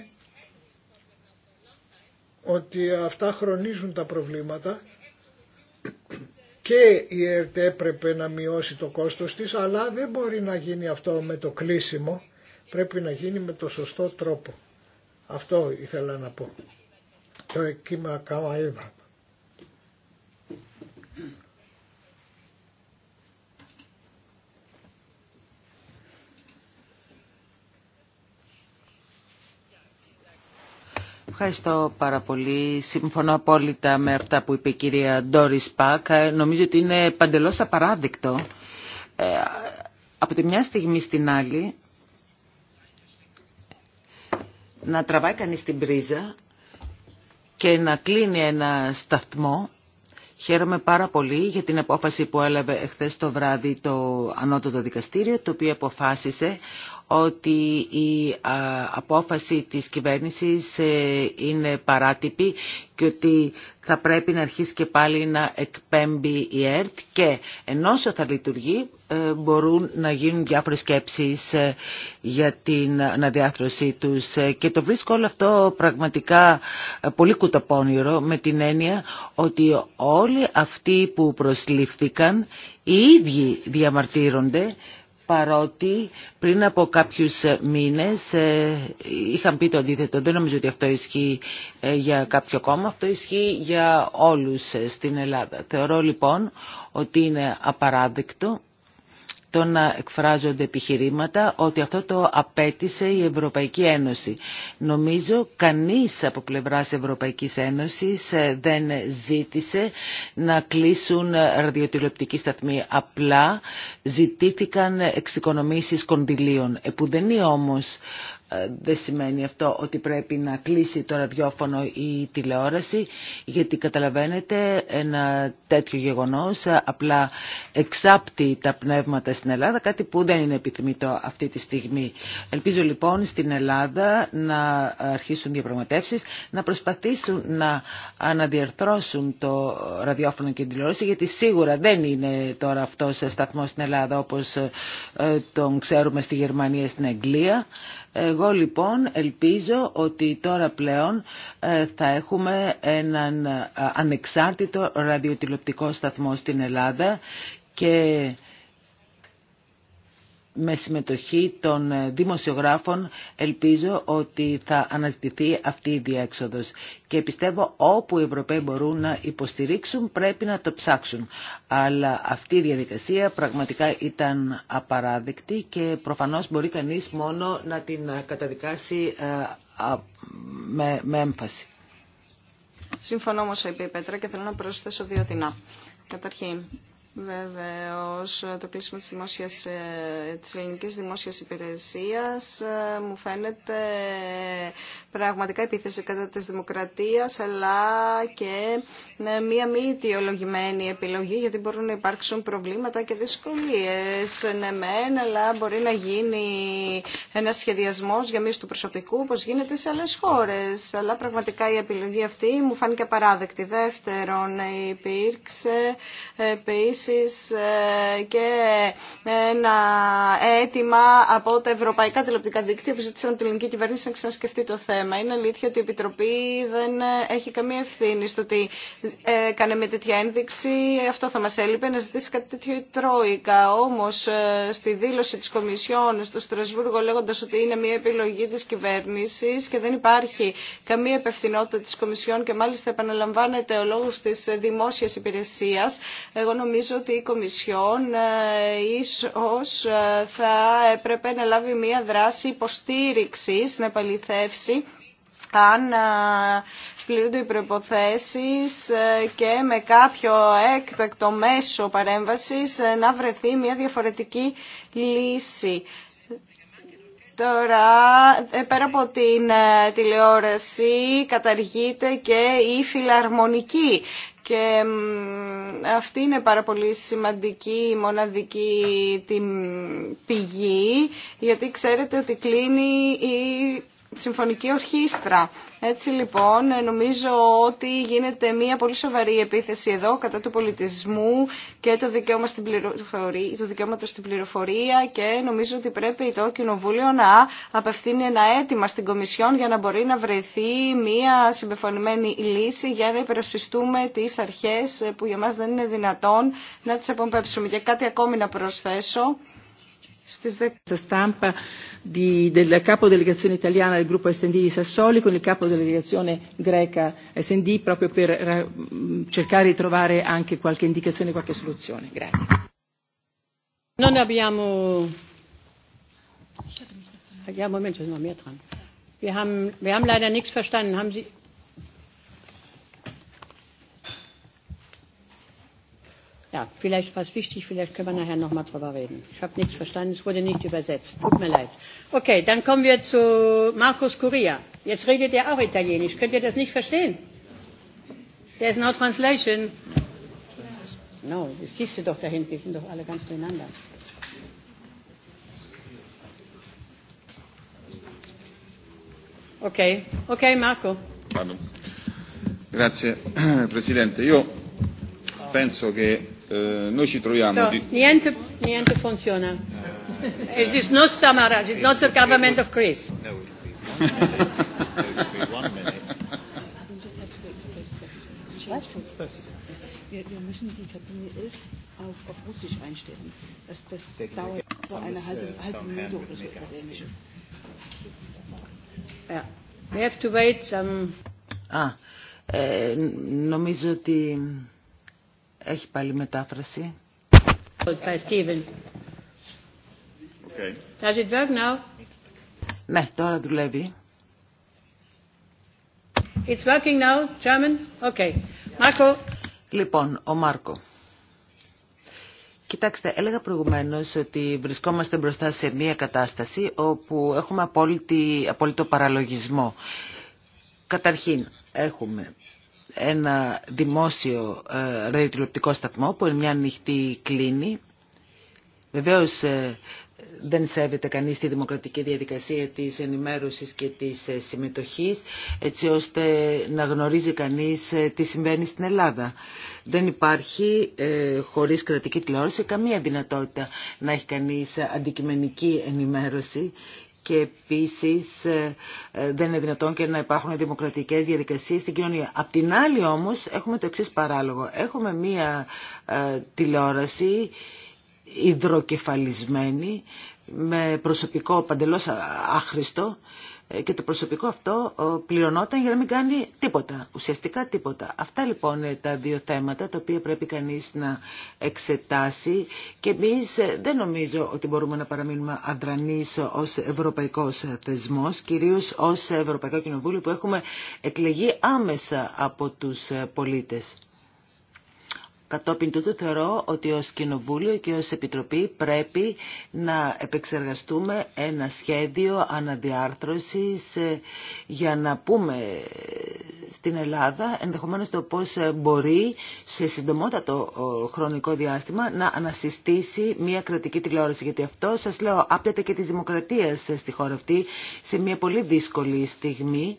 ότι αυτά χρονίζουν τα προβλήματα και η ΕΡΤ έπρεπε να μειώσει το κόστος της αλλά δεν μπορεί να γίνει αυτό με το κλείσιμο πρέπει να γίνει με το σωστό τρόπο. Αυτό ήθελα να πω. Το κάμα είδα. Ευχαριστώ πάρα πολύ. Συμφωνώ απόλυτα με αυτά που είπε η κυρία Ντόρις Πακ. Ε, νομίζω ότι είναι παντελώς απαράδεκτο. Ε, από τη μια στιγμή στην άλλη να τραβάει κανείς την πρίζα και να κλείνει ένα σταθμό. Χαίρομαι πάρα πολύ για την απόφαση που έλαβε εχθές το βράδυ το Ανώτατο Δικαστήριο, το οποίο αποφάσισε ότι η απόφαση της κυβέρνησης ε, είναι παράτυπη και ότι θα πρέπει να αρχίσει και πάλι να εκπέμπει η ΕΡΤ και ενώ θα λειτουργεί ε, μπορούν να γίνουν διάφορες σκέψεις ε, για την αναδιάθρωσή τους και το βρίσκω όλο αυτό πραγματικά πολύ κουταπώνυρο με την έννοια ότι όλοι αυτοί που προσλήφθηκαν οι ίδιοι διαμαρτύρονται παρότι πριν από κάποιους μήνες ε, είχαν πει το αντίθετο. Δεν νομίζω ότι αυτό ισχύει ε, για κάποιο κόμμα, αυτό ισχύει για όλους ε, στην Ελλάδα. Θεωρώ λοιπόν ότι είναι απαράδεκτο το να εκφράζονται επιχειρήματα ότι αυτό το απέτησε η Ευρωπαϊκή Ένωση. Νομίζω κανείς από πλευράς Ευρωπαϊκής Ένωσης ε, δεν ζήτησε να κλείσουν ραδιοτηλεπτική σταθμή. Απλά ζητήθηκαν εξοικονομήσεις κονδυλίων. είναι όμως ε, δεν σημαίνει αυτό ότι πρέπει να κλείσει το ραδιόφωνο ή τηλεόραση γιατί καταλαβαίνετε ένα τέτοιο γεγονός ε, απλά εξάπτει τα πνεύματα στην Ελλάδα κάτι που δεν είναι επιθυμητό αυτή τη στιγμή. Ελπίζω λοιπόν στην Ελλάδα να αρχίσουν διαπραγματεύσεις να προσπαθήσουν να αναδιαρθρώσουν το ραδιόφωνο και την τηλεόραση γιατί σίγουρα δεν είναι τώρα αυτός σταθμός στην Ελλάδα όπως ε, τον ξέρουμε στη Γερμανία στην Αγγλία εγώ λοιπόν ελπίζω ότι τώρα πλέον ε, θα έχουμε έναν ε, ανεξάρτητο ραδιοτηλεοπτικό σταθμό στην Ελλάδα και με συμμετοχή των ε, δημοσιογράφων ελπίζω ότι θα αναζητηθεί αυτή η διέξοδος και πιστεύω όπου οι Ευρωπαίοι μπορούν να υποστηρίξουν πρέπει να το ψάξουν. Αλλά αυτή η διαδικασία πραγματικά ήταν απαράδεκτη και προφανώς μπορεί κανείς μόνο να την ε, καταδικάσει ε, με, έμφαση. Συμφωνώ όμως, είπε η Πέτρα, και θέλω να προσθέσω δύο δεινά. Καταρχήν, Βεβαίω, το κλείσιμο της, δημόσιας, ε, της ελληνικής δημόσιας υπηρεσίας ε, μου φαίνεται πραγματικά επίθεση κατά της δημοκρατίας αλλά και μία μη αιτιολογημένη επιλογή γιατί μπορούν να υπάρξουν προβλήματα και δυσκολίες. Ναι μεν, αλλά μπορεί να γίνει ένας σχεδιασμός για μίσου του προσωπικού όπως γίνεται σε άλλες χώρες. Αλλά πραγματικά η επιλογή αυτή μου φάνηκε παράδεκτη. Δεύτερον, υπήρξε ε, και ένα αίτημα από τα ευρωπαϊκά τηλεοπτικά δίκτυα που ζήτησαν την ελληνική κυβέρνηση να ξανασκεφτεί το θέμα. Είναι αλήθεια ότι η Επιτροπή δεν ε, έχει καμία ευθύνη στο ότι ε, έκανε μια τέτοια ένδειξη. Αυτό θα μας έλειπε να ζητήσει κάτι τέτοιο η Τρόικα. Όμως στη δήλωση της Κομισιόν στο Στρασβούργο λέγοντας ότι είναι μια επιλογή της κυβέρνησης και δεν υπάρχει καμία υπευθυνότητα της Κομισιόν και μάλιστα επαναλαμβάνεται ο λόγος της δημόσιας υπηρεσίας ότι η Κομισιόν ε, ίσως ε, θα έπρεπε να λάβει μία δράση υποστήριξης, να επαληθεύσει αν ε, πληρούνται οι προϋποθέσεις και με κάποιο έκτακτο μέσο παρέμβασης να βρεθεί μια διαφορετική λύση. Τώρα, πέρα από την τηλεόραση, καταργείται και η φιλαρμονική και αυτή είναι πάρα πολύ σημαντική μοναδική την πηγή, γιατί ξέρετε ότι κλείνει η συμφωνική ορχήστρα. Έτσι λοιπόν νομίζω ότι γίνεται μια πολύ σοβαρή επίθεση εδώ κατά του πολιτισμού και το δικαίωμα στην πληροφορία, του δικαιώματο στην πληροφορία και νομίζω ότι πρέπει το Κοινοβούλιο να απευθύνει ένα αίτημα στην Κομισιόν για να μπορεί να βρεθεί μια συμπεφωνημένη λύση για να υπερασπιστούμε τι αρχέ που για μα δεν είναι δυνατόν να τι απομπέψουμε. Και κάτι ακόμη να προσθέσω. Questa stampa di, del capo delegazione italiana del gruppo SD di Sassoli con il capo delegazione greca SD proprio per cercare di trovare anche qualche indicazione, qualche soluzione. Grazie. Non abbiamo... Wir haben, wir haben leider nichts verstanden. Ja, vielleicht was wichtig, vielleicht können wir nachher noch mal drüber reden. Ich habe nichts verstanden, es wurde nicht übersetzt. Tut mir leid. Okay, dann kommen wir zu Markus Curia. Jetzt redet er auch Italienisch. Könnt ihr das nicht verstehen? There is no translation. No, das siehst du doch da hinten, die sind doch alle ganz durcheinander. Okay, okay Marco. Pardon. Grazie Presidente. Io penso che noi ci troviamo di... niente, niente funziona it is not Samara it's not the government of Greece no, Wir, wir müssen die Kabine 11 auf, auf Russisch einstellen. Das, das dauert so eine halbe, halbe Minute oder so etwas ähnliches. Ja. We have to wait some... Ah, ε, νομίζω ότι έχει πάλι μετάφραση. Ναι, τώρα δουλεύει. It's working now, German. Okay. Marco. Λοιπόν, ο Μάρκο. Κοιτάξτε, έλεγα προηγουμένως ότι βρισκόμαστε μπροστά σε μια κατάσταση όπου έχουμε απόλυτο παραλογισμό. Καταρχήν, έχουμε ένα δημόσιο ε, ραδιοτηλεοπτικό σταθμό που είναι μια ανοιχτή κλίνη. Βεβαίως ε, δεν σέβεται κανείς τη δημοκρατική διαδικασία της ενημέρωσης και της ε, συμμετοχής έτσι ώστε να γνωρίζει κανείς ε, τι συμβαίνει στην Ελλάδα. Δεν υπάρχει χωρίς κρατική τηλεόραση καμία δυνατότητα να έχει κανείς αντικειμενική ενημέρωση και επίσης ε, ε, δεν είναι δυνατόν και να υπάρχουν δημοκρατικές διαδικασίες στην κοινωνία. Απ' την άλλη όμως έχουμε το εξής παράλογο. Έχουμε μία ε, τηλεόραση υδροκεφαλισμένη με προσωπικό παντελώς άχρηστο και το προσωπικό αυτό πληρωνόταν για να μην κάνει τίποτα, ουσιαστικά τίποτα. Αυτά λοιπόν είναι τα δύο θέματα τα οποία πρέπει κανείς να εξετάσει και εμεί ε, δεν νομίζω ότι μπορούμε να παραμείνουμε αδρανείς ως ευρωπαϊκός θεσμός, κυρίως ως Ευρωπαϊκό Κοινοβούλιο που έχουμε εκλεγεί άμεσα από τους πολίτες. Κατόπιν τούτου θεωρώ ότι ως Κοινοβούλιο και ως Επιτροπή πρέπει να επεξεργαστούμε ένα σχέδιο αναδιάρθρωσης ε, για να πούμε ε, στην Ελλάδα ενδεχομένως το πώς ε, μπορεί σε συντομότατο χρονικό διάστημα να ανασυστήσει μια κρατική τηλεόραση. Γιατί αυτό σας λέω άπλεται και της δημοκρατίας στη χώρα αυτή σε μια πολύ δύσκολη στιγμή.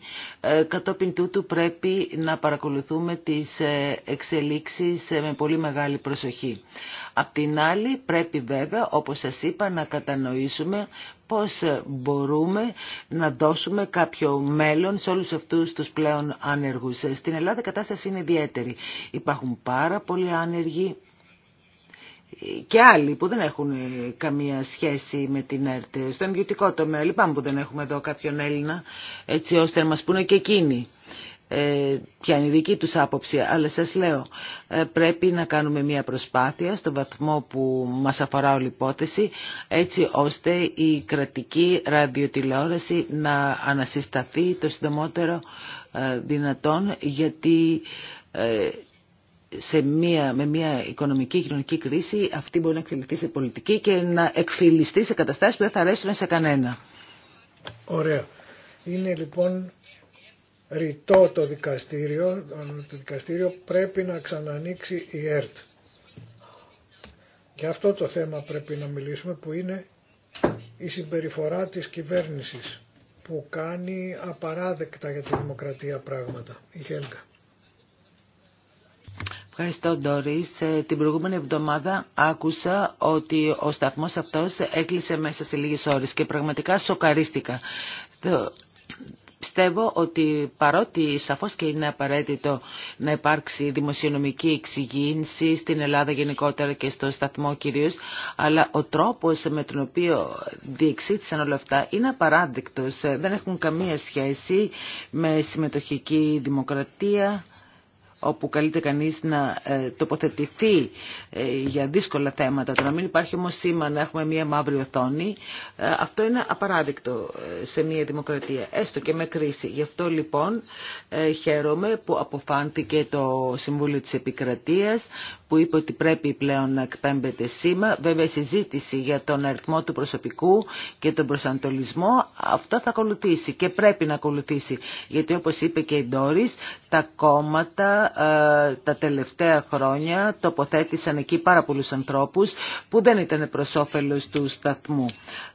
Κατόπιν τούτου πρέπει να παρακολουθούμε τις εξελίξεις με πολύ μεγάλη προσοχή. Απ' την άλλη πρέπει βέβαια, όπως σας είπα, να κατανοήσουμε πώς μπορούμε να δώσουμε κάποιο μέλλον σε όλους αυτούς τους πλέον άνεργους. Στην Ελλάδα η κατάσταση είναι ιδιαίτερη. Υπάρχουν πάρα πολλοί άνεργοι και άλλοι που δεν έχουν ε, καμία σχέση με την ΕΡΤ. Στον ιδιωτικό τομέα λυπάμαι που δεν έχουμε εδώ κάποιον Έλληνα έτσι ώστε να μας πούνε και εκείνοι ποια ε, είναι η δική τους άποψη, αλλά σας λέω ε, πρέπει να κάνουμε μια προσπάθεια στο βαθμό που μας αφορά όλη η υπόθεση έτσι ώστε η κρατική ραδιοτηλεόραση να ανασυσταθεί το συντομότερο ε, δυνατόν γιατί σε μια, με μια οικονομική και κοινωνική κρίση αυτή μπορεί να εξελιχθεί σε πολιτική και να εκφυλιστεί σε καταστάσεις που δεν θα αρέσουν σε κανένα. Ωραία. Είναι λοιπόν ρητό το δικαστήριο, το δικαστήριο πρέπει να ξανανοίξει η ΕΡΤ. Και αυτό το θέμα πρέπει να μιλήσουμε που είναι η συμπεριφορά της κυβέρνησης που κάνει απαράδεκτα για τη δημοκρατία πράγματα. Η Χέλγα. Ευχαριστώ, Ντόρι. Ε, την προηγούμενη εβδομάδα άκουσα ότι ο σταθμός αυτός έκλεισε μέσα σε λίγες ώρες και πραγματικά σοκαρίστηκα. Πιστεύω ότι παρότι σαφώς και είναι απαραίτητο να υπάρξει δημοσιονομική εξυγίνηση στην Ελλάδα γενικότερα και στο σταθμό κυρίως, αλλά ο τρόπος με τον οποίο διεξήθησαν όλα αυτά είναι απαράδεκτος. Δεν έχουν καμία σχέση με συμμετοχική δημοκρατία, όπου καλείται κανείς να ε, τοποθετηθεί ε, για δύσκολα θέματα. Το να μην υπάρχει όμως σήμα να έχουμε μία μαύρη οθόνη, ε, αυτό είναι απαράδεικτο σε μία δημοκρατία, έστω και με κρίση. Γι' αυτό λοιπόν χαίρομαι που αποφάνθηκε το Συμβούλιο της Επικρατείας, που είπε ότι πρέπει πλέον να εκπέμπεται σήμα. Βέβαια η συζήτηση για τον αριθμό του προσωπικού και τον προσανατολισμό, αυτό θα ακολουθήσει και πρέπει να ακολουθήσει. Γιατί όπως είπε και η Ντόρις, τα κόμματα ε, τα τελευταία χρόνια τοποθέτησαν εκεί πάρα πολλούς ανθρώπους που δεν ήταν προς όφελος του σταθμού.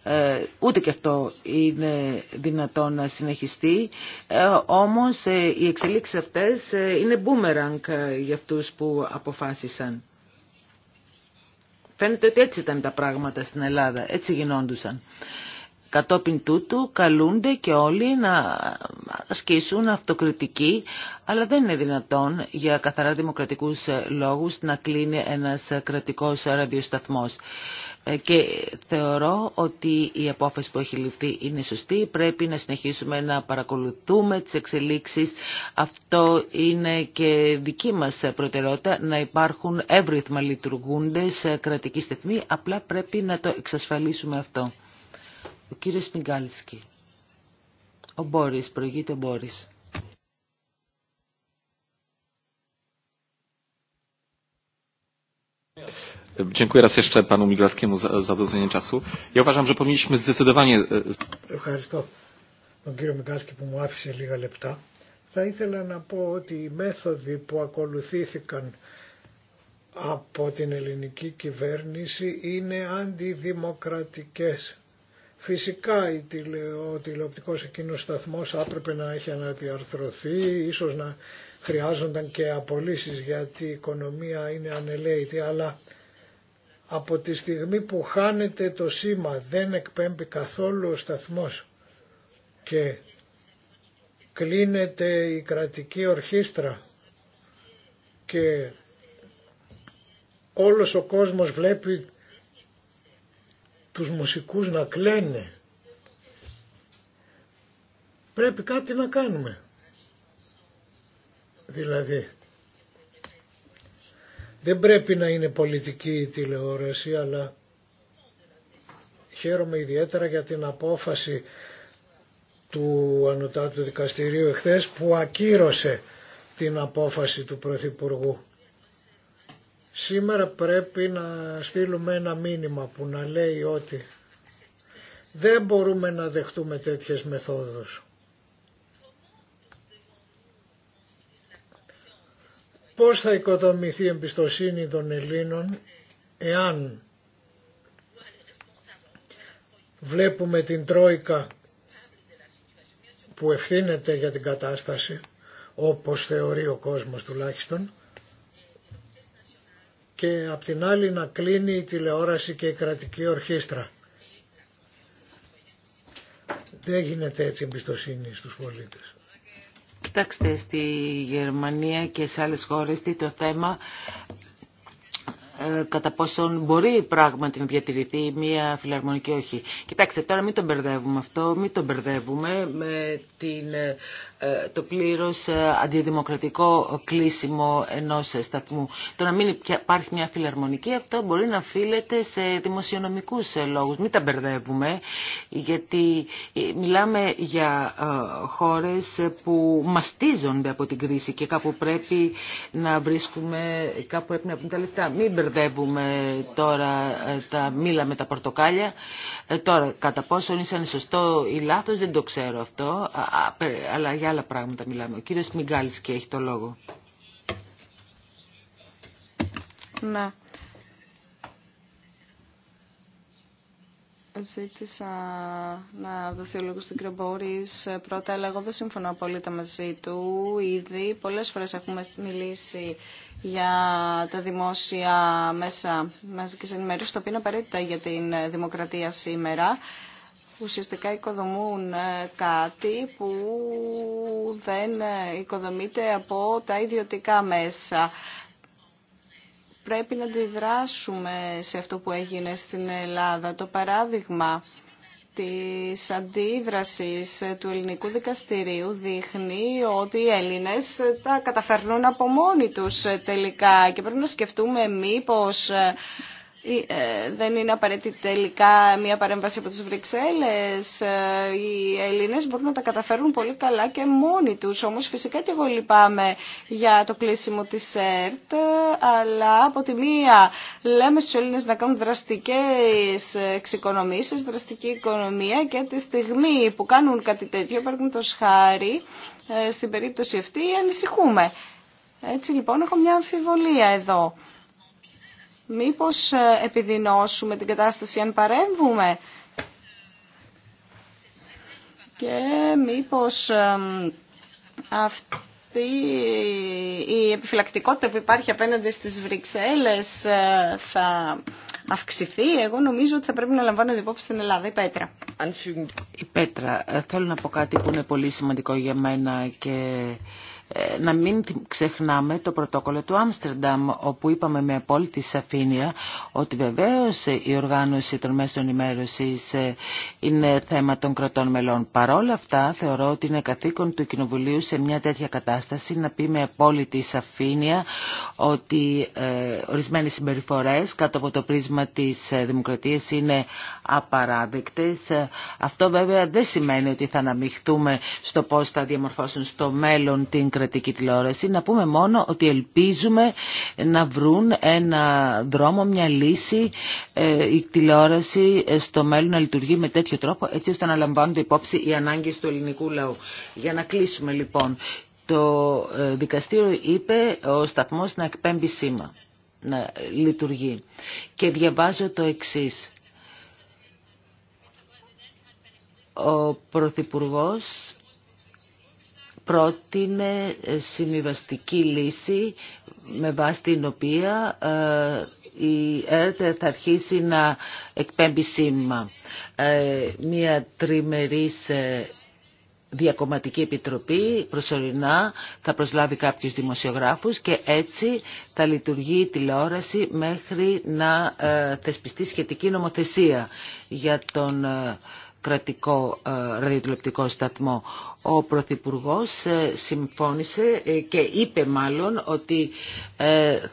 Ε, ούτε και αυτό είναι δυνατό να συνεχιστεί, ε, όμως οι εξελίξεις αυτές είναι μπούμεραγκ για αυτούς που αποφάσισαν. Φαίνεται ότι έτσι ήταν τα πράγματα στην Ελλάδα, έτσι γινόντουσαν. Κατόπιν τούτου καλούνται και όλοι να ασκήσουν αυτοκριτική, αλλά δεν είναι δυνατόν για καθαρά δημοκρατικούς λόγους να κλείνει ένας κρατικός ραδιοσταθμός. Ε, και θεωρώ ότι η απόφαση που έχει ληφθεί είναι σωστή. Πρέπει να συνεχίσουμε να παρακολουθούμε τις εξελίξεις. Αυτό είναι και δική μας προτεραιότητα, να υπάρχουν εύρυθμα λειτουργούντες ε, κρατικοί στεθμοί. Απλά πρέπει να το εξασφαλίσουμε αυτό. Ο κύριος Μιγκάλσκι. Ο Μπόρις, προηγείται ο Μπόρις. Ευχαριστώ τον κύριο Μιγκάλσκι, που μου άφησε λίγα λεπτά. Θα ήθελα να πω ότι οι μέθοδοι που ακολουθήθηκαν από την ελληνική κυβέρνηση είναι αντιδημοκρατικές. Φυσικά ο τηλεοπτικός εκείνος σταθμός άπρεπε να έχει αναδιαρθρωθεί, ίσως να χρειάζονταν και απολύσει γιατί η οικονομία είναι ανελαίτη, αλλά από τη στιγμή που χάνεται το σήμα, δεν εκπέμπει καθόλου ο σταθμός και κλείνεται η κρατική ορχήστρα και όλος ο κόσμος βλέπει τους μουσικούς να κλαίνε. Πρέπει κάτι να κάνουμε. Δηλαδή, δεν πρέπει να είναι πολιτική η τηλεόραση, αλλά χαίρομαι ιδιαίτερα για την απόφαση του Ανωτάτου Δικαστηρίου εχθές που ακύρωσε την απόφαση του Πρωθυπουργού Σήμερα πρέπει να στείλουμε ένα μήνυμα που να λέει ότι δεν μπορούμε να δεχτούμε τέτοιες μεθόδους. Πώς θα οικοδομηθεί η εμπιστοσύνη των Ελλήνων εάν βλέπουμε την Τρόικα που ευθύνεται για την κατάσταση, όπως θεωρεί ο κόσμος τουλάχιστον, και απ' την άλλη να κλείνει η τηλεόραση και η κρατική ορχήστρα. Δεν γίνεται έτσι εμπιστοσύνη στους πολίτες. Κοιτάξτε, στη Γερμανία και σε άλλες χώρες το θέμα ε, κατά πόσον μπορεί πράγματι να διατηρηθεί μια φιλαρμονική όχι. Κοιτάξτε, τώρα μην τον μπερδεύουμε αυτό, μην τον μπερδεύουμε με την, ε, ε, το πλήρως αντιδημοκρατικό κλείσιμο ενός σταθμού. Το να μην υπάρχει μια φιλαρμονική, αυτό μπορεί να φύλλεται σε δημοσιονομικούς λόγους. Μην τα μπερδεύουμε, γιατί μιλάμε για χώρες που μαστίζονται από την κρίση και κάπου πρέπει να βρίσκουμε, κάπου πρέπει να πούμε τα λεφτά. Μην μπερδεύουμε τώρα ε, τα μήλα με τα πορτοκάλια. Ε, τώρα, κατά πόσο ήσαν σωστό ή λάθος δεν το ξέρω αυτό, αλλά για άλλα πράγματα μιλάμε. Ο κύριος Μιγκάλης και έχει το λόγο. Να Ζήτησα να δοθεί ο λόγο του κ. Μπόρης. Πρώτα, αλλά εγώ δεν συμφωνώ απόλυτα μαζί του. Ήδη πολλές φορές έχουμε μιλήσει για τα δημόσια μέσα μαζικής ενημέρωση, τα οποία είναι απαραίτητα για την δημοκρατία σήμερα. Ουσιαστικά οικοδομούν ε, κάτι που δεν ε, οικοδομείται από τα ιδιωτικά μέσα πρέπει να αντιδράσουμε σε αυτό που έγινε στην Ελλάδα. Το παράδειγμα της αντίδρασης του ελληνικού δικαστηρίου δείχνει ότι οι Έλληνες τα καταφέρνουν από μόνοι τους τελικά και πρέπει να σκεφτούμε μήπως ε, δεν είναι απαραίτητη τελικά μια παρέμβαση από τις Βρυξέλλες. Ε, οι Έλληνες μπορούν να τα καταφέρουν πολύ καλά και μόνοι τους. Όμως φυσικά και εγώ λυπάμαι για το κλείσιμο της ΕΡΤ, αλλά από τη μία λέμε στους Έλληνες να κάνουν δραστικές εξοικονομήσεις, δραστική οικονομία και τη στιγμή που κάνουν κάτι τέτοιο, παραδείγματο χάρη, ε, στην περίπτωση αυτή ανησυχούμε. Έτσι λοιπόν έχω μια αμφιβολία εδώ. Μήπως ε, επιδεινώσουμε την κατάσταση αν παρέμβουμε και μήπως αυτή η επιφυλακτικότητα που υπάρχει απέναντι στις Βρυξέλλες ε, θα αυξηθεί. Εγώ νομίζω ότι θα πρέπει να λαμβάνω υπόψη στην Ελλάδα. Η Πέτρα. Η Πέτρα, ε, θέλω να πω κάτι που είναι πολύ σημαντικό για μένα και ε, να μην ξεχνάμε το πρωτόκολλο του Άμστερνταμ, όπου είπαμε με απόλυτη σαφήνεια ότι βεβαίως η οργάνωση των μέσων ενημέρωσης ε, είναι θέμα των κρατών μελών. Παρόλα αυτά, θεωρώ ότι είναι καθήκον του Κοινοβουλίου σε μια τέτοια κατάσταση να πει με απόλυτη σαφήνεια ότι ε, ορισμένες συμπεριφορές κάτω από το πρίσμα της δημοκρατίας είναι απαράδεκτες. Αυτό βέβαια δεν σημαίνει ότι θα αναμειχθούμε στο πώς θα διαμορφώσουν στο μέλλον την κρατική τηλεόραση, να πούμε μόνο ότι ελπίζουμε να βρουν ένα δρόμο, μια λύση ε, η τηλεόραση ε, στο μέλλον να λειτουργεί με τέτοιο τρόπο έτσι ώστε να λαμβάνονται υπόψη οι ανάγκες του ελληνικού λαού. Για να κλείσουμε λοιπόν, το ε, δικαστήριο είπε ο σταθμός να εκπέμπει σήμα, να λειτουργεί. Και διαβάζω το εξής. Ο Πρωθυπουργός πρότεινε συμβιβαστική λύση με βάση την οποία ε, η ΕΡΤ θα αρχίσει να εκπέμπει σήμα. Ε, μία τριμερής ε, διακομματική επιτροπή προσωρινά θα προσλάβει κάποιους δημοσιογράφους και έτσι θα λειτουργεί η τηλεόραση μέχρι να θεσπιστεί σχετική νομοθεσία για τον κρατικό ε, σταθμό. Ο Πρωθυπουργό ε, συμφώνησε ε, και είπε μάλλον ότι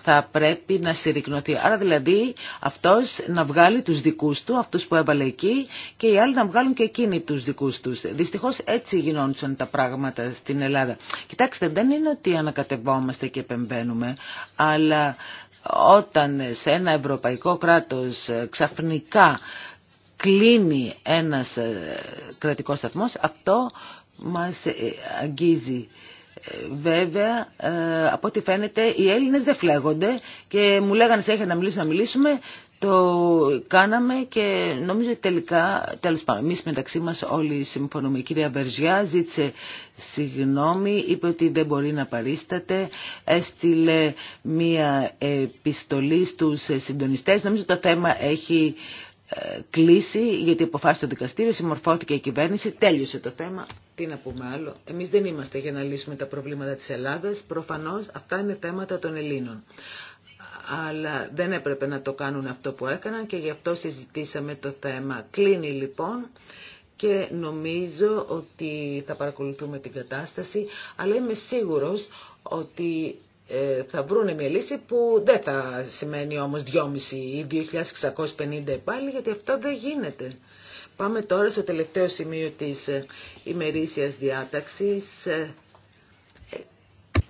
θα πρέπει να συρρυκνωθεί. Άρα δηλαδή αυτός να βγάλει τους δικούς του, αυτούς που έβαλε εκεί και οι άλλοι να βγάλουν και εκείνοι τους δικούς τους. Δυστυχώς έτσι γινόντουσαν τα πράγματα στην Ελλάδα. Κοιτάξτε, δεν είναι ότι ανακατευόμαστε και επεμβαίνουμε, αλλά όταν σε ένα ευρωπαϊκό κράτος ξαφνικά κλείνει ένας ε, κρατικός σταθμός, αυτό μας ε, αγγίζει. Ε, βέβαια, από ό,τι φαίνεται, οι Έλληνες δεν φλέγονται και μου λέγανε σε να μιλήσουμε, να μιλήσουμε. Το κάναμε και νομίζω ότι τελικά, τέλος πάντων, εμείς μεταξύ μας όλοι συμφωνούμε. Η κυρία Βερζιά ζήτησε συγγνώμη, είπε ότι δεν μπορεί να παρίσταται, έστειλε μία επιστολή στους συντονιστές. Νομίζω το θέμα έχει κλείσει γιατί αποφάσισε το δικαστήριο, συμμορφώθηκε η κυβέρνηση, τέλειωσε το θέμα. Τι να πούμε άλλο. Εμείς δεν είμαστε για να λύσουμε τα προβλήματα της Ελλάδας. Προφανώς αυτά είναι θέματα των Ελλήνων. Αλλά δεν έπρεπε να το κάνουν αυτό που έκαναν και γι' αυτό συζητήσαμε το θέμα. Κλείνει λοιπόν και νομίζω ότι θα παρακολουθούμε την κατάσταση, αλλά είμαι σίγουρος ότι ε, θα βρούνε μια λύση που δεν θα σημαίνει όμως 2,5 ή 2.650 πάλι γιατί αυτό δεν γίνεται. Πάμε τώρα στο τελευταίο σημείο της ε, ημερήσιας διάταξης. Ε,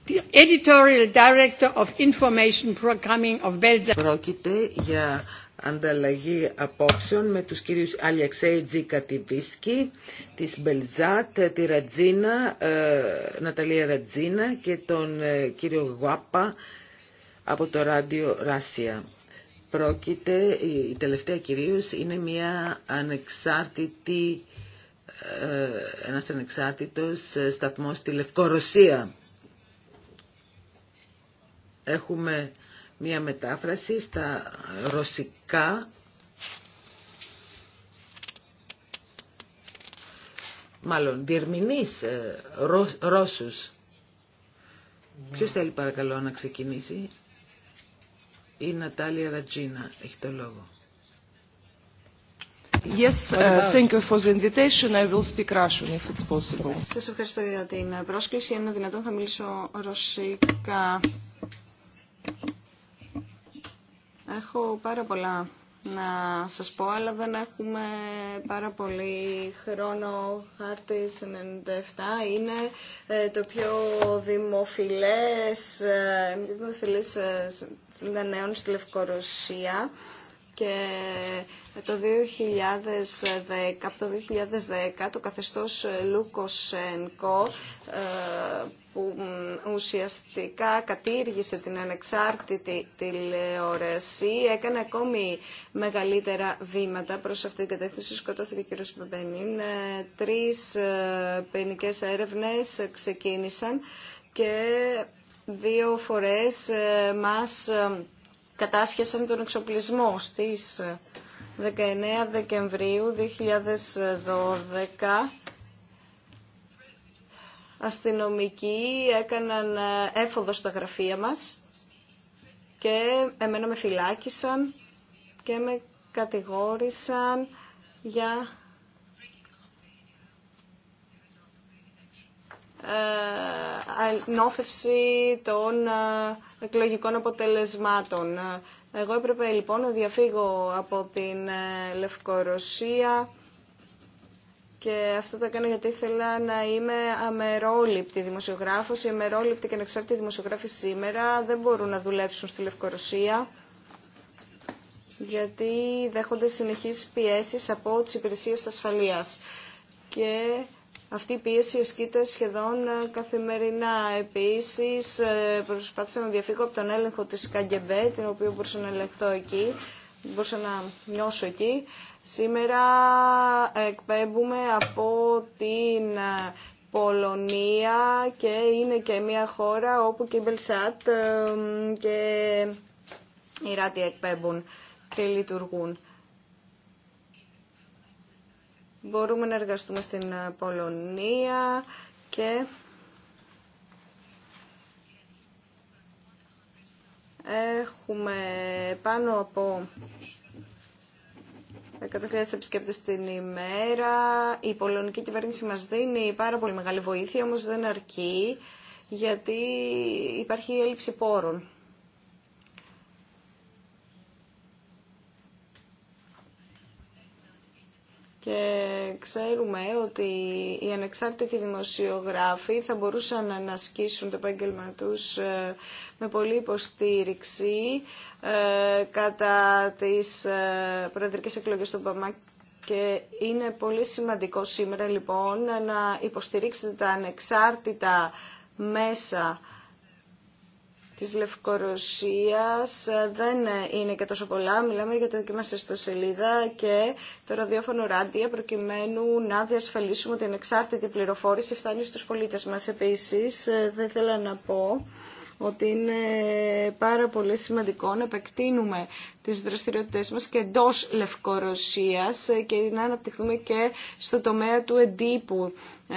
The editorial director of information programming of Belgium. Πρόκειται για ανταλλαγή απόψεων με τους κυρίους Αλιαξέη Τζίκα Τιβίσκη, της Μπελζάτ, τη Ρατζίνα, ε, Ναταλία Ρατζίνα και τον ε, κύριο Γουάπα από το Ράντιο Ράσια. Πρόκειται, η τελευταία κυρίως είναι μια ανεξάρτητη, ε, ένας ανεξάρτητος σταθμός στη Λευκορωσία. Έχουμε μία μετάφραση στα ρωσικά μάλλον διερμηνείς ε, Ρώ, Ρώσους. Ποιος θέλει παρακαλώ να ξεκινήσει. Η Νατάλια Ρατζίνα έχει το λόγο. Yes, uh, thank you for the invitation. I will speak Russian if it's possible. ευχαριστώ για την πρόσκληση. είναι δυνατόν θα μιλήσω ρωσικά. Έχω πάρα πολλά να σας πω, αλλά δεν έχουμε πάρα πολύ χρόνο. χάρτη 97 είναι ε, το πιο δημοφιλές, ε, δημοφιλές ε, νέων στη Λευκορωσία και το 2010, από το 2010 το καθεστώς Λούκοσενκο ε, που ουσιαστικά κατήργησε την ανεξάρτητη τηλεόραση έκανε ακόμη μεγαλύτερα βήματα προς αυτήν την κατεύθυνση σκοτώθηκε ο κ. Παπενίν ε, τρεις ε, ποινικές έρευνες ξεκίνησαν και δύο φορές μας κατάσχεσαν τον εξοπλισμό στις 19 ε, Δεκεμβρίου 2012 αστυνομικοί έκαναν ε, έφοδο στα γραφεία μας και εμένα με φυλάκισαν και με κατηγόρησαν για Ε, ανώφευση των ε, εκλογικών αποτελεσμάτων. Εγώ έπρεπε λοιπόν να διαφύγω από την ε, Λευκορωσία και αυτό το έκανα γιατί ήθελα να είμαι αμερόληπτη δημοσιογράφος. Οι αμερόληπτοι και ανεξάρτητοι δημοσιογράφοι σήμερα δεν μπορούν να δουλέψουν στη Λευκορωσία γιατί δέχονται συνεχείς πιέσεις από τις υπηρεσίες ασφαλείας. Και αυτή η πίεση ασκείται σχεδόν ε, καθημερινά. Επίσης, ε, προσπάθησα να διαφύγω από τον έλεγχο τη ΚΑΓΚΕΜΠΕ, την οποία μπορούσα να ελεγχθώ εκεί, μπορούσα να νιώσω εκεί. Σήμερα ε, εκπέμπουμε από την Πολωνία και είναι και μια χώρα όπου και η Μπελσάτ και η Ράτια εκπέμπουν και λειτουργούν μπορούμε να εργαστούμε στην ε, Πολωνία και έχουμε πάνω από 100.000 επισκέπτες την ημέρα. Η πολωνική κυβέρνηση μας δίνει πάρα πολύ μεγάλη βοήθεια, όμως δεν αρκεί, γιατί υπάρχει έλλειψη πόρων. Και ξέρουμε ότι οι ανεξάρτητοι δημοσιογράφοι θα μπορούσαν να ασκήσουν το επάγγελμα τους ε, με πολλή υποστήριξη ε, κατά τις ε, προεδρικές εκλογές του Παμά και είναι πολύ σημαντικό σήμερα λοιπόν να υποστηρίξετε τα ανεξάρτητα μέσα της Λευκορωσίας ε, δεν είναι και τόσο πολλά. Μιλάμε για τα δική μας ιστοσελίδα και το ραδιόφωνο ράντια προκειμένου να διασφαλίσουμε την η πληροφόρηση φτάνει στους πολίτες μας. Επίσης, ε, δεν θέλω να πω ότι είναι πάρα πολύ σημαντικό να επεκτείνουμε τις δραστηριότητες μας και εντό Λευκορωσίας ε, και να αναπτυχθούμε και στο τομέα του εντύπου.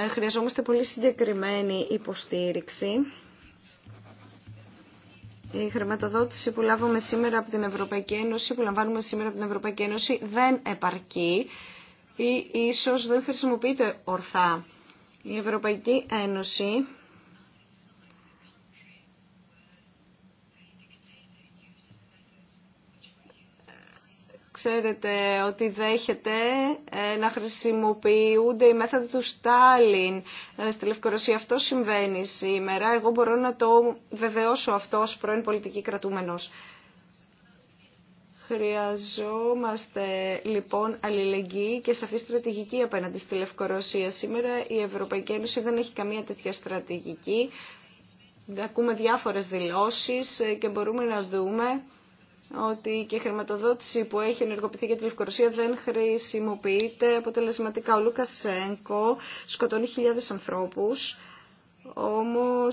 Χρειαζόμαστε πολύ συγκεκριμένη υποστήριξη. Η χρηματοδότηση που λάβουμε σήμερα από την Ευρωπαϊκή Ένωση, που λαμβάνουμε σήμερα από την Ευρωπαϊκή Ένωση, δεν επαρκεί ή ίσως δεν χρησιμοποιείται ορθά. Η Ευρωπαϊκή Ένωση ξέρετε ότι δέχεται ε, να χρησιμοποιούνται οι μέθοδοι του Στάλιν ε, στη Λευκορωσία. Αυτό συμβαίνει σήμερα. Εγώ μπορώ να το βεβαιώσω αυτό ως πρώην πολιτική κρατούμενος. Χρειαζόμαστε λοιπόν αλληλεγγύη και σαφή στρατηγική απέναντι στη Λευκορωσία. Σήμερα η Ευρωπαϊκή Ένωση δεν έχει καμία τέτοια στρατηγική. Ακούμε διάφορες δηλώσεις ε, και μπορούμε να δούμε ότι και η χρηματοδότηση που έχει ενεργοποιηθεί για τη Λευκορωσία δεν χρησιμοποιείται αποτελεσματικά. Ο Λουκασέγκο σκοτώνει χιλιάδε ανθρώπους, όμω,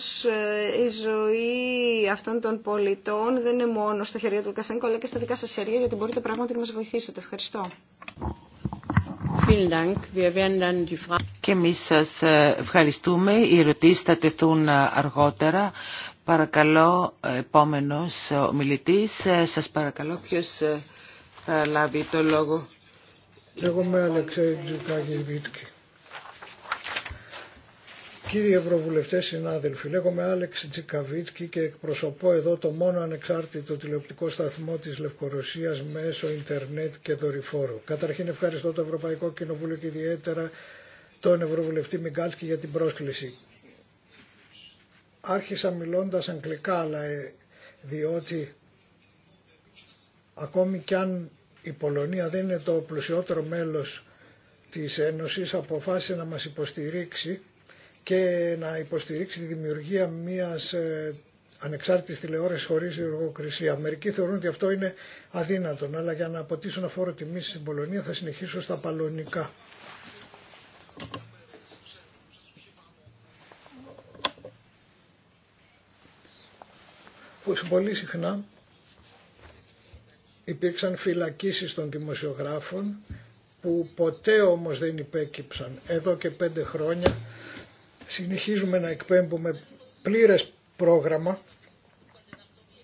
ε, η ζωή αυτών των πολιτών δεν είναι μόνο στα χέρια του Λουκασέγκο, αλλά και στα δικά σας χέρια, γιατί μπορείτε πράγματι να μα βοηθήσετε. Ευχαριστώ. Και εμεί σα ε, ευχαριστούμε. Οι ερωτήσει θα τεθούν ε, αργότερα. Παρακαλώ, ε, επόμενος ο μιλητής, ε, σας παρακαλώ ποιος ε, θα λάβει το λόγο. Λέγομαι Αλεξέη Τζουκάκη Βίτκη. Κύριοι Ευρωβουλευτέ, συνάδελφοι, λέγομαι Άλεξ Τζικαβίτσκι και εκπροσωπώ εδώ το μόνο ανεξάρτητο τηλεοπτικό σταθμό τη Λευκορωσία μέσω Ιντερνετ και δορυφόρου. Καταρχήν ευχαριστώ το Ευρωπαϊκό Κοινοβούλιο και ιδιαίτερα τον Ευρωβουλευτή Μιγκάλσκι για την πρόσκληση. Άρχισα μιλώντας αγγλικά, αλλά ε, διότι ακόμη κι αν η Πολωνία δεν είναι το πλουσιότερο μέλος της Ένωσης, αποφάσισε να μας υποστηρίξει και να υποστηρίξει τη δημιουργία μιας ε, ανεξάρτητης τηλεόρασης χωρίς διοργοκρισία. Μερικοί θεωρούν ότι αυτό είναι αδύνατον, αλλά για να αποτύσσω να φόρο τιμή στην Πολωνία θα συνεχίσω στα παλωνικά. που πολύ συχνά υπήρξαν φυλακίσεις των δημοσιογράφων που ποτέ όμως δεν υπέκυψαν. Εδώ και πέντε χρόνια συνεχίζουμε να εκπέμπουμε πλήρες πρόγραμμα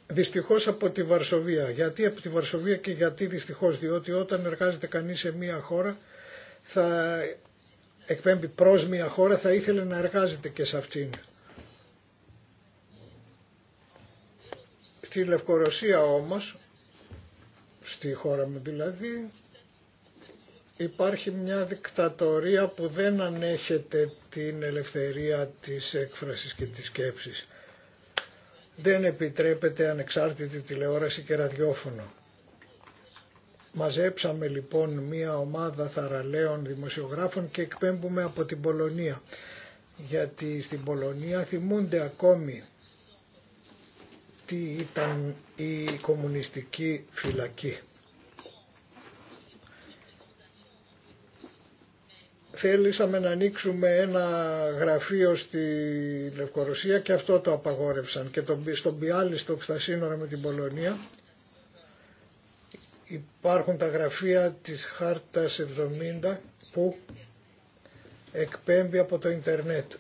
δυστυχώς από τη Βαρσοβία. Γιατί από τη Βαρσοβία και γιατί δυστυχώς, διότι όταν εργάζεται κανείς σε μία χώρα θα εκπέμπει προς μία χώρα, θα ήθελε να εργάζεται και σε αυτήν. Στη Λευκορωσία όμως, στη χώρα μου δηλαδή, υπάρχει μια δικτατορία που δεν ανέχεται την ελευθερία της έκφρασης και της σκέψης. Δεν επιτρέπεται ανεξάρτητη τηλεόραση και ραδιόφωνο. Μαζέψαμε λοιπόν μια ομάδα θαραλέων δημοσιογράφων και εκπέμπουμε από την Πολωνία. Γιατί στην Πολωνία θυμούνται ακόμη τι ήταν η κομμουνιστική φυλακή. Θέλησαμε να ανοίξουμε ένα γραφείο στη Λευκορωσία και αυτό το απαγόρευσαν. Και στον Πιάλιστο, στα σύνορα με την Πολωνία, υπάρχουν τα γραφεία της Χάρτας 70 που εκπέμπει από το Ιντερνετ.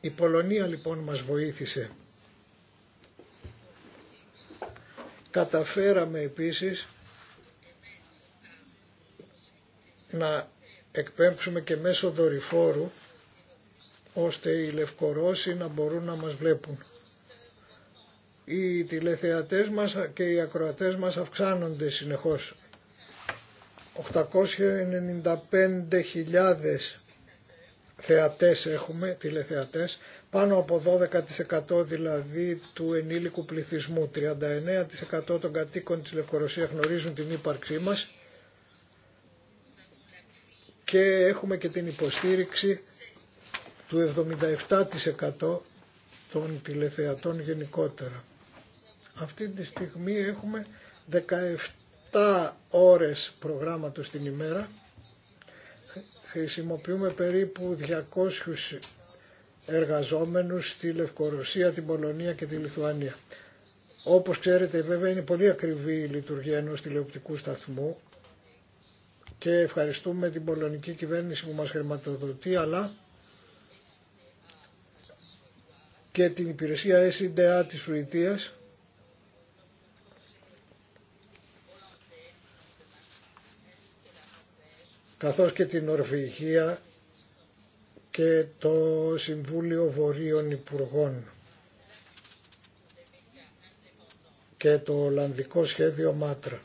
Η Πολωνία λοιπόν μας βοήθησε Καταφέραμε επίσης να εκπέμψουμε και μέσω δορυφόρου ώστε οι Λευκορώσοι να μπορούν να μας βλέπουν. Οι τηλεθεατές μας και οι ακροατές μας αυξάνονται συνεχώς. 895.000 θεατές έχουμε, τηλεθεατές, πάνω από 12% δηλαδή του ενήλικου πληθυσμού. 39% των κατοίκων της Λευκορωσίας γνωρίζουν την ύπαρξή μας και έχουμε και την υποστήριξη του 77% των τηλεθεατών γενικότερα. Αυτή τη στιγμή έχουμε 17 ώρες προγράμματος την ημέρα χρησιμοποιούμε περίπου 200 εργαζόμενους στη Λευκορωσία, την Πολωνία και τη Λιθουανία. Όπως ξέρετε βέβαια είναι πολύ ακριβή η λειτουργία ενός τηλεοπτικού σταθμού και ευχαριστούμε την πολωνική κυβέρνηση που μας χρηματοδοτεί αλλά και την υπηρεσία SDA της Φρουητίας καθώς και την Ορβηγία και το Συμβούλιο Βορείων Υπουργών και το Ολλανδικό Σχέδιο Μάτρα.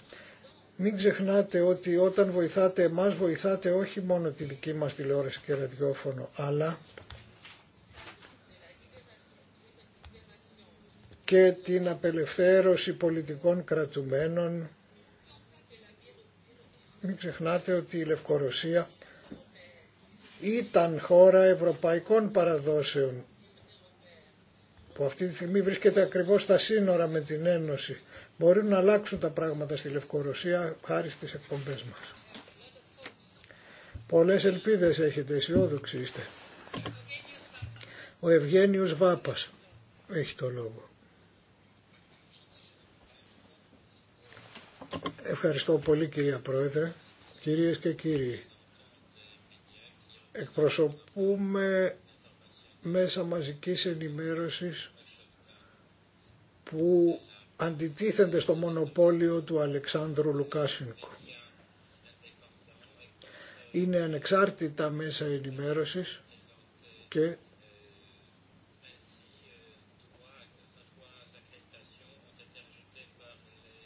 Μην ξεχνάτε ότι όταν βοηθάτε εμάς βοηθάτε όχι μόνο τη δική μας τηλεόραση και ραδιόφωνο αλλά και την απελευθέρωση πολιτικών κρατουμένων μην ξεχνάτε ότι η Λευκορωσία ήταν χώρα ευρωπαϊκών παραδόσεων που αυτή τη στιγμή βρίσκεται ακριβώς στα σύνορα με την Ένωση. Μπορεί να αλλάξουν τα πράγματα στη Λευκορωσία χάρη στις εκπομπές μας. Πολλές ελπίδες έχετε, αισιόδοξοι είστε. Ο Ευγένιος Βάπας έχει το λόγο. Ευχαριστώ πολύ κυρία Πρόεδρε. Κυρίες και κύριοι, εκπροσωπούμε μέσα μαζικής ενημέρωσης που αντιτίθενται στο μονοπόλιο του Αλεξάνδρου Λουκάσινκου. Είναι ανεξάρτητα μέσα ενημέρωσης και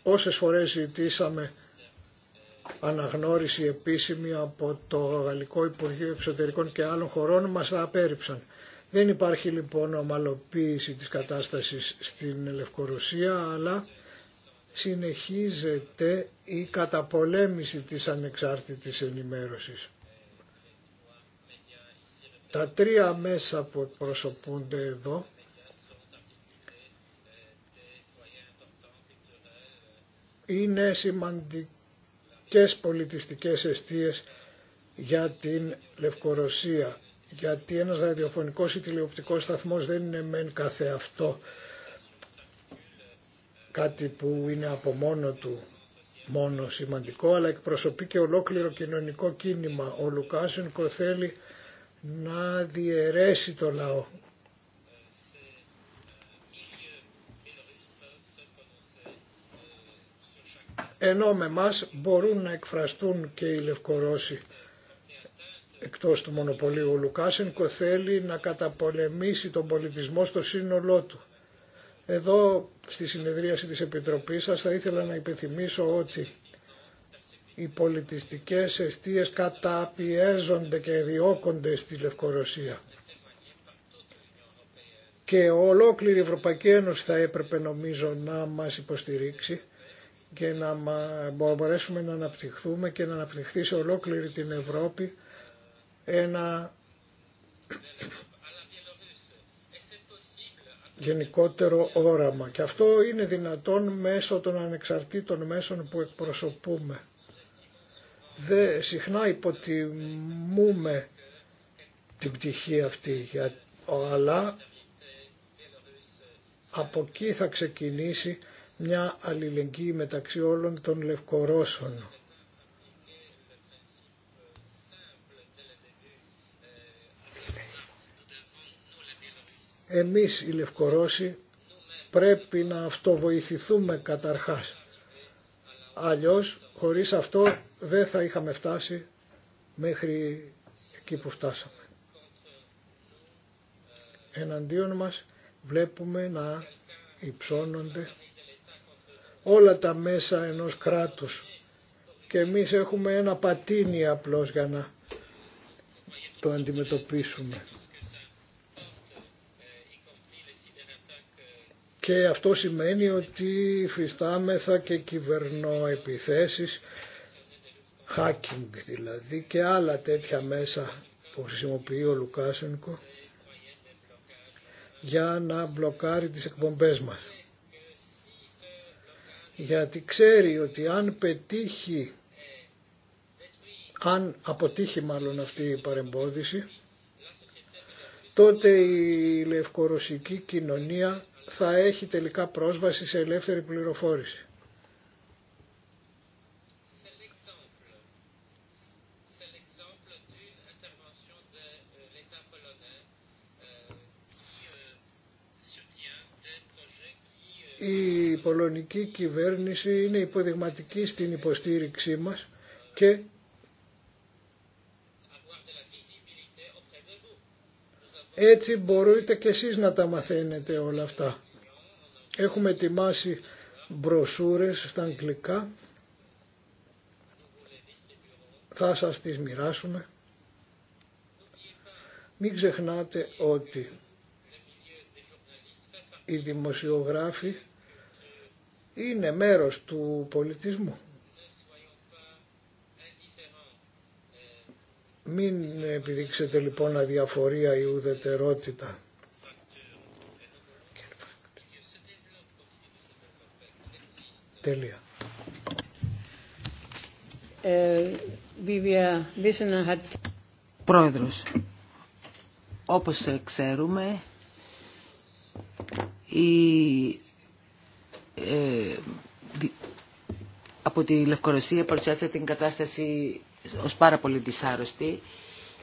Πόσες φορές ζητήσαμε αναγνώριση επίσημη από το Γαλλικό Υπουργείο Εξωτερικών και άλλων χωρών μας τα απέρριψαν. Δεν υπάρχει λοιπόν ομαλοποίηση της κατάστασης στην Λευκορωσία αλλά συνεχίζεται η καταπολέμηση της ανεξάρτητης ενημέρωσης. Τα τρία μέσα που εκπροσωπούνται εδώ είναι σημαντικές πολιτιστικές αιστείες για την Λευκορωσία γιατί ένας ραδιοφωνικός ή τηλεοπτικός σταθμός δεν είναι μεν καθεαυτό κάτι που είναι από μόνο του μόνο σημαντικό αλλά εκπροσωπεί και ολόκληρο κοινωνικό κίνημα. Ο Λουκάσενκο θέλει να διαιρέσει το λαό ενώ με μας μπορούν να εκφραστούν και οι Λευκορώσοι. Εκτός του μονοπωλίου ο Λουκάσενκο θέλει να καταπολεμήσει τον πολιτισμό στο σύνολό του. Εδώ στη συνεδρίαση της Επιτροπής σας θα ήθελα να υπενθυμίσω ότι οι πολιτιστικές αιστείες καταπιέζονται και διώκονται στη Λευκορωσία. Και ολόκληρη η Ευρωπαϊκή Ένωση θα έπρεπε νομίζω να μας υποστηρίξει και να μπορέσουμε να αναπτυχθούμε και να αναπτυχθεί σε ολόκληρη την Ευρώπη ένα γενικότερο όραμα. Και αυτό είναι δυνατόν μέσω των ανεξαρτήτων μέσων που εκπροσωπούμε. Δε, συχνά υποτιμούμε την πτυχή αυτή, αλλά από εκεί θα ξεκινήσει μια αλληλεγγύη μεταξύ όλων των Λευκορώσων. Εμείς οι Λευκορώσοι πρέπει να αυτοβοηθηθούμε καταρχάς. Αλλιώς χωρίς αυτό δεν θα είχαμε φτάσει μέχρι εκεί που φτάσαμε. Εναντίον μας βλέπουμε να υψώνονται όλα τα μέσα ενός κράτους και εμείς έχουμε ένα πατίνι απλώς για να το αντιμετωπίσουμε. Και αυτό σημαίνει ότι φυστάμεθα και επιθέσεις, hacking δηλαδή και άλλα τέτοια μέσα που χρησιμοποιεί ο Λουκάσενκο για να μπλοκάρει τις εκπομπές μας γιατί ξέρει ότι αν πετύχει, αν αποτύχει μάλλον αυτή η παρεμπόδιση, τότε η λευκορωσική κοινωνία θα έχει τελικά πρόσβαση σε ελεύθερη πληροφόρηση. η πολωνική κυβέρνηση είναι υποδειγματική στην υποστήριξή μας και έτσι μπορείτε και εσείς να τα μαθαίνετε όλα αυτά. Έχουμε ετοιμάσει μπροσούρες στα αγγλικά. Θα σας τις μοιράσουμε. Μην ξεχνάτε ότι οι δημοσιογράφοι είναι μέρος του πολιτισμού. Μην επιδείξετε λοιπόν αδιαφορία ή ουδετερότητα. Τέλεια. Ε, Πρόεδρος, όπως ξέρουμε, η ε, από τη Λευκορωσία παρουσιάσατε την κατάσταση ως πάρα πολύ δυσάρρωστη.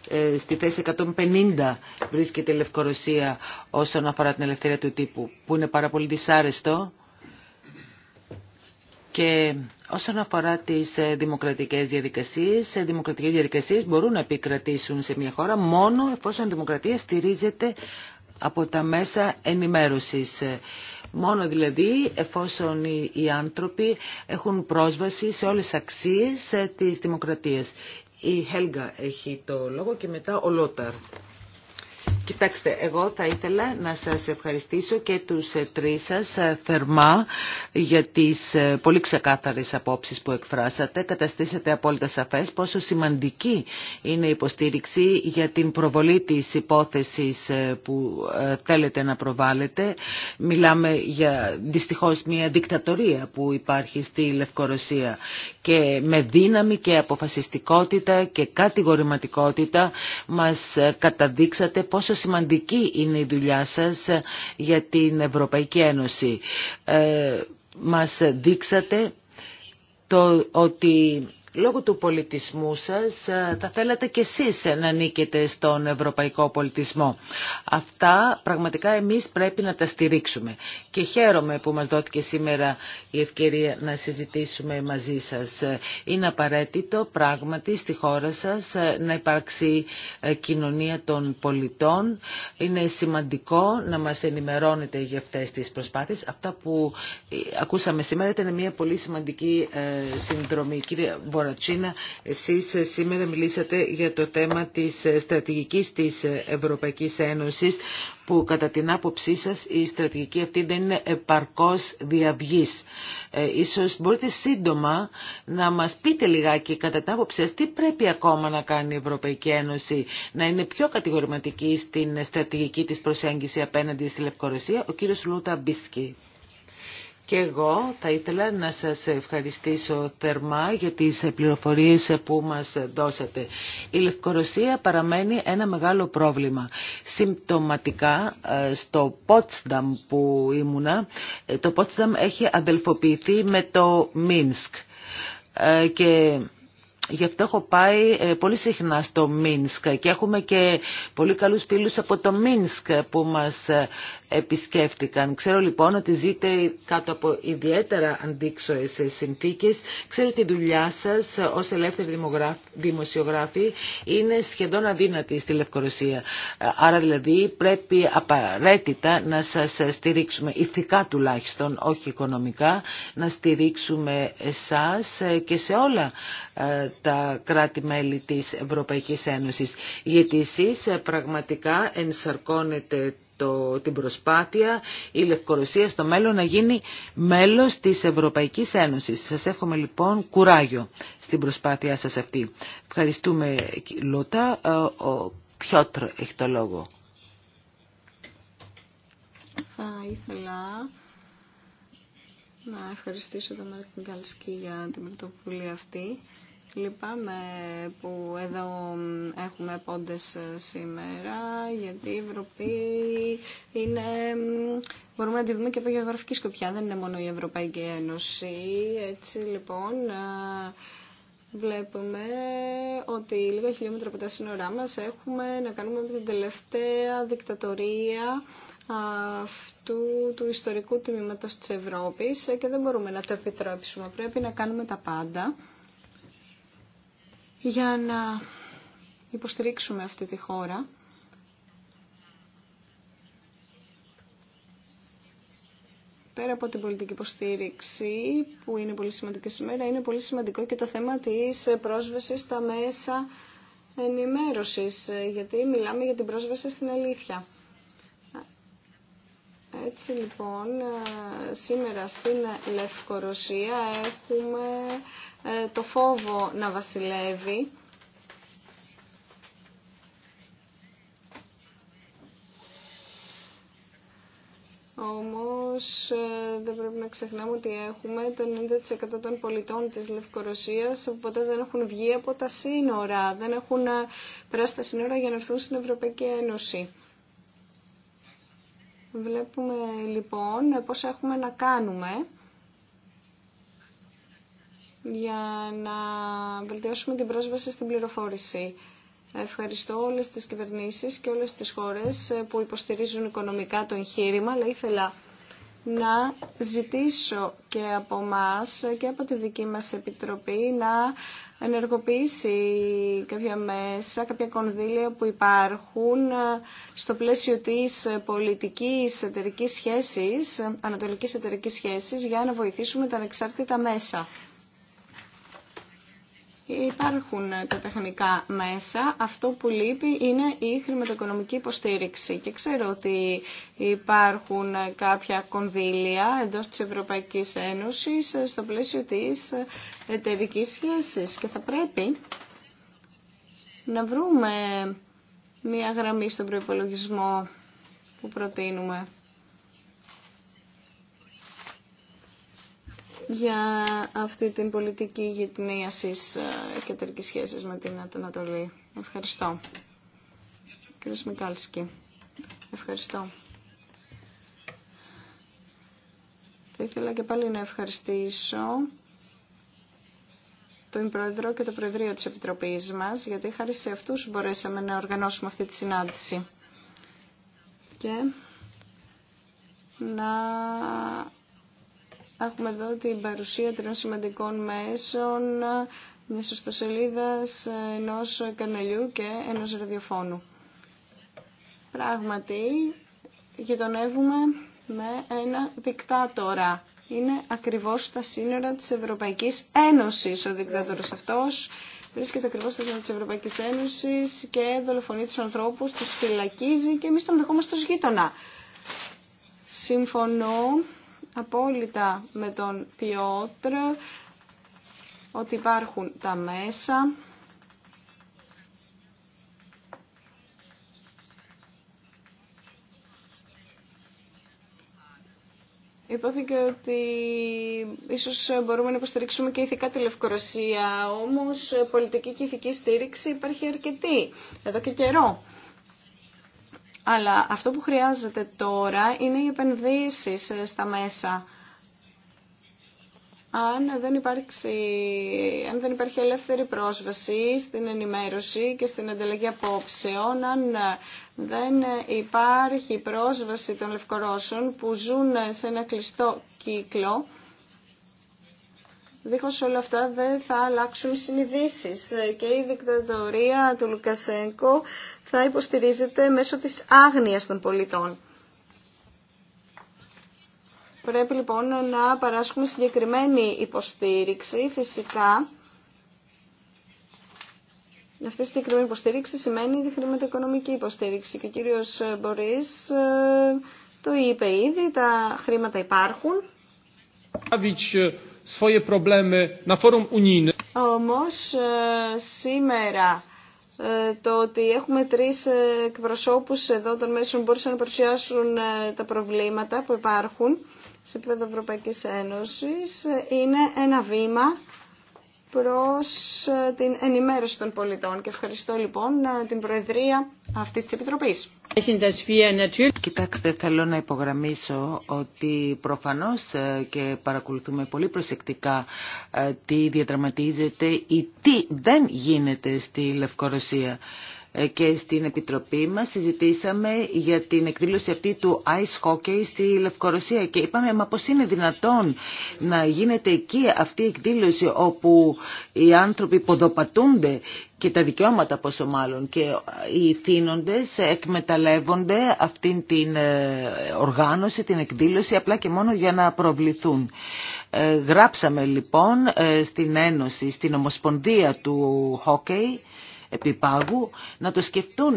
Ε, στη θέση 150 βρίσκεται η Λευκορωσία όσον αφορά την ελευθερία του τύπου, που είναι πάρα πολύ δυσάρεστο. Και όσον αφορά τις ε, δημοκρατικές διαδικασίες, οι δημοκρατικές διαδικασίες μπορούν να επικρατήσουν σε μια χώρα μόνο εφόσον η δημοκρατία στηρίζεται από τα μέσα ενημέρωσης. Μόνο δηλαδή εφόσον οι άνθρωποι έχουν πρόσβαση σε όλες τις αξίες ε, της δημοκρατίας. Η Χέλγα έχει το λόγο και μετά ο Λόταρ. Κοιτάξτε, εγώ θα ήθελα να σας ευχαριστήσω και τους τρεις σας ε, θερμά για τις ε, πολύ ξεκάθαρες απόψεις που εκφράσατε. Καταστήσατε απόλυτα σαφές πόσο σημαντική είναι η υποστήριξη για την προβολή της υπόθεσης ε, που θέλετε να προβάλλετε. Μιλάμε για δυστυχώς μια δικτατορία που υπάρχει στη Λευκορωσία και με δύναμη και αποφασιστικότητα και κατηγορηματικότητα μας καταδείξατε πόσο σημαντική είναι η δουλειά σας ε, για την Ευρωπαϊκή Ένωση. Ε, μας δείξατε το ότι Λόγω του πολιτισμού σας ε, θα θέλατε κι εσείς να νίκετε στον ευρωπαϊκό πολιτισμό. Αυτά πραγματικά εμείς πρέπει να τα στηρίξουμε. Και χαίρομαι που μας δόθηκε σήμερα η ευκαιρία να συζητήσουμε μαζί σας. Είναι απαραίτητο πράγματι στη χώρα σας ε, να υπάρξει ε, κοινωνία των πολιτών. Είναι σημαντικό να μας ενημερώνετε για αυτές τις προσπάθειες. Αυτά που ακούσαμε σήμερα ήταν μια πολύ σημαντική συνδρομή χώρα Εσείς ε, σήμερα μιλήσατε για το θέμα της ε, στρατηγικής της ε, Ευρωπαϊκής Ένωσης που κατά την άποψή σας η στρατηγική αυτή δεν είναι επαρκώς διαυγής. Ε, ίσως μπορείτε σύντομα να μας πείτε λιγάκι κατά την άποψή σας τι πρέπει ακόμα να κάνει η Ευρωπαϊκή Ένωση να είναι πιο κατηγορηματική στην στρατηγική της προσέγγισης απέναντι στη Λευκορωσία. Ο κύριος Λούτα Μπίσκι. Και εγώ θα ήθελα να σας ευχαριστήσω θερμά για τις πληροφορίες που μας δώσατε. Η Λευκορωσία παραμένει ένα μεγάλο πρόβλημα. Συμπτωματικά ε, στο Πότσταμ που ήμουνα, ε, το Πότσταμ έχει αδελφοποιηθεί με το Μίνσκ. Ε, και Γι' αυτό έχω πάει ε, πολύ συχνά στο Μίνσκ και έχουμε και πολύ καλούς φίλους από το Μίνσκ που μας ε, επισκέφτηκαν. Ξέρω λοιπόν ότι ζείτε κάτω από ιδιαίτερα αντίξωες ε, συνθήκες. Ξέρω ότι η δουλειά σας ως ελεύθερη δημοσιογράφη είναι σχεδόν αδύνατη στη Λευκορωσία. Άρα δηλαδή πρέπει απαραίτητα να σας στηρίξουμε ηθικά τουλάχιστον, όχι οικονομικά, να στηρίξουμε εσάς και σε όλα τα κράτη-μέλη της Ευρωπαϊκής Ένωσης. Γιατί εσείς ε, πραγματικά ενσαρκώνετε το, την προσπάθεια η Λευκορωσία στο μέλλον να γίνει μέλος της Ευρωπαϊκής Ένωσης. Σας εύχομαι λοιπόν κουράγιο στην προσπάθειά σας αυτή. Ευχαριστούμε Λούτα. Ε, ο Πιότρ έχει το λόγο. Θα ήθελα να ευχαριστήσω τον Μάρκ Γκαλσκή για την πρωτοβουλία αυτή Λυπάμαι που εδώ έχουμε πόντες ε, σήμερα, γιατί η Ευρωπή είναι... Μπορούμε να τη δούμε και από γεωγραφική σκοπιά, δεν είναι μόνο η Ευρωπαϊκή Ένωση. Έτσι λοιπόν ε, βλέπουμε ότι λίγα χιλιόμετρα από τα σύνορά μας έχουμε να κάνουμε με την τελευταία δικτατορία αυτού του ιστορικού τμήματος της Ευρώπης ε, και δεν μπορούμε να το επιτρέψουμε. Πρέπει να κάνουμε τα πάντα για να υποστηρίξουμε αυτή τη χώρα. Πέρα από την πολιτική υποστήριξη, που είναι πολύ σημαντική σήμερα, είναι πολύ σημαντικό και το θέμα της πρόσβασης στα μέσα ενημέρωσης, γιατί μιλάμε για την πρόσβαση στην αλήθεια. Έτσι λοιπόν, σήμερα στην Λευκορωσία έχουμε ε, το φόβο να βασιλεύει. Όμως ε, δεν πρέπει να ξεχνάμε ότι έχουμε το 90% των πολιτών της Λευκορωσίας που ποτέ δεν έχουν βγει από τα σύνορα, δεν έχουν ε, περάσει τα σύνορα για να έρθουν στην Ευρωπαϊκή Ένωση. Βλέπουμε λοιπόν πώς έχουμε να κάνουμε για να βελτιώσουμε την πρόσβαση στην πληροφόρηση. Ευχαριστώ όλες τις κυβερνήσεις και όλες τις χώρες που υποστηρίζουν οικονομικά το εγχείρημα, αλλά ήθελα να ζητήσω και από μας και από τη δική μας Επιτροπή να ενεργοποιήσει κάποια μέσα, κάποια κονδύλια που υπάρχουν στο πλαίσιο της πολιτικής εταιρικής σχέσης, ανατολικής εταιρικής σχέσης, για να βοηθήσουμε τα ανεξάρτητα μέσα. Υπάρχουν τα τεχνικά μέσα. Αυτό που λείπει είναι η χρηματοοικονομική υποστήριξη. Και ξέρω ότι υπάρχουν κάποια κονδύλια εντός της Ευρωπαϊκής Ένωσης στο πλαίσιο της εταιρική σχέσης. Και θα πρέπει να βρούμε μια γραμμή στον προϋπολογισμό που προτείνουμε. για αυτή την πολιτική γετνίασης και με σχέσης με την Ανατολή. Ευχαριστώ. Κύριος Μικάλσκι. Ευχαριστώ. Θα ήθελα και πάλι να ευχαριστήσω τον Πρόεδρο και το Προεδρείο της Επιτροπής μας, γιατί χάρη σε αυτούς μπορέσαμε να οργανώσουμε αυτή τη συνάντηση. Και να Έχουμε εδώ την παρουσία τριών σημαντικών μέσων, μια ιστοσελίδα ενό καναλιού και ενό ραδιοφώνου. Πράγματι, γειτονεύουμε με ένα δικτάτορα. Είναι ακριβώς στα σύνορα της Ευρωπαϊκής Ένωσης ο δικτάτορας αυτός. Βρίσκεται ακριβώς στα σύνορα της Ευρωπαϊκής Ένωσης και δολοφονεί τους ανθρώπους, τους φυλακίζει και εμείς τον δεχόμαστε ως γείτονα. Συμφωνώ απόλυτα με τον Πιότρ ότι υπάρχουν τα μέσα Υπόθηκε ότι ίσως μπορούμε να υποστηρίξουμε και ηθικά τη Λευκορωσία, όμως πολιτική και ηθική στήριξη υπάρχει αρκετή εδώ και καιρό. Αλλά αυτό που χρειάζεται τώρα είναι οι επενδύσεις ε, στα μέσα. Αν δεν, υπάρξει, αν δεν υπάρχει ελεύθερη πρόσβαση στην ενημέρωση και στην ανταλλαγή απόψεων, αν ε, δεν υπάρχει πρόσβαση των Λευκορώσων που ζουν σε ένα κλειστό κύκλο, Δίχως όλα αυτά δεν θα αλλάξουν οι συνειδήσεις και η δικτατορία του Λουκασέγκο θα υποστηρίζεται μέσω της άγνοιας των πολιτών. Πρέπει λοιπόν να παράσχουμε συγκεκριμένη υποστήριξη φυσικά. Αυτή η συγκεκριμένη υποστήριξη σημαίνει τη χρηματοοικονομική υποστήριξη και ο κύριος Μπορίς ε, το είπε ήδη, τα χρήματα υπάρχουν. Ε, swoje problemy na forum unijnym. Όμως ε, σήμερα ε, το ότι έχουμε τρεις ε, εκπροσώπους εδώ των μέσων που μπορούσαν να παρουσιάσουν τα προβλήματα που υπάρχουν σε επίπεδο Ευρωπαϊκής Ένωσης είναι ένα βήμα προς ε, την ενημέρωση των πολιτών. Και ευχαριστώ λοιπόν ε, την Προεδρία αυτής της Επιτροπής. Κοιτάξτε, θέλω να υπογραμμίσω ότι προφανώς ε, και παρακολουθούμε πολύ προσεκτικά τι διαδραματίζεται ή τι δεν γίνεται στη Λευκορωσία. Ε, και στην Επιτροπή μας συζητήσαμε για την εκδήλωση αυτή του ice hockey στη Λευκορωσία και είπαμε μα πώς είναι δυνατόν να γίνεται εκεί αυτή η εκδήλωση όπου οι άνθρωποι ποδοπατούνται και τα δικαιώματα πόσο μάλλον και οι θύνοντες εκμεταλλεύονται αυτήν την ε, οργάνωση, την εκδήλωση απλά και μόνο για να προβληθούν. Ε, γράψαμε λοιπόν στην Ένωση, στην Ομοσπονδία του Hockey επιπάγου να το σκεφτούν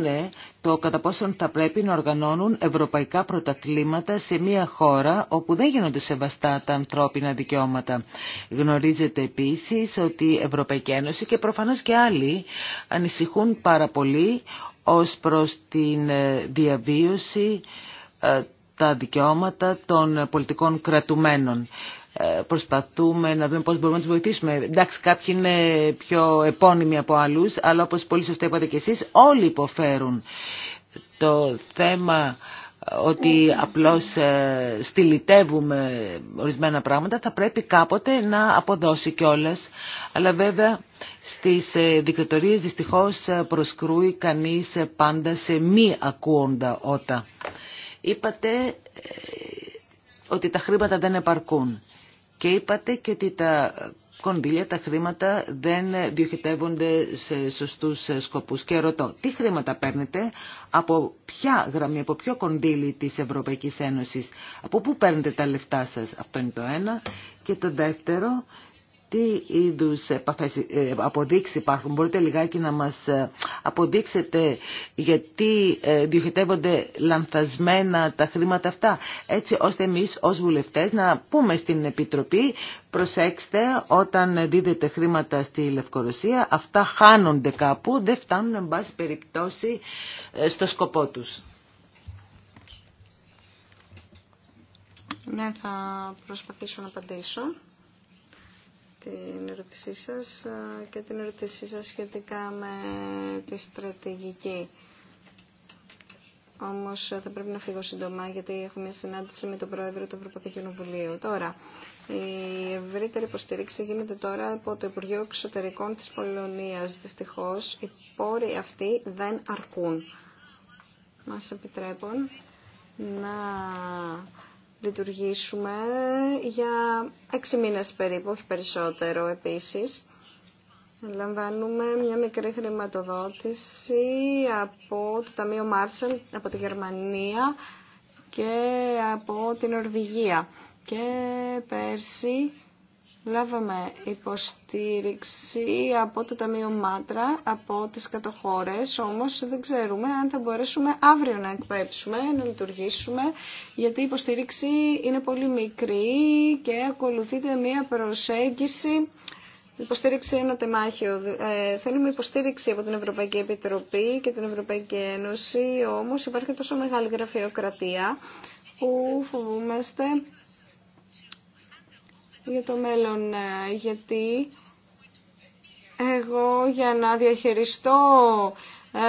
το κατά πόσον θα πρέπει να οργανώνουν ευρωπαϊκά πρωταθλήματα σε μια χώρα όπου δεν γίνονται σεβαστά τα ανθρώπινα δικαιώματα. Γνωρίζετε επίσης ότι η Ευρωπαϊκή Ένωση και προφανώς και άλλοι ανησυχούν πάρα πολύ ως προς την ε, διαβίωση ε, τα δικαιώματα των πολιτικών κρατουμένων. Ε, προσπαθούμε να δούμε πώς μπορούμε να τους βοηθήσουμε. Εντάξει, κάποιοι είναι πιο επώνυμοι από άλλους, αλλά όπως πολύ σωστά είπατε και εσείς, όλοι υποφέρουν. Το θέμα ε, ότι απλώς ε, στυλιτεύουμε ορισμένα πράγματα θα πρέπει κάποτε να αποδώσει κιόλας. Αλλά βέβαια στις δικτατορίες δυστυχώς προσκρούει κανείς πάντα σε μη ακούοντα ότα. Είπατε ότι τα χρήματα δεν επαρκούν και είπατε και ότι τα κονδύλια, τα χρήματα δεν διοχετεύονται σε σωστούς σκοπούς. Και ρωτώ, τι χρήματα παίρνετε, από ποια γραμμή, από ποιο κονδύλι της Ευρωπαϊκής Ένωσης, από πού παίρνετε τα λεφτά σας, αυτό είναι το ένα. Και το δεύτερο, τι είδους αποδείξει αποδείξεις υπάρχουν. Μπορείτε λιγάκι να μας ε, αποδείξετε γιατί ε, διοχετεύονται λανθασμένα τα χρήματα αυτά. Έτσι ώστε εμείς ως βουλευτές να πούμε στην Επιτροπή προσέξτε όταν δίδετε χρήματα στη Λευκορωσία αυτά χάνονται κάπου, δεν φτάνουν εν πάση περιπτώσει ε, στο σκοπό τους. Ναι, θα προσπαθήσω να απαντήσω την ερώτησή σας και την ερώτησή σας σχετικά με τη στρατηγική. Όμως ε, θα πρέπει να φύγω σύντομα γιατί έχω μια συνάντηση με τον Πρόεδρο του Ευρωπαϊκού Κοινοβουλίου. Τώρα, η ευρύτερη υποστήριξη γίνεται τώρα από το Υπουργείο Εξωτερικών της Πολωνίας. Δυστυχώς, οι πόροι αυτοί δεν αρκούν. Μας επιτρέπουν να λειτουργήσουμε για έξι μήνες περίπου, όχι περισσότερο επίσης. Λαμβάνουμε μια μικρή χρηματοδότηση από το Ταμείο Μάρσελ, από τη Γερμανία και από την Ορβηγία. Και πέρσι Λάβαμε υποστήριξη από το Ταμείο Μάτρα, από τις κατοχώρες, όμως δεν ξέρουμε αν θα μπορέσουμε αύριο να εκπέψουμε, να λειτουργήσουμε, γιατί η υποστήριξη είναι πολύ μικρή και ακολουθείται μια προσέγγιση Υποστήριξη ένα τεμάχιο. Ε, θέλουμε υποστήριξη από την Ευρωπαϊκή Επιτροπή και την Ευρωπαϊκή Ένωση, όμως υπάρχει τόσο μεγάλη γραφειοκρατία που φοβούμαστε για το μέλλον, ε, γιατί εγώ για να διαχειριστώ ε,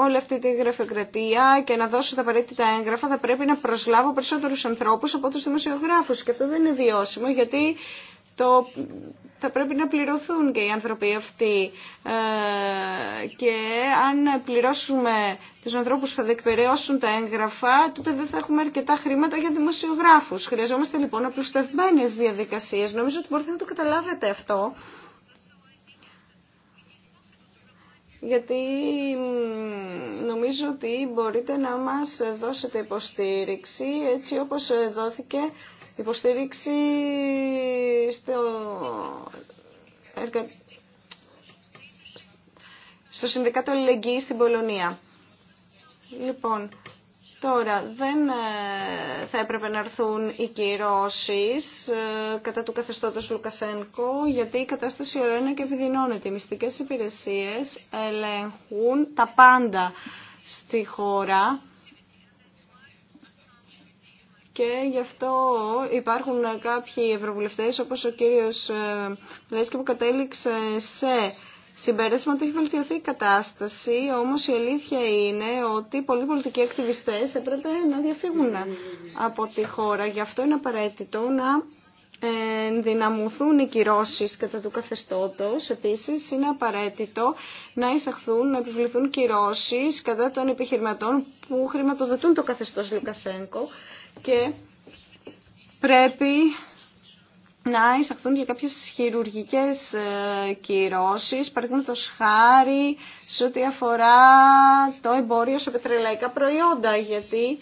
όλη αυτή τη γραφειοκρατία και να δώσω τα απαραίτητα έγγραφα θα πρέπει να προσλάβω περισσότερους ανθρώπους από τους δημοσιογράφους και αυτό δεν είναι βιώσιμο γιατί το θα πρέπει να πληρωθούν και οι άνθρωποι αυτοί. Ε, και αν πληρώσουμε τους ανθρώπους που θα δεκπαιρεώσουν τα έγγραφα, τότε δεν θα έχουμε αρκετά χρήματα για δημοσιογράφους. Χρειαζόμαστε λοιπόν απλουστευμένες διαδικασίες. Νομίζω ότι μπορείτε να το καταλάβετε αυτό. γιατί νομίζω ότι μπορείτε να μας δώσετε υποστήριξη έτσι όπως δόθηκε υποστήριξη στο, εργα... στο Συνδικάτο Αλληλεγγύης στην Πολωνία. Λοιπόν, Τώρα, δεν ε, θα έπρεπε να έρθουν οι κυρώσεις ε, κατά του καθεστώτος Λουκασένκο, γιατί η κατάσταση ολένα και επιδεινώνεται. Οι μυστικές υπηρεσίες ελέγχουν τα πάντα στη χώρα και γι' αυτό υπάρχουν κάποιοι ευρωβουλευτές όπως ο κύριος ε, Λέσκη που κατέληξε σε συμπέρασμα ότι έχει βελτιωθεί η κατάσταση, όμως η αλήθεια είναι ότι πολλοί πολιτικοί ακτιβιστές έπρεπε να διαφύγουν από τη χώρα. Γι' αυτό είναι απαραίτητο να ενδυναμωθούν οι κυρώσεις κατά του καθεστώτος. Επίσης, είναι απαραίτητο να εισαχθούν, να επιβληθούν κυρώσεις κατά των επιχειρηματών που χρηματοδοτούν το καθεστώς Λουκασένκο και πρέπει να εισαχθούν για κάποιες χειρουργικές ε, κυρώσεις, παραδείγματο χάρη σε ό,τι αφορά το εμπόριο σε πετρελαϊκά προϊόντα, γιατί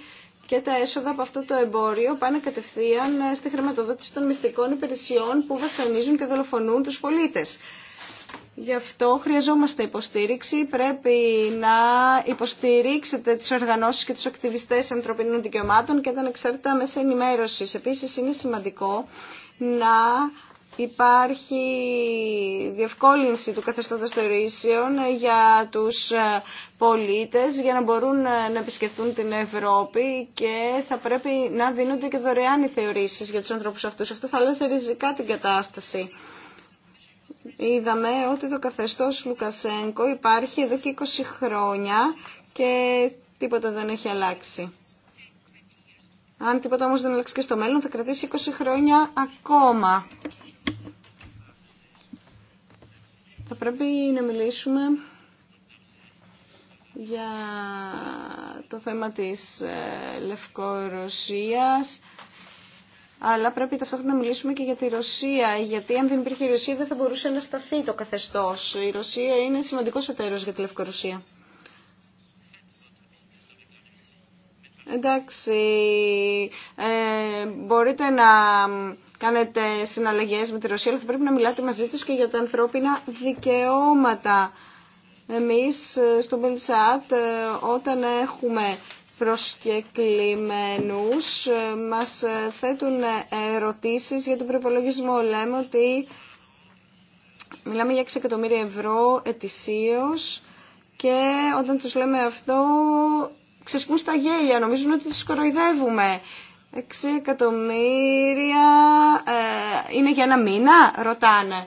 και τα έσοδα από αυτό το εμπόριο πάνε κατευθείαν ε, στη χρηματοδότηση των μυστικών υπηρεσιών που βασανίζουν και δολοφονούν τους πολίτες. Γι' αυτό χρειαζόμαστε υποστήριξη. Πρέπει να υποστηρίξετε τις οργανώσεις και τους ακτιβιστές ανθρωπινών δικαιωμάτων και τα ανεξάρτητα μέσα ενημέρωση. Επίσης είναι σημαντικό να υπάρχει διευκόλυνση του καθεστώτος θεωρήσεων ε, για τους ε, πολίτες για να μπορούν ε, να επισκεφθούν την Ευρώπη και θα πρέπει να δίνονται και δωρεάν οι θεωρήσεις για τους ανθρώπους αυτούς. Αυτό θα αλλάζει ριζικά την κατάσταση. Είδαμε ότι το καθεστώς Λουκασένκο υπάρχει εδώ και 20 χρόνια και τίποτα δεν έχει αλλάξει. Αν τίποτα όμως δεν αλλάξει και στο μέλλον θα κρατήσει 20 χρόνια ακόμα. Θα πρέπει να μιλήσουμε για το θέμα της ε, Λευκορωσίας, αλλά πρέπει ταυτόχρονα να μιλήσουμε και για τη Ρωσία, γιατί αν δεν υπήρχε η Ρωσία δεν θα μπορούσε να σταθεί το καθεστώς. Η Ρωσία είναι σημαντικός εταίρος για τη Λευκορωσία. Εντάξει, ε, μπορείτε να κάνετε συναλλαγές με τη Ρωσία, αλλά θα πρέπει να μιλάτε μαζί τους και για τα ανθρώπινα δικαιώματα. Εμείς ε, στο Μπενσάτ ε, όταν έχουμε προσκεκλημένους ε, μας θέτουν ερωτήσεις για τον προπολογισμό. Λέμε ότι μιλάμε για 6 εκατομμύρια ευρώ ετησίως και όταν τους λέμε αυτό ξεσπούν στα γέλια, νομίζουν ότι τους κοροϊδεύουμε. 6 εκατομμύρια ε, είναι για ένα μήνα, ρωτάνε.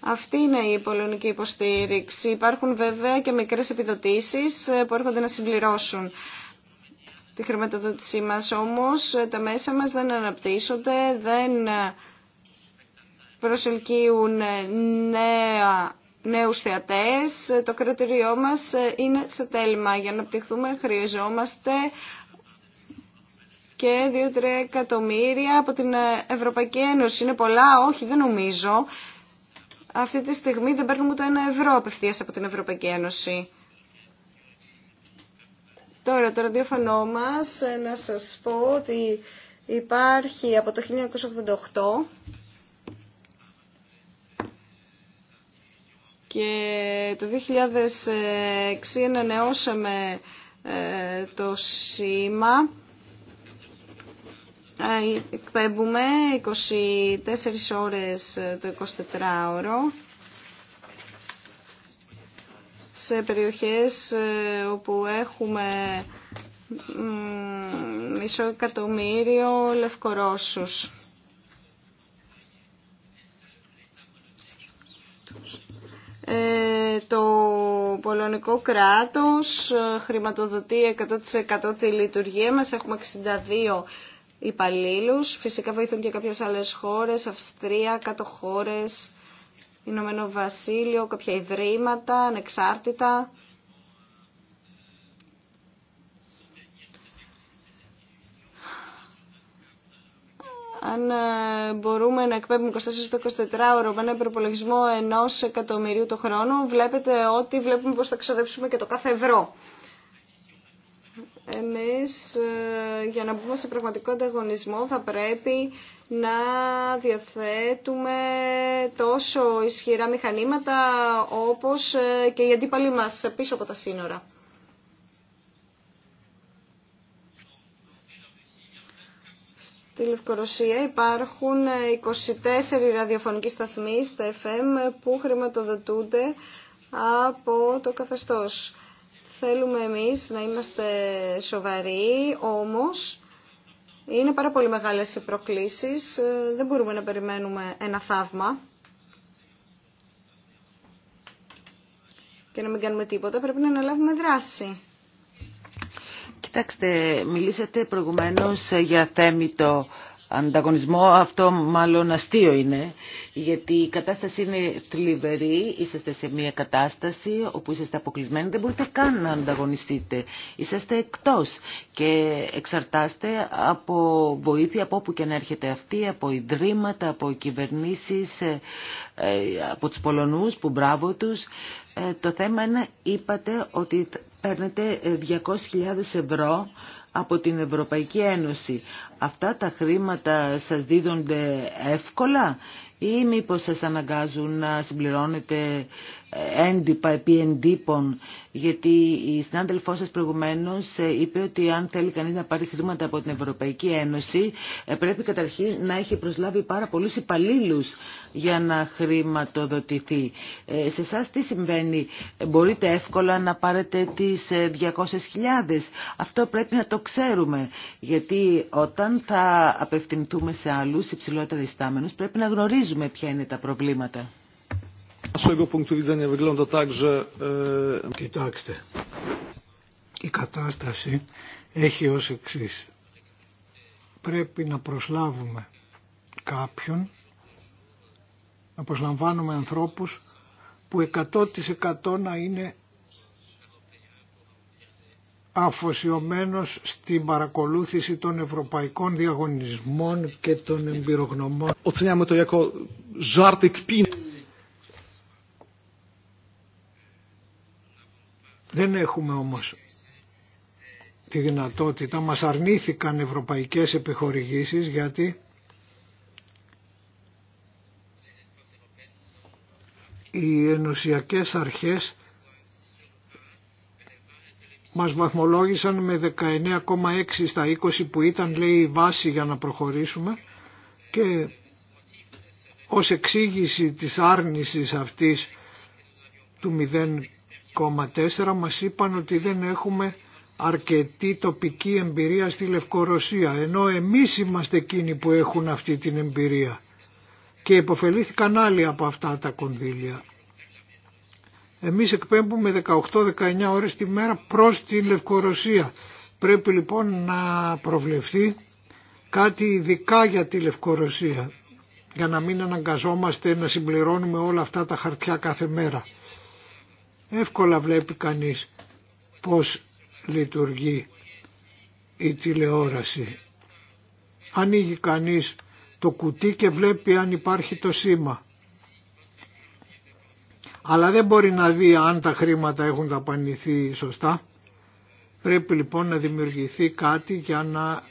Αυτή είναι η πολωνική υποστήριξη. Υπάρχουν βέβαια και μικρές επιδοτήσεις ε, που έρχονται να συμπληρώσουν τη χρηματοδότησή μας. Όμως ε, τα μέσα μας δεν αναπτύσσονται, δεν προσελκύουν νέα, νέους θεατές. Το κρατηριό μας είναι σε τέλμα. Για να αναπτυχθούμε χρειαζόμαστε και 2-3 εκατομμύρια από την ε, Ευρωπαϊκή Ένωση. Είναι πολλά, όχι δεν νομίζω. Αυτή τη στιγμή δεν παίρνουμε ούτε ένα ευρώ απευθεία από την Ευρωπαϊκή Ένωση. Τώρα, το ραδιοφωνό μα ε, να σας πω ότι υπάρχει από το 1988 και το 2006 ανανεώσαμε ε, το σήμα ε, εκπέμπουμε 24 ώρες το 24ωρο σε περιοχές ε, όπου έχουμε μισό εκατομμύριο λευκορώσους. Ε, το πολωνικό κράτος χρηματοδοτεί 100% τη λειτουργία μας. Έχουμε 62 υπαλλήλου. Φυσικά βοηθούν και κάποιε άλλε χώρε, Αυστρία, κάτω χώρε, Ηνωμένο Βασίλειο, κάποια ιδρύματα, ανεξάρτητα. αν ε, μπορούμε να εκπέμπουμε 24 στο 24 ώρο με ένα προπολογισμό ενό εκατομμυρίου το χρόνο, βλέπετε ότι βλέπουμε πώς θα ξοδέψουμε και το κάθε ευρώ. Εμείς ε, για να μπούμε σε πραγματικό ανταγωνισμό θα πρέπει να διαθέτουμε τόσο ισχυρά μηχανήματα όπως ε, και οι αντίπαλοι μας πίσω από τα σύνορα. Στη Λευκορωσία υπάρχουν 24 ε, ραδιοφωνικοί σταθμοί στα FM που χρηματοδοτούνται από το καθεστώς. Θέλουμε εμείς να είμαστε σοβαροί, όμως είναι πάρα πολύ μεγάλες οι προκλήσεις. Ε, δεν μπορούμε να περιμένουμε ένα θαύμα. και να μην κάνουμε τίποτα, πρέπει να αναλάβουμε δράση. Κοιτάξτε, μιλήσατε προηγουμένως για θέμητο ανταγωνισμό. Αυτό μάλλον αστείο είναι, γιατί η κατάσταση είναι θλιβερή. Είσαστε σε μια κατάσταση όπου είσαστε αποκλεισμένοι, δεν μπορείτε καν να ανταγωνιστείτε. Είσαστε εκτός και εξαρτάστε από βοήθεια από όπου και να έρχεται αυτή, από ιδρύματα, από κυβερνήσεις, ε, ε, από τους Πολωνούς που μπράβο τους. Ε, το θέμα είναι, είπατε ότι παίρνετε 200.000 ευρώ από την Ευρωπαϊκή Ένωση. Αυτά τα χρήματα σας δίδονται εύκολα ή μήπως σας αναγκάζουν να συμπληρώνετε έντυπα επί εντύπων, γιατί η συνάδελφό σας προηγουμένως ε, είπε ότι αν θέλει κανείς να πάρει χρήματα από την Ευρωπαϊκή Ένωση ε, πρέπει καταρχήν να έχει προσλάβει πάρα πολλούς υπαλλήλου για να χρηματοδοτηθεί. Ε, σε εσά τι συμβαίνει, μπορείτε εύκολα να πάρετε τις 200.000. Αυτό πρέπει να το ξέρουμε, γιατί όταν θα απευθυνθούμε σε άλλους υψηλότερα ιστάμενους πρέπει να γνωρίζουμε ποια είναι τα προβλήματα. Κοιτάξτε, η κατάσταση έχει ως εξή. Πρέπει να προσλάβουμε κάποιον, να προσλαμβάνουμε ανθρώπους που 100% να είναι αφοσιωμένος στην παρακολούθηση των ευρωπαϊκών διαγωνισμών και των εμπειρογνωμών. Δεν έχουμε όμως τη δυνατότητα, μας αρνήθηκαν ευρωπαϊκές επιχορηγήσεις γιατί οι ενωσιακές αρχές μας βαθμολόγησαν με 19,6 στα 20 που ήταν λέει η βάση για να προχωρήσουμε και ως εξήγηση της άρνησης αυτής του 0 2,4% μας είπαν ότι δεν έχουμε αρκετή τοπική εμπειρία στη Λευκορωσία, ενώ εμείς είμαστε εκείνοι που έχουν αυτή την εμπειρία. Και υποφελήθηκαν άλλοι από αυτά τα κονδύλια. Εμείς εκπέμπουμε 18-19 ώρες τη μέρα προς τη Λευκορωσία. Πρέπει λοιπόν να προβλεφθεί κάτι ειδικά για τη Λευκορωσία για να μην αναγκαζόμαστε να συμπληρώνουμε όλα αυτά τα χαρτιά κάθε μέρα. Εύκολα βλέπει κανείς πώς λειτουργεί η τηλεόραση. Ανοίγει κανείς το κουτί και βλέπει αν υπάρχει το σήμα. Αλλά δεν μπορεί να δει αν τα χρήματα έχουν δαπανηθεί σωστά. Πρέπει λοιπόν να δημιουργηθεί κάτι για να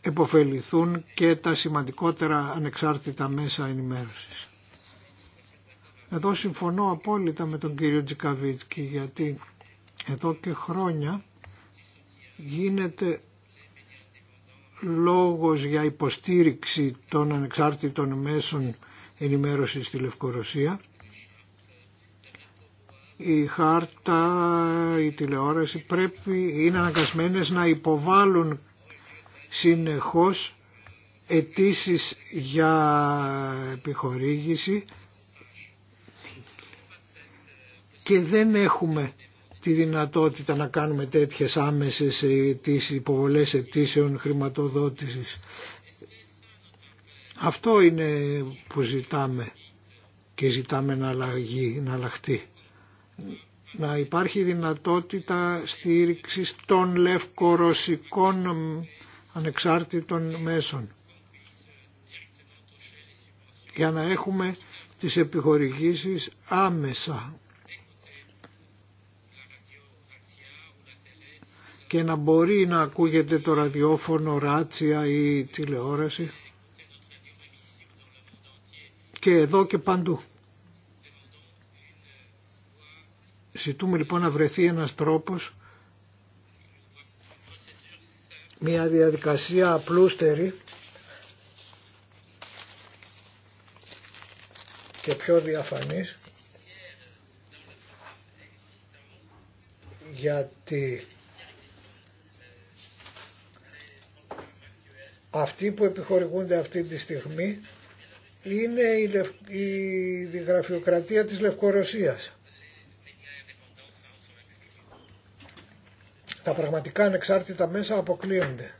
επωφεληθούν και τα σημαντικότερα ανεξάρτητα μέσα ενημέρωσης. Εδώ συμφωνώ απόλυτα με τον κύριο Τζικαβίτσκι γιατί εδώ και χρόνια γίνεται λόγος για υποστήριξη των ανεξάρτητων μέσων ενημέρωσης στη Λευκορωσία. Η χάρτα, η τηλεόραση πρέπει, είναι αναγκασμένες να υποβάλουν συνεχώς αιτήσει για επιχορήγηση και δεν έχουμε τη δυνατότητα να κάνουμε τέτοιες άμεσες τις υποβολές αιτήσεων χρηματοδότησης. Αυτό είναι που ζητάμε και ζητάμε να, αλλαγεί, να αλλαχτεί. Να υπάρχει δυνατότητα στήριξης των λευκορωσικών ανεξάρτητων μέσων για να έχουμε τις επιχορηγήσεις άμεσα και να μπορεί να ακούγεται το ραδιόφωνο, ράτσια ή τηλεόραση και εδώ και παντού. Ζητούμε λοιπόν να βρεθεί ένας τρόπος, μια διαδικασία απλούστερη και πιο διαφανής γιατί αυτοί που επιχορηγούνται αυτή τη στιγμή είναι η, Λευ... η γραφειοκρατία της Λευκορωσίας. Τα πραγματικά ανεξάρτητα μέσα αποκλείονται.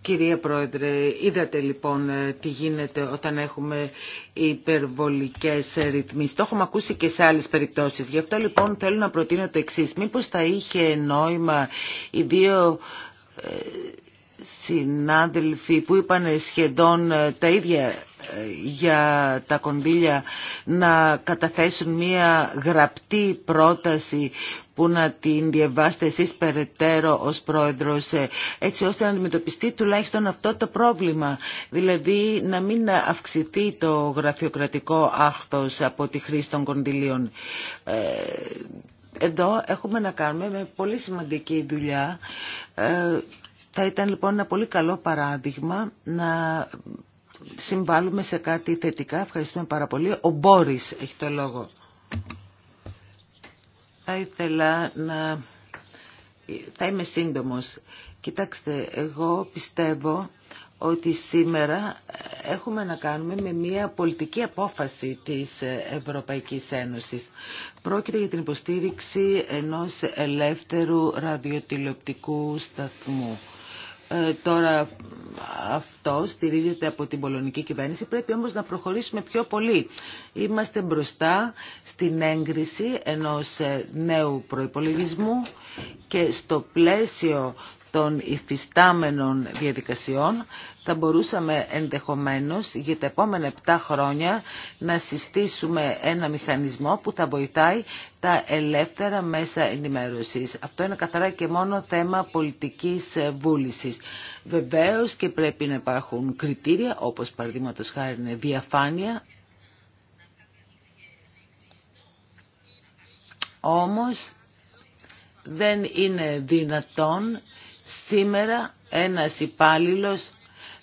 Κυρία Πρόεδρε, είδατε λοιπόν ε, τι γίνεται όταν έχουμε υπερβολικές ε, ρυθμίσεις. Το έχουμε ακούσει και σε άλλες περιπτώσεις. Γι' αυτό λοιπόν θέλω να προτείνω το εξής. Μήπως θα είχε νόημα οι δύο ε, συνάδελφοι που είπαν σχεδόν ε, τα ίδια ε, για τα κονδύλια να καταθέσουν μία γραπτή πρόταση που να την διαβάσετε εσείς περαιτέρω ως πρόεδρος ε, έτσι ώστε να αντιμετωπιστεί τουλάχιστον αυτό το πρόβλημα δηλαδή να μην αυξηθεί το γραφειοκρατικό άχθος από τη χρήση των κονδυλίων. Εδώ έχουμε να κάνουμε με πολύ σημαντική δουλειά θα ήταν λοιπόν ένα πολύ καλό παράδειγμα να συμβάλλουμε σε κάτι θετικά. Ευχαριστούμε πάρα πολύ. Ο Μπόρις έχει το λόγο. Θα ήθελα να... Θα είμαι σύντομος. Κοιτάξτε, εγώ πιστεύω ότι σήμερα έχουμε να κάνουμε με μια πολιτική απόφαση της Ευρωπαϊκής Ένωσης. Πρόκειται για την υποστήριξη ενός ελεύθερου ραδιοτηλεοπτικού σταθμού. Ε, τώρα αυτό στηρίζεται από την πολωνική κυβέρνηση. Πρέπει όμως να προχωρήσουμε πιο πολύ. Είμαστε μπροστά στην έγκριση ενός ε, νέου προϋπολογισμού και στο πλαίσιο των υφιστάμενων διαδικασιών θα μπορούσαμε ενδεχομένως για τα επόμενα 7 χρόνια να συστήσουμε ένα μηχανισμό που θα βοηθάει τα ελεύθερα μέσα ενημέρωσης. Αυτό είναι καθαρά και μόνο θέμα πολιτικής βούλησης. Βεβαίως και πρέπει να υπάρχουν κριτήρια όπως παραδείγματο χάρη είναι διαφάνεια. Όμως δεν είναι δυνατόν σήμερα ένας υπάλληλος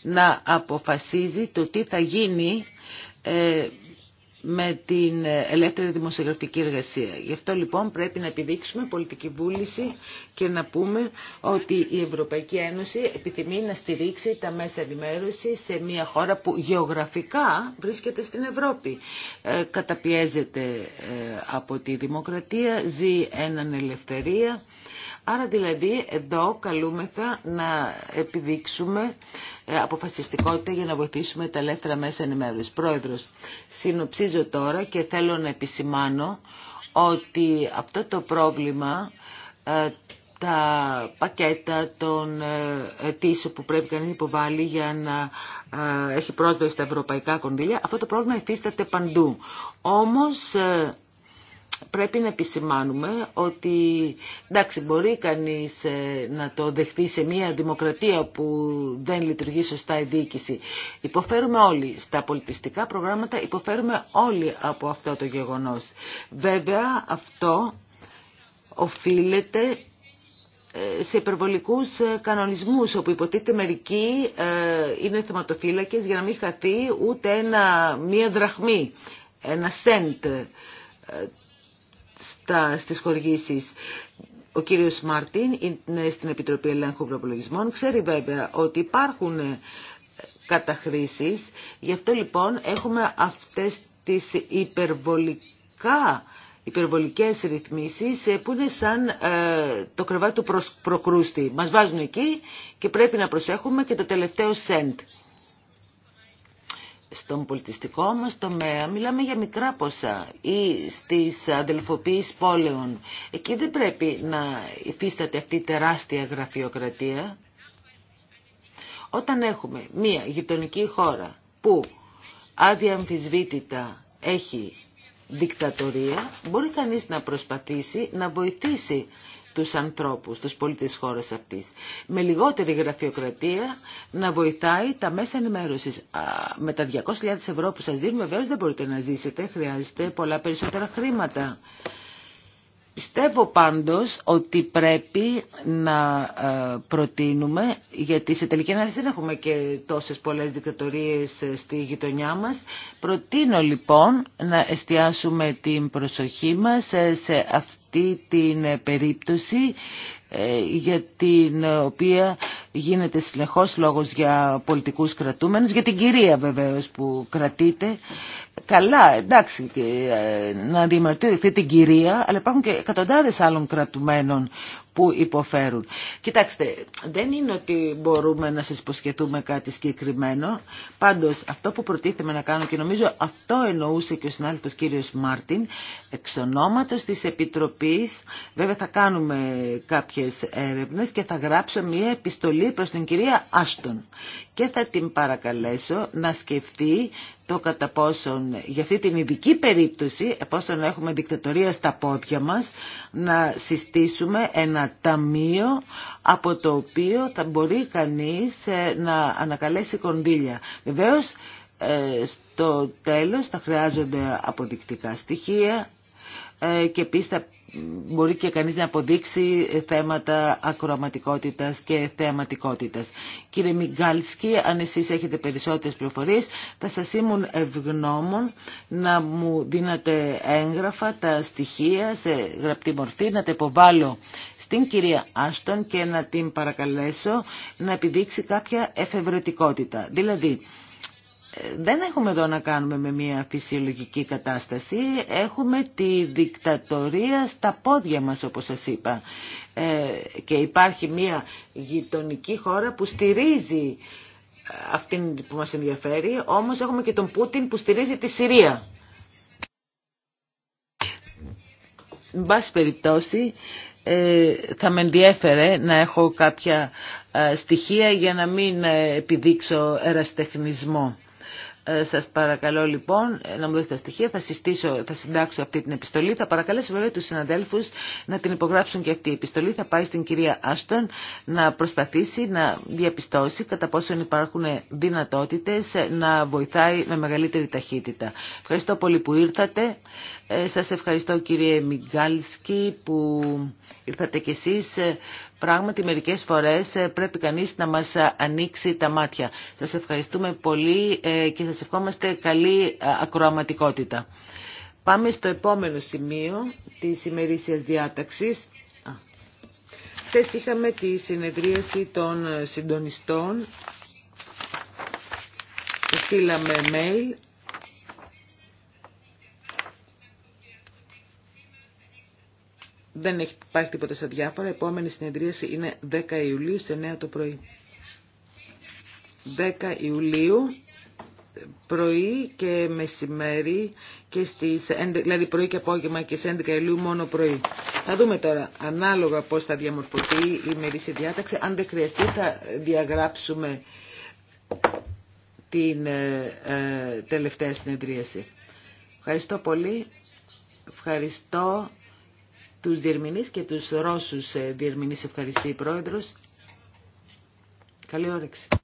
να αποφασίζει το τι θα γίνει ε, με την ελεύθερη δημοσιογραφική εργασία. Γι' αυτό λοιπόν πρέπει να επιδείξουμε πολιτική βούληση και να πούμε ότι η Ευρωπαϊκή Ένωση επιθυμεί να στηρίξει τα μέσα ενημέρωση σε μια χώρα που γεωγραφικά βρίσκεται στην Ευρώπη. Ε, καταπιέζεται ε, από τη δημοκρατία, ζει έναν ελευθερία Άρα δηλαδή εδώ καλούμεθα να επιδείξουμε ε, αποφασιστικότητα για να βοηθήσουμε τα ελεύθερα μέσα ενημέρωση. Πρόεδρος, συνοψίζω τώρα και θέλω να επισημάνω ότι αυτό το πρόβλημα ε, τα πακέτα των ε, αιτήσεων που πρέπει κανείς να υποβάλει για να έχει πρόσβαση στα ευρωπαϊκά κονδύλια. Αυτό το πρόβλημα υφίσταται παντού. Όμως πρέπει να επισημάνουμε ότι εντάξει μπορεί κανείς ε, να το δεχτεί σε μια δημοκρατία που δεν λειτουργεί σωστά η διοίκηση. Υποφέρουμε όλοι στα πολιτιστικά προγράμματα, υποφέρουμε όλοι από αυτό το γεγονός. Βέβαια αυτό οφείλεται ε, σε υπερβολικούς ε, κανονισμούς όπου υποτίθεται μερικοί είναι θεματοφύλακες για να μην χαθεί ούτε ένα, μία δραχμή, ένα σέντ στα, στις χορηγήσεις. Ο κύριος Μαρτίν είναι στην Επιτροπή Ελέγχου Προπολογισμών. Ξέρει βέβαια ότι υπάρχουν ε, καταχρήσεις. Γι' αυτό λοιπόν έχουμε αυτές τις υπερβολικά υπερβολικές ρυθμίσεις ε, που είναι σαν ε, το κρεβάτι του προκρούστη. Μας βάζουν εκεί και πρέπει να προσέχουμε και το τελευταίο σέντ στον πολιτιστικό μας τομέα μιλάμε για μικρά ποσά ή στις αδελφοποίησεις πόλεων. Εκεί δεν πρέπει να υφίσταται αυτή η τεράστια γραφειοκρατία. Όταν έχουμε μία γειτονική χώρα που άδεια αμφισβήτητα έχει δικτατορία, μπορεί κανείς να προσπαθήσει να βοηθήσει τους ανθρώπους, τους πολίτες της χώρας αυτής. Με λιγότερη γραφειοκρατία να βοηθάει τα μέσα ενημέρωσης. Με τα 200.000 ευρώ που σας δίνουμε βεβαίως δεν μπορείτε να ζήσετε, χρειάζεστε πολλά περισσότερα χρήματα. Πιστεύω πάντως ότι πρέπει να ε, προτείνουμε, γιατί σε τελική ανάλυση δεν έχουμε και τόσες πολλές δικτατορίες ε, στη γειτονιά μας, προτείνω λοιπόν να εστιάσουμε την προσοχή μας ε, σε αυτή αυτή την ε, περίπτωση ε, για την ε, οποία γίνεται συνεχώς λόγος για πολιτικούς κρατούμενους, για την κυρία βεβαίως που κρατείται. Καλά, εντάξει, να αυτή την κυρία, αλλά υπάρχουν και εκατοντάδες άλλων κρατουμένων που υποφέρουν. Κοιτάξτε, δεν είναι ότι μπορούμε να σας υποσχεθούμε κάτι συγκεκριμένο. Πάντως, αυτό που προτίθεμαι να κάνω και νομίζω αυτό εννοούσε και ο συνάδελφος κύριος Μάρτιν, εξ ονόματος της Επιτροπής, βέβαια θα κάνουμε κάποιες έρευνες και θα γράψω μια επιστολή προς την κυρία Άστον και θα την παρακαλέσω να σκεφτεί το κατά πόσον για αυτή την ειδική περίπτωση, εφόσον έχουμε δικτατορία στα πόδια μας, να συστήσουμε ένα ταμείο από το οποίο θα μπορεί κανείς ε, να ανακαλέσει κονδύλια. Βεβαίως, ε, στο τέλος θα χρειάζονται αποδεικτικά στοιχεία ε, και επίσης μπορεί και κανείς να αποδείξει θέματα ακροαματικότητας και θεαματικότητας. Κύριε Μιγκάλσκι, αν εσείς έχετε περισσότερες πληροφορίες, θα σας ήμουν ευγνώμων να μου δίνατε έγγραφα, τα στοιχεία σε γραπτή μορφή, να τα υποβάλω στην κυρία Άστον και να την παρακαλέσω να επιδείξει κάποια εφευρετικότητα. Δηλαδή, δεν έχουμε εδώ να κάνουμε με μια φυσιολογική κατάσταση. Έχουμε τη δικτατορία στα πόδια μας όπως σας είπα. Ε, και υπάρχει μια γειτονική χώρα που στηρίζει ε, αυτήν που μας ενδιαφέρει, όμως έχουμε και τον Πούτιν που στηρίζει τη Συρία. Εν πάση περιπτώσει, ε, θα με ενδιέφερε να έχω κάποια στοιχεία για να μην επιδείξω εραστεχνισμό. Ε, σας παρακαλώ λοιπόν να μου δώσετε τα στοιχεία, θα, συστήσω, θα συντάξω αυτή την επιστολή, θα παρακαλέσω βέβαια τους συναδέλφους να την υπογράψουν και αυτή η επιστολή, θα πάει στην κυρία Άστον να προσπαθήσει να διαπιστώσει κατά πόσο υπάρχουν δυνατότητες να βοηθάει με μεγαλύτερη ταχύτητα. Ευχαριστώ πολύ που ήρθατε, ε, σας ευχαριστώ κύριε Μιγκάλσκι που ήρθατε κι εσείς Πράγματι μερικές φορές ε, πρέπει κανείς να μας ε, ανοίξει τα μάτια. Σας ευχαριστούμε πολύ ε, και σας ευχόμαστε καλή ακροαματικότητα. Πάμε στο επόμενο σημείο της ημερήσιας διάταξης. Χθε είχαμε τη συνεδρίαση των συντονιστών. Στείλαμε mail Δεν έχει υπάρχει τίποτα στα διάφορα. Επόμενη συνεδρίαση είναι 10 Ιουλίου στις 9 το πρωί. 10 Ιουλίου πρωί και μεσημέρι και στις, δηλαδή πρωί και απόγευμα και στις 11 Ιουλίου μόνο πρωί. Θα δούμε τώρα ανάλογα πώς θα διαμορφωθεί η ημερήσια διάταξη. Αν δεν χρειαστεί θα διαγράψουμε την ε, ε, τελευταία συνεδρίαση. Ευχαριστώ πολύ. Ευχαριστώ τους διερμηνείς και τους Ρώσους ε, διερμηνείς. Ευχαριστεί η Πρόεδρος. Καλή όρεξη.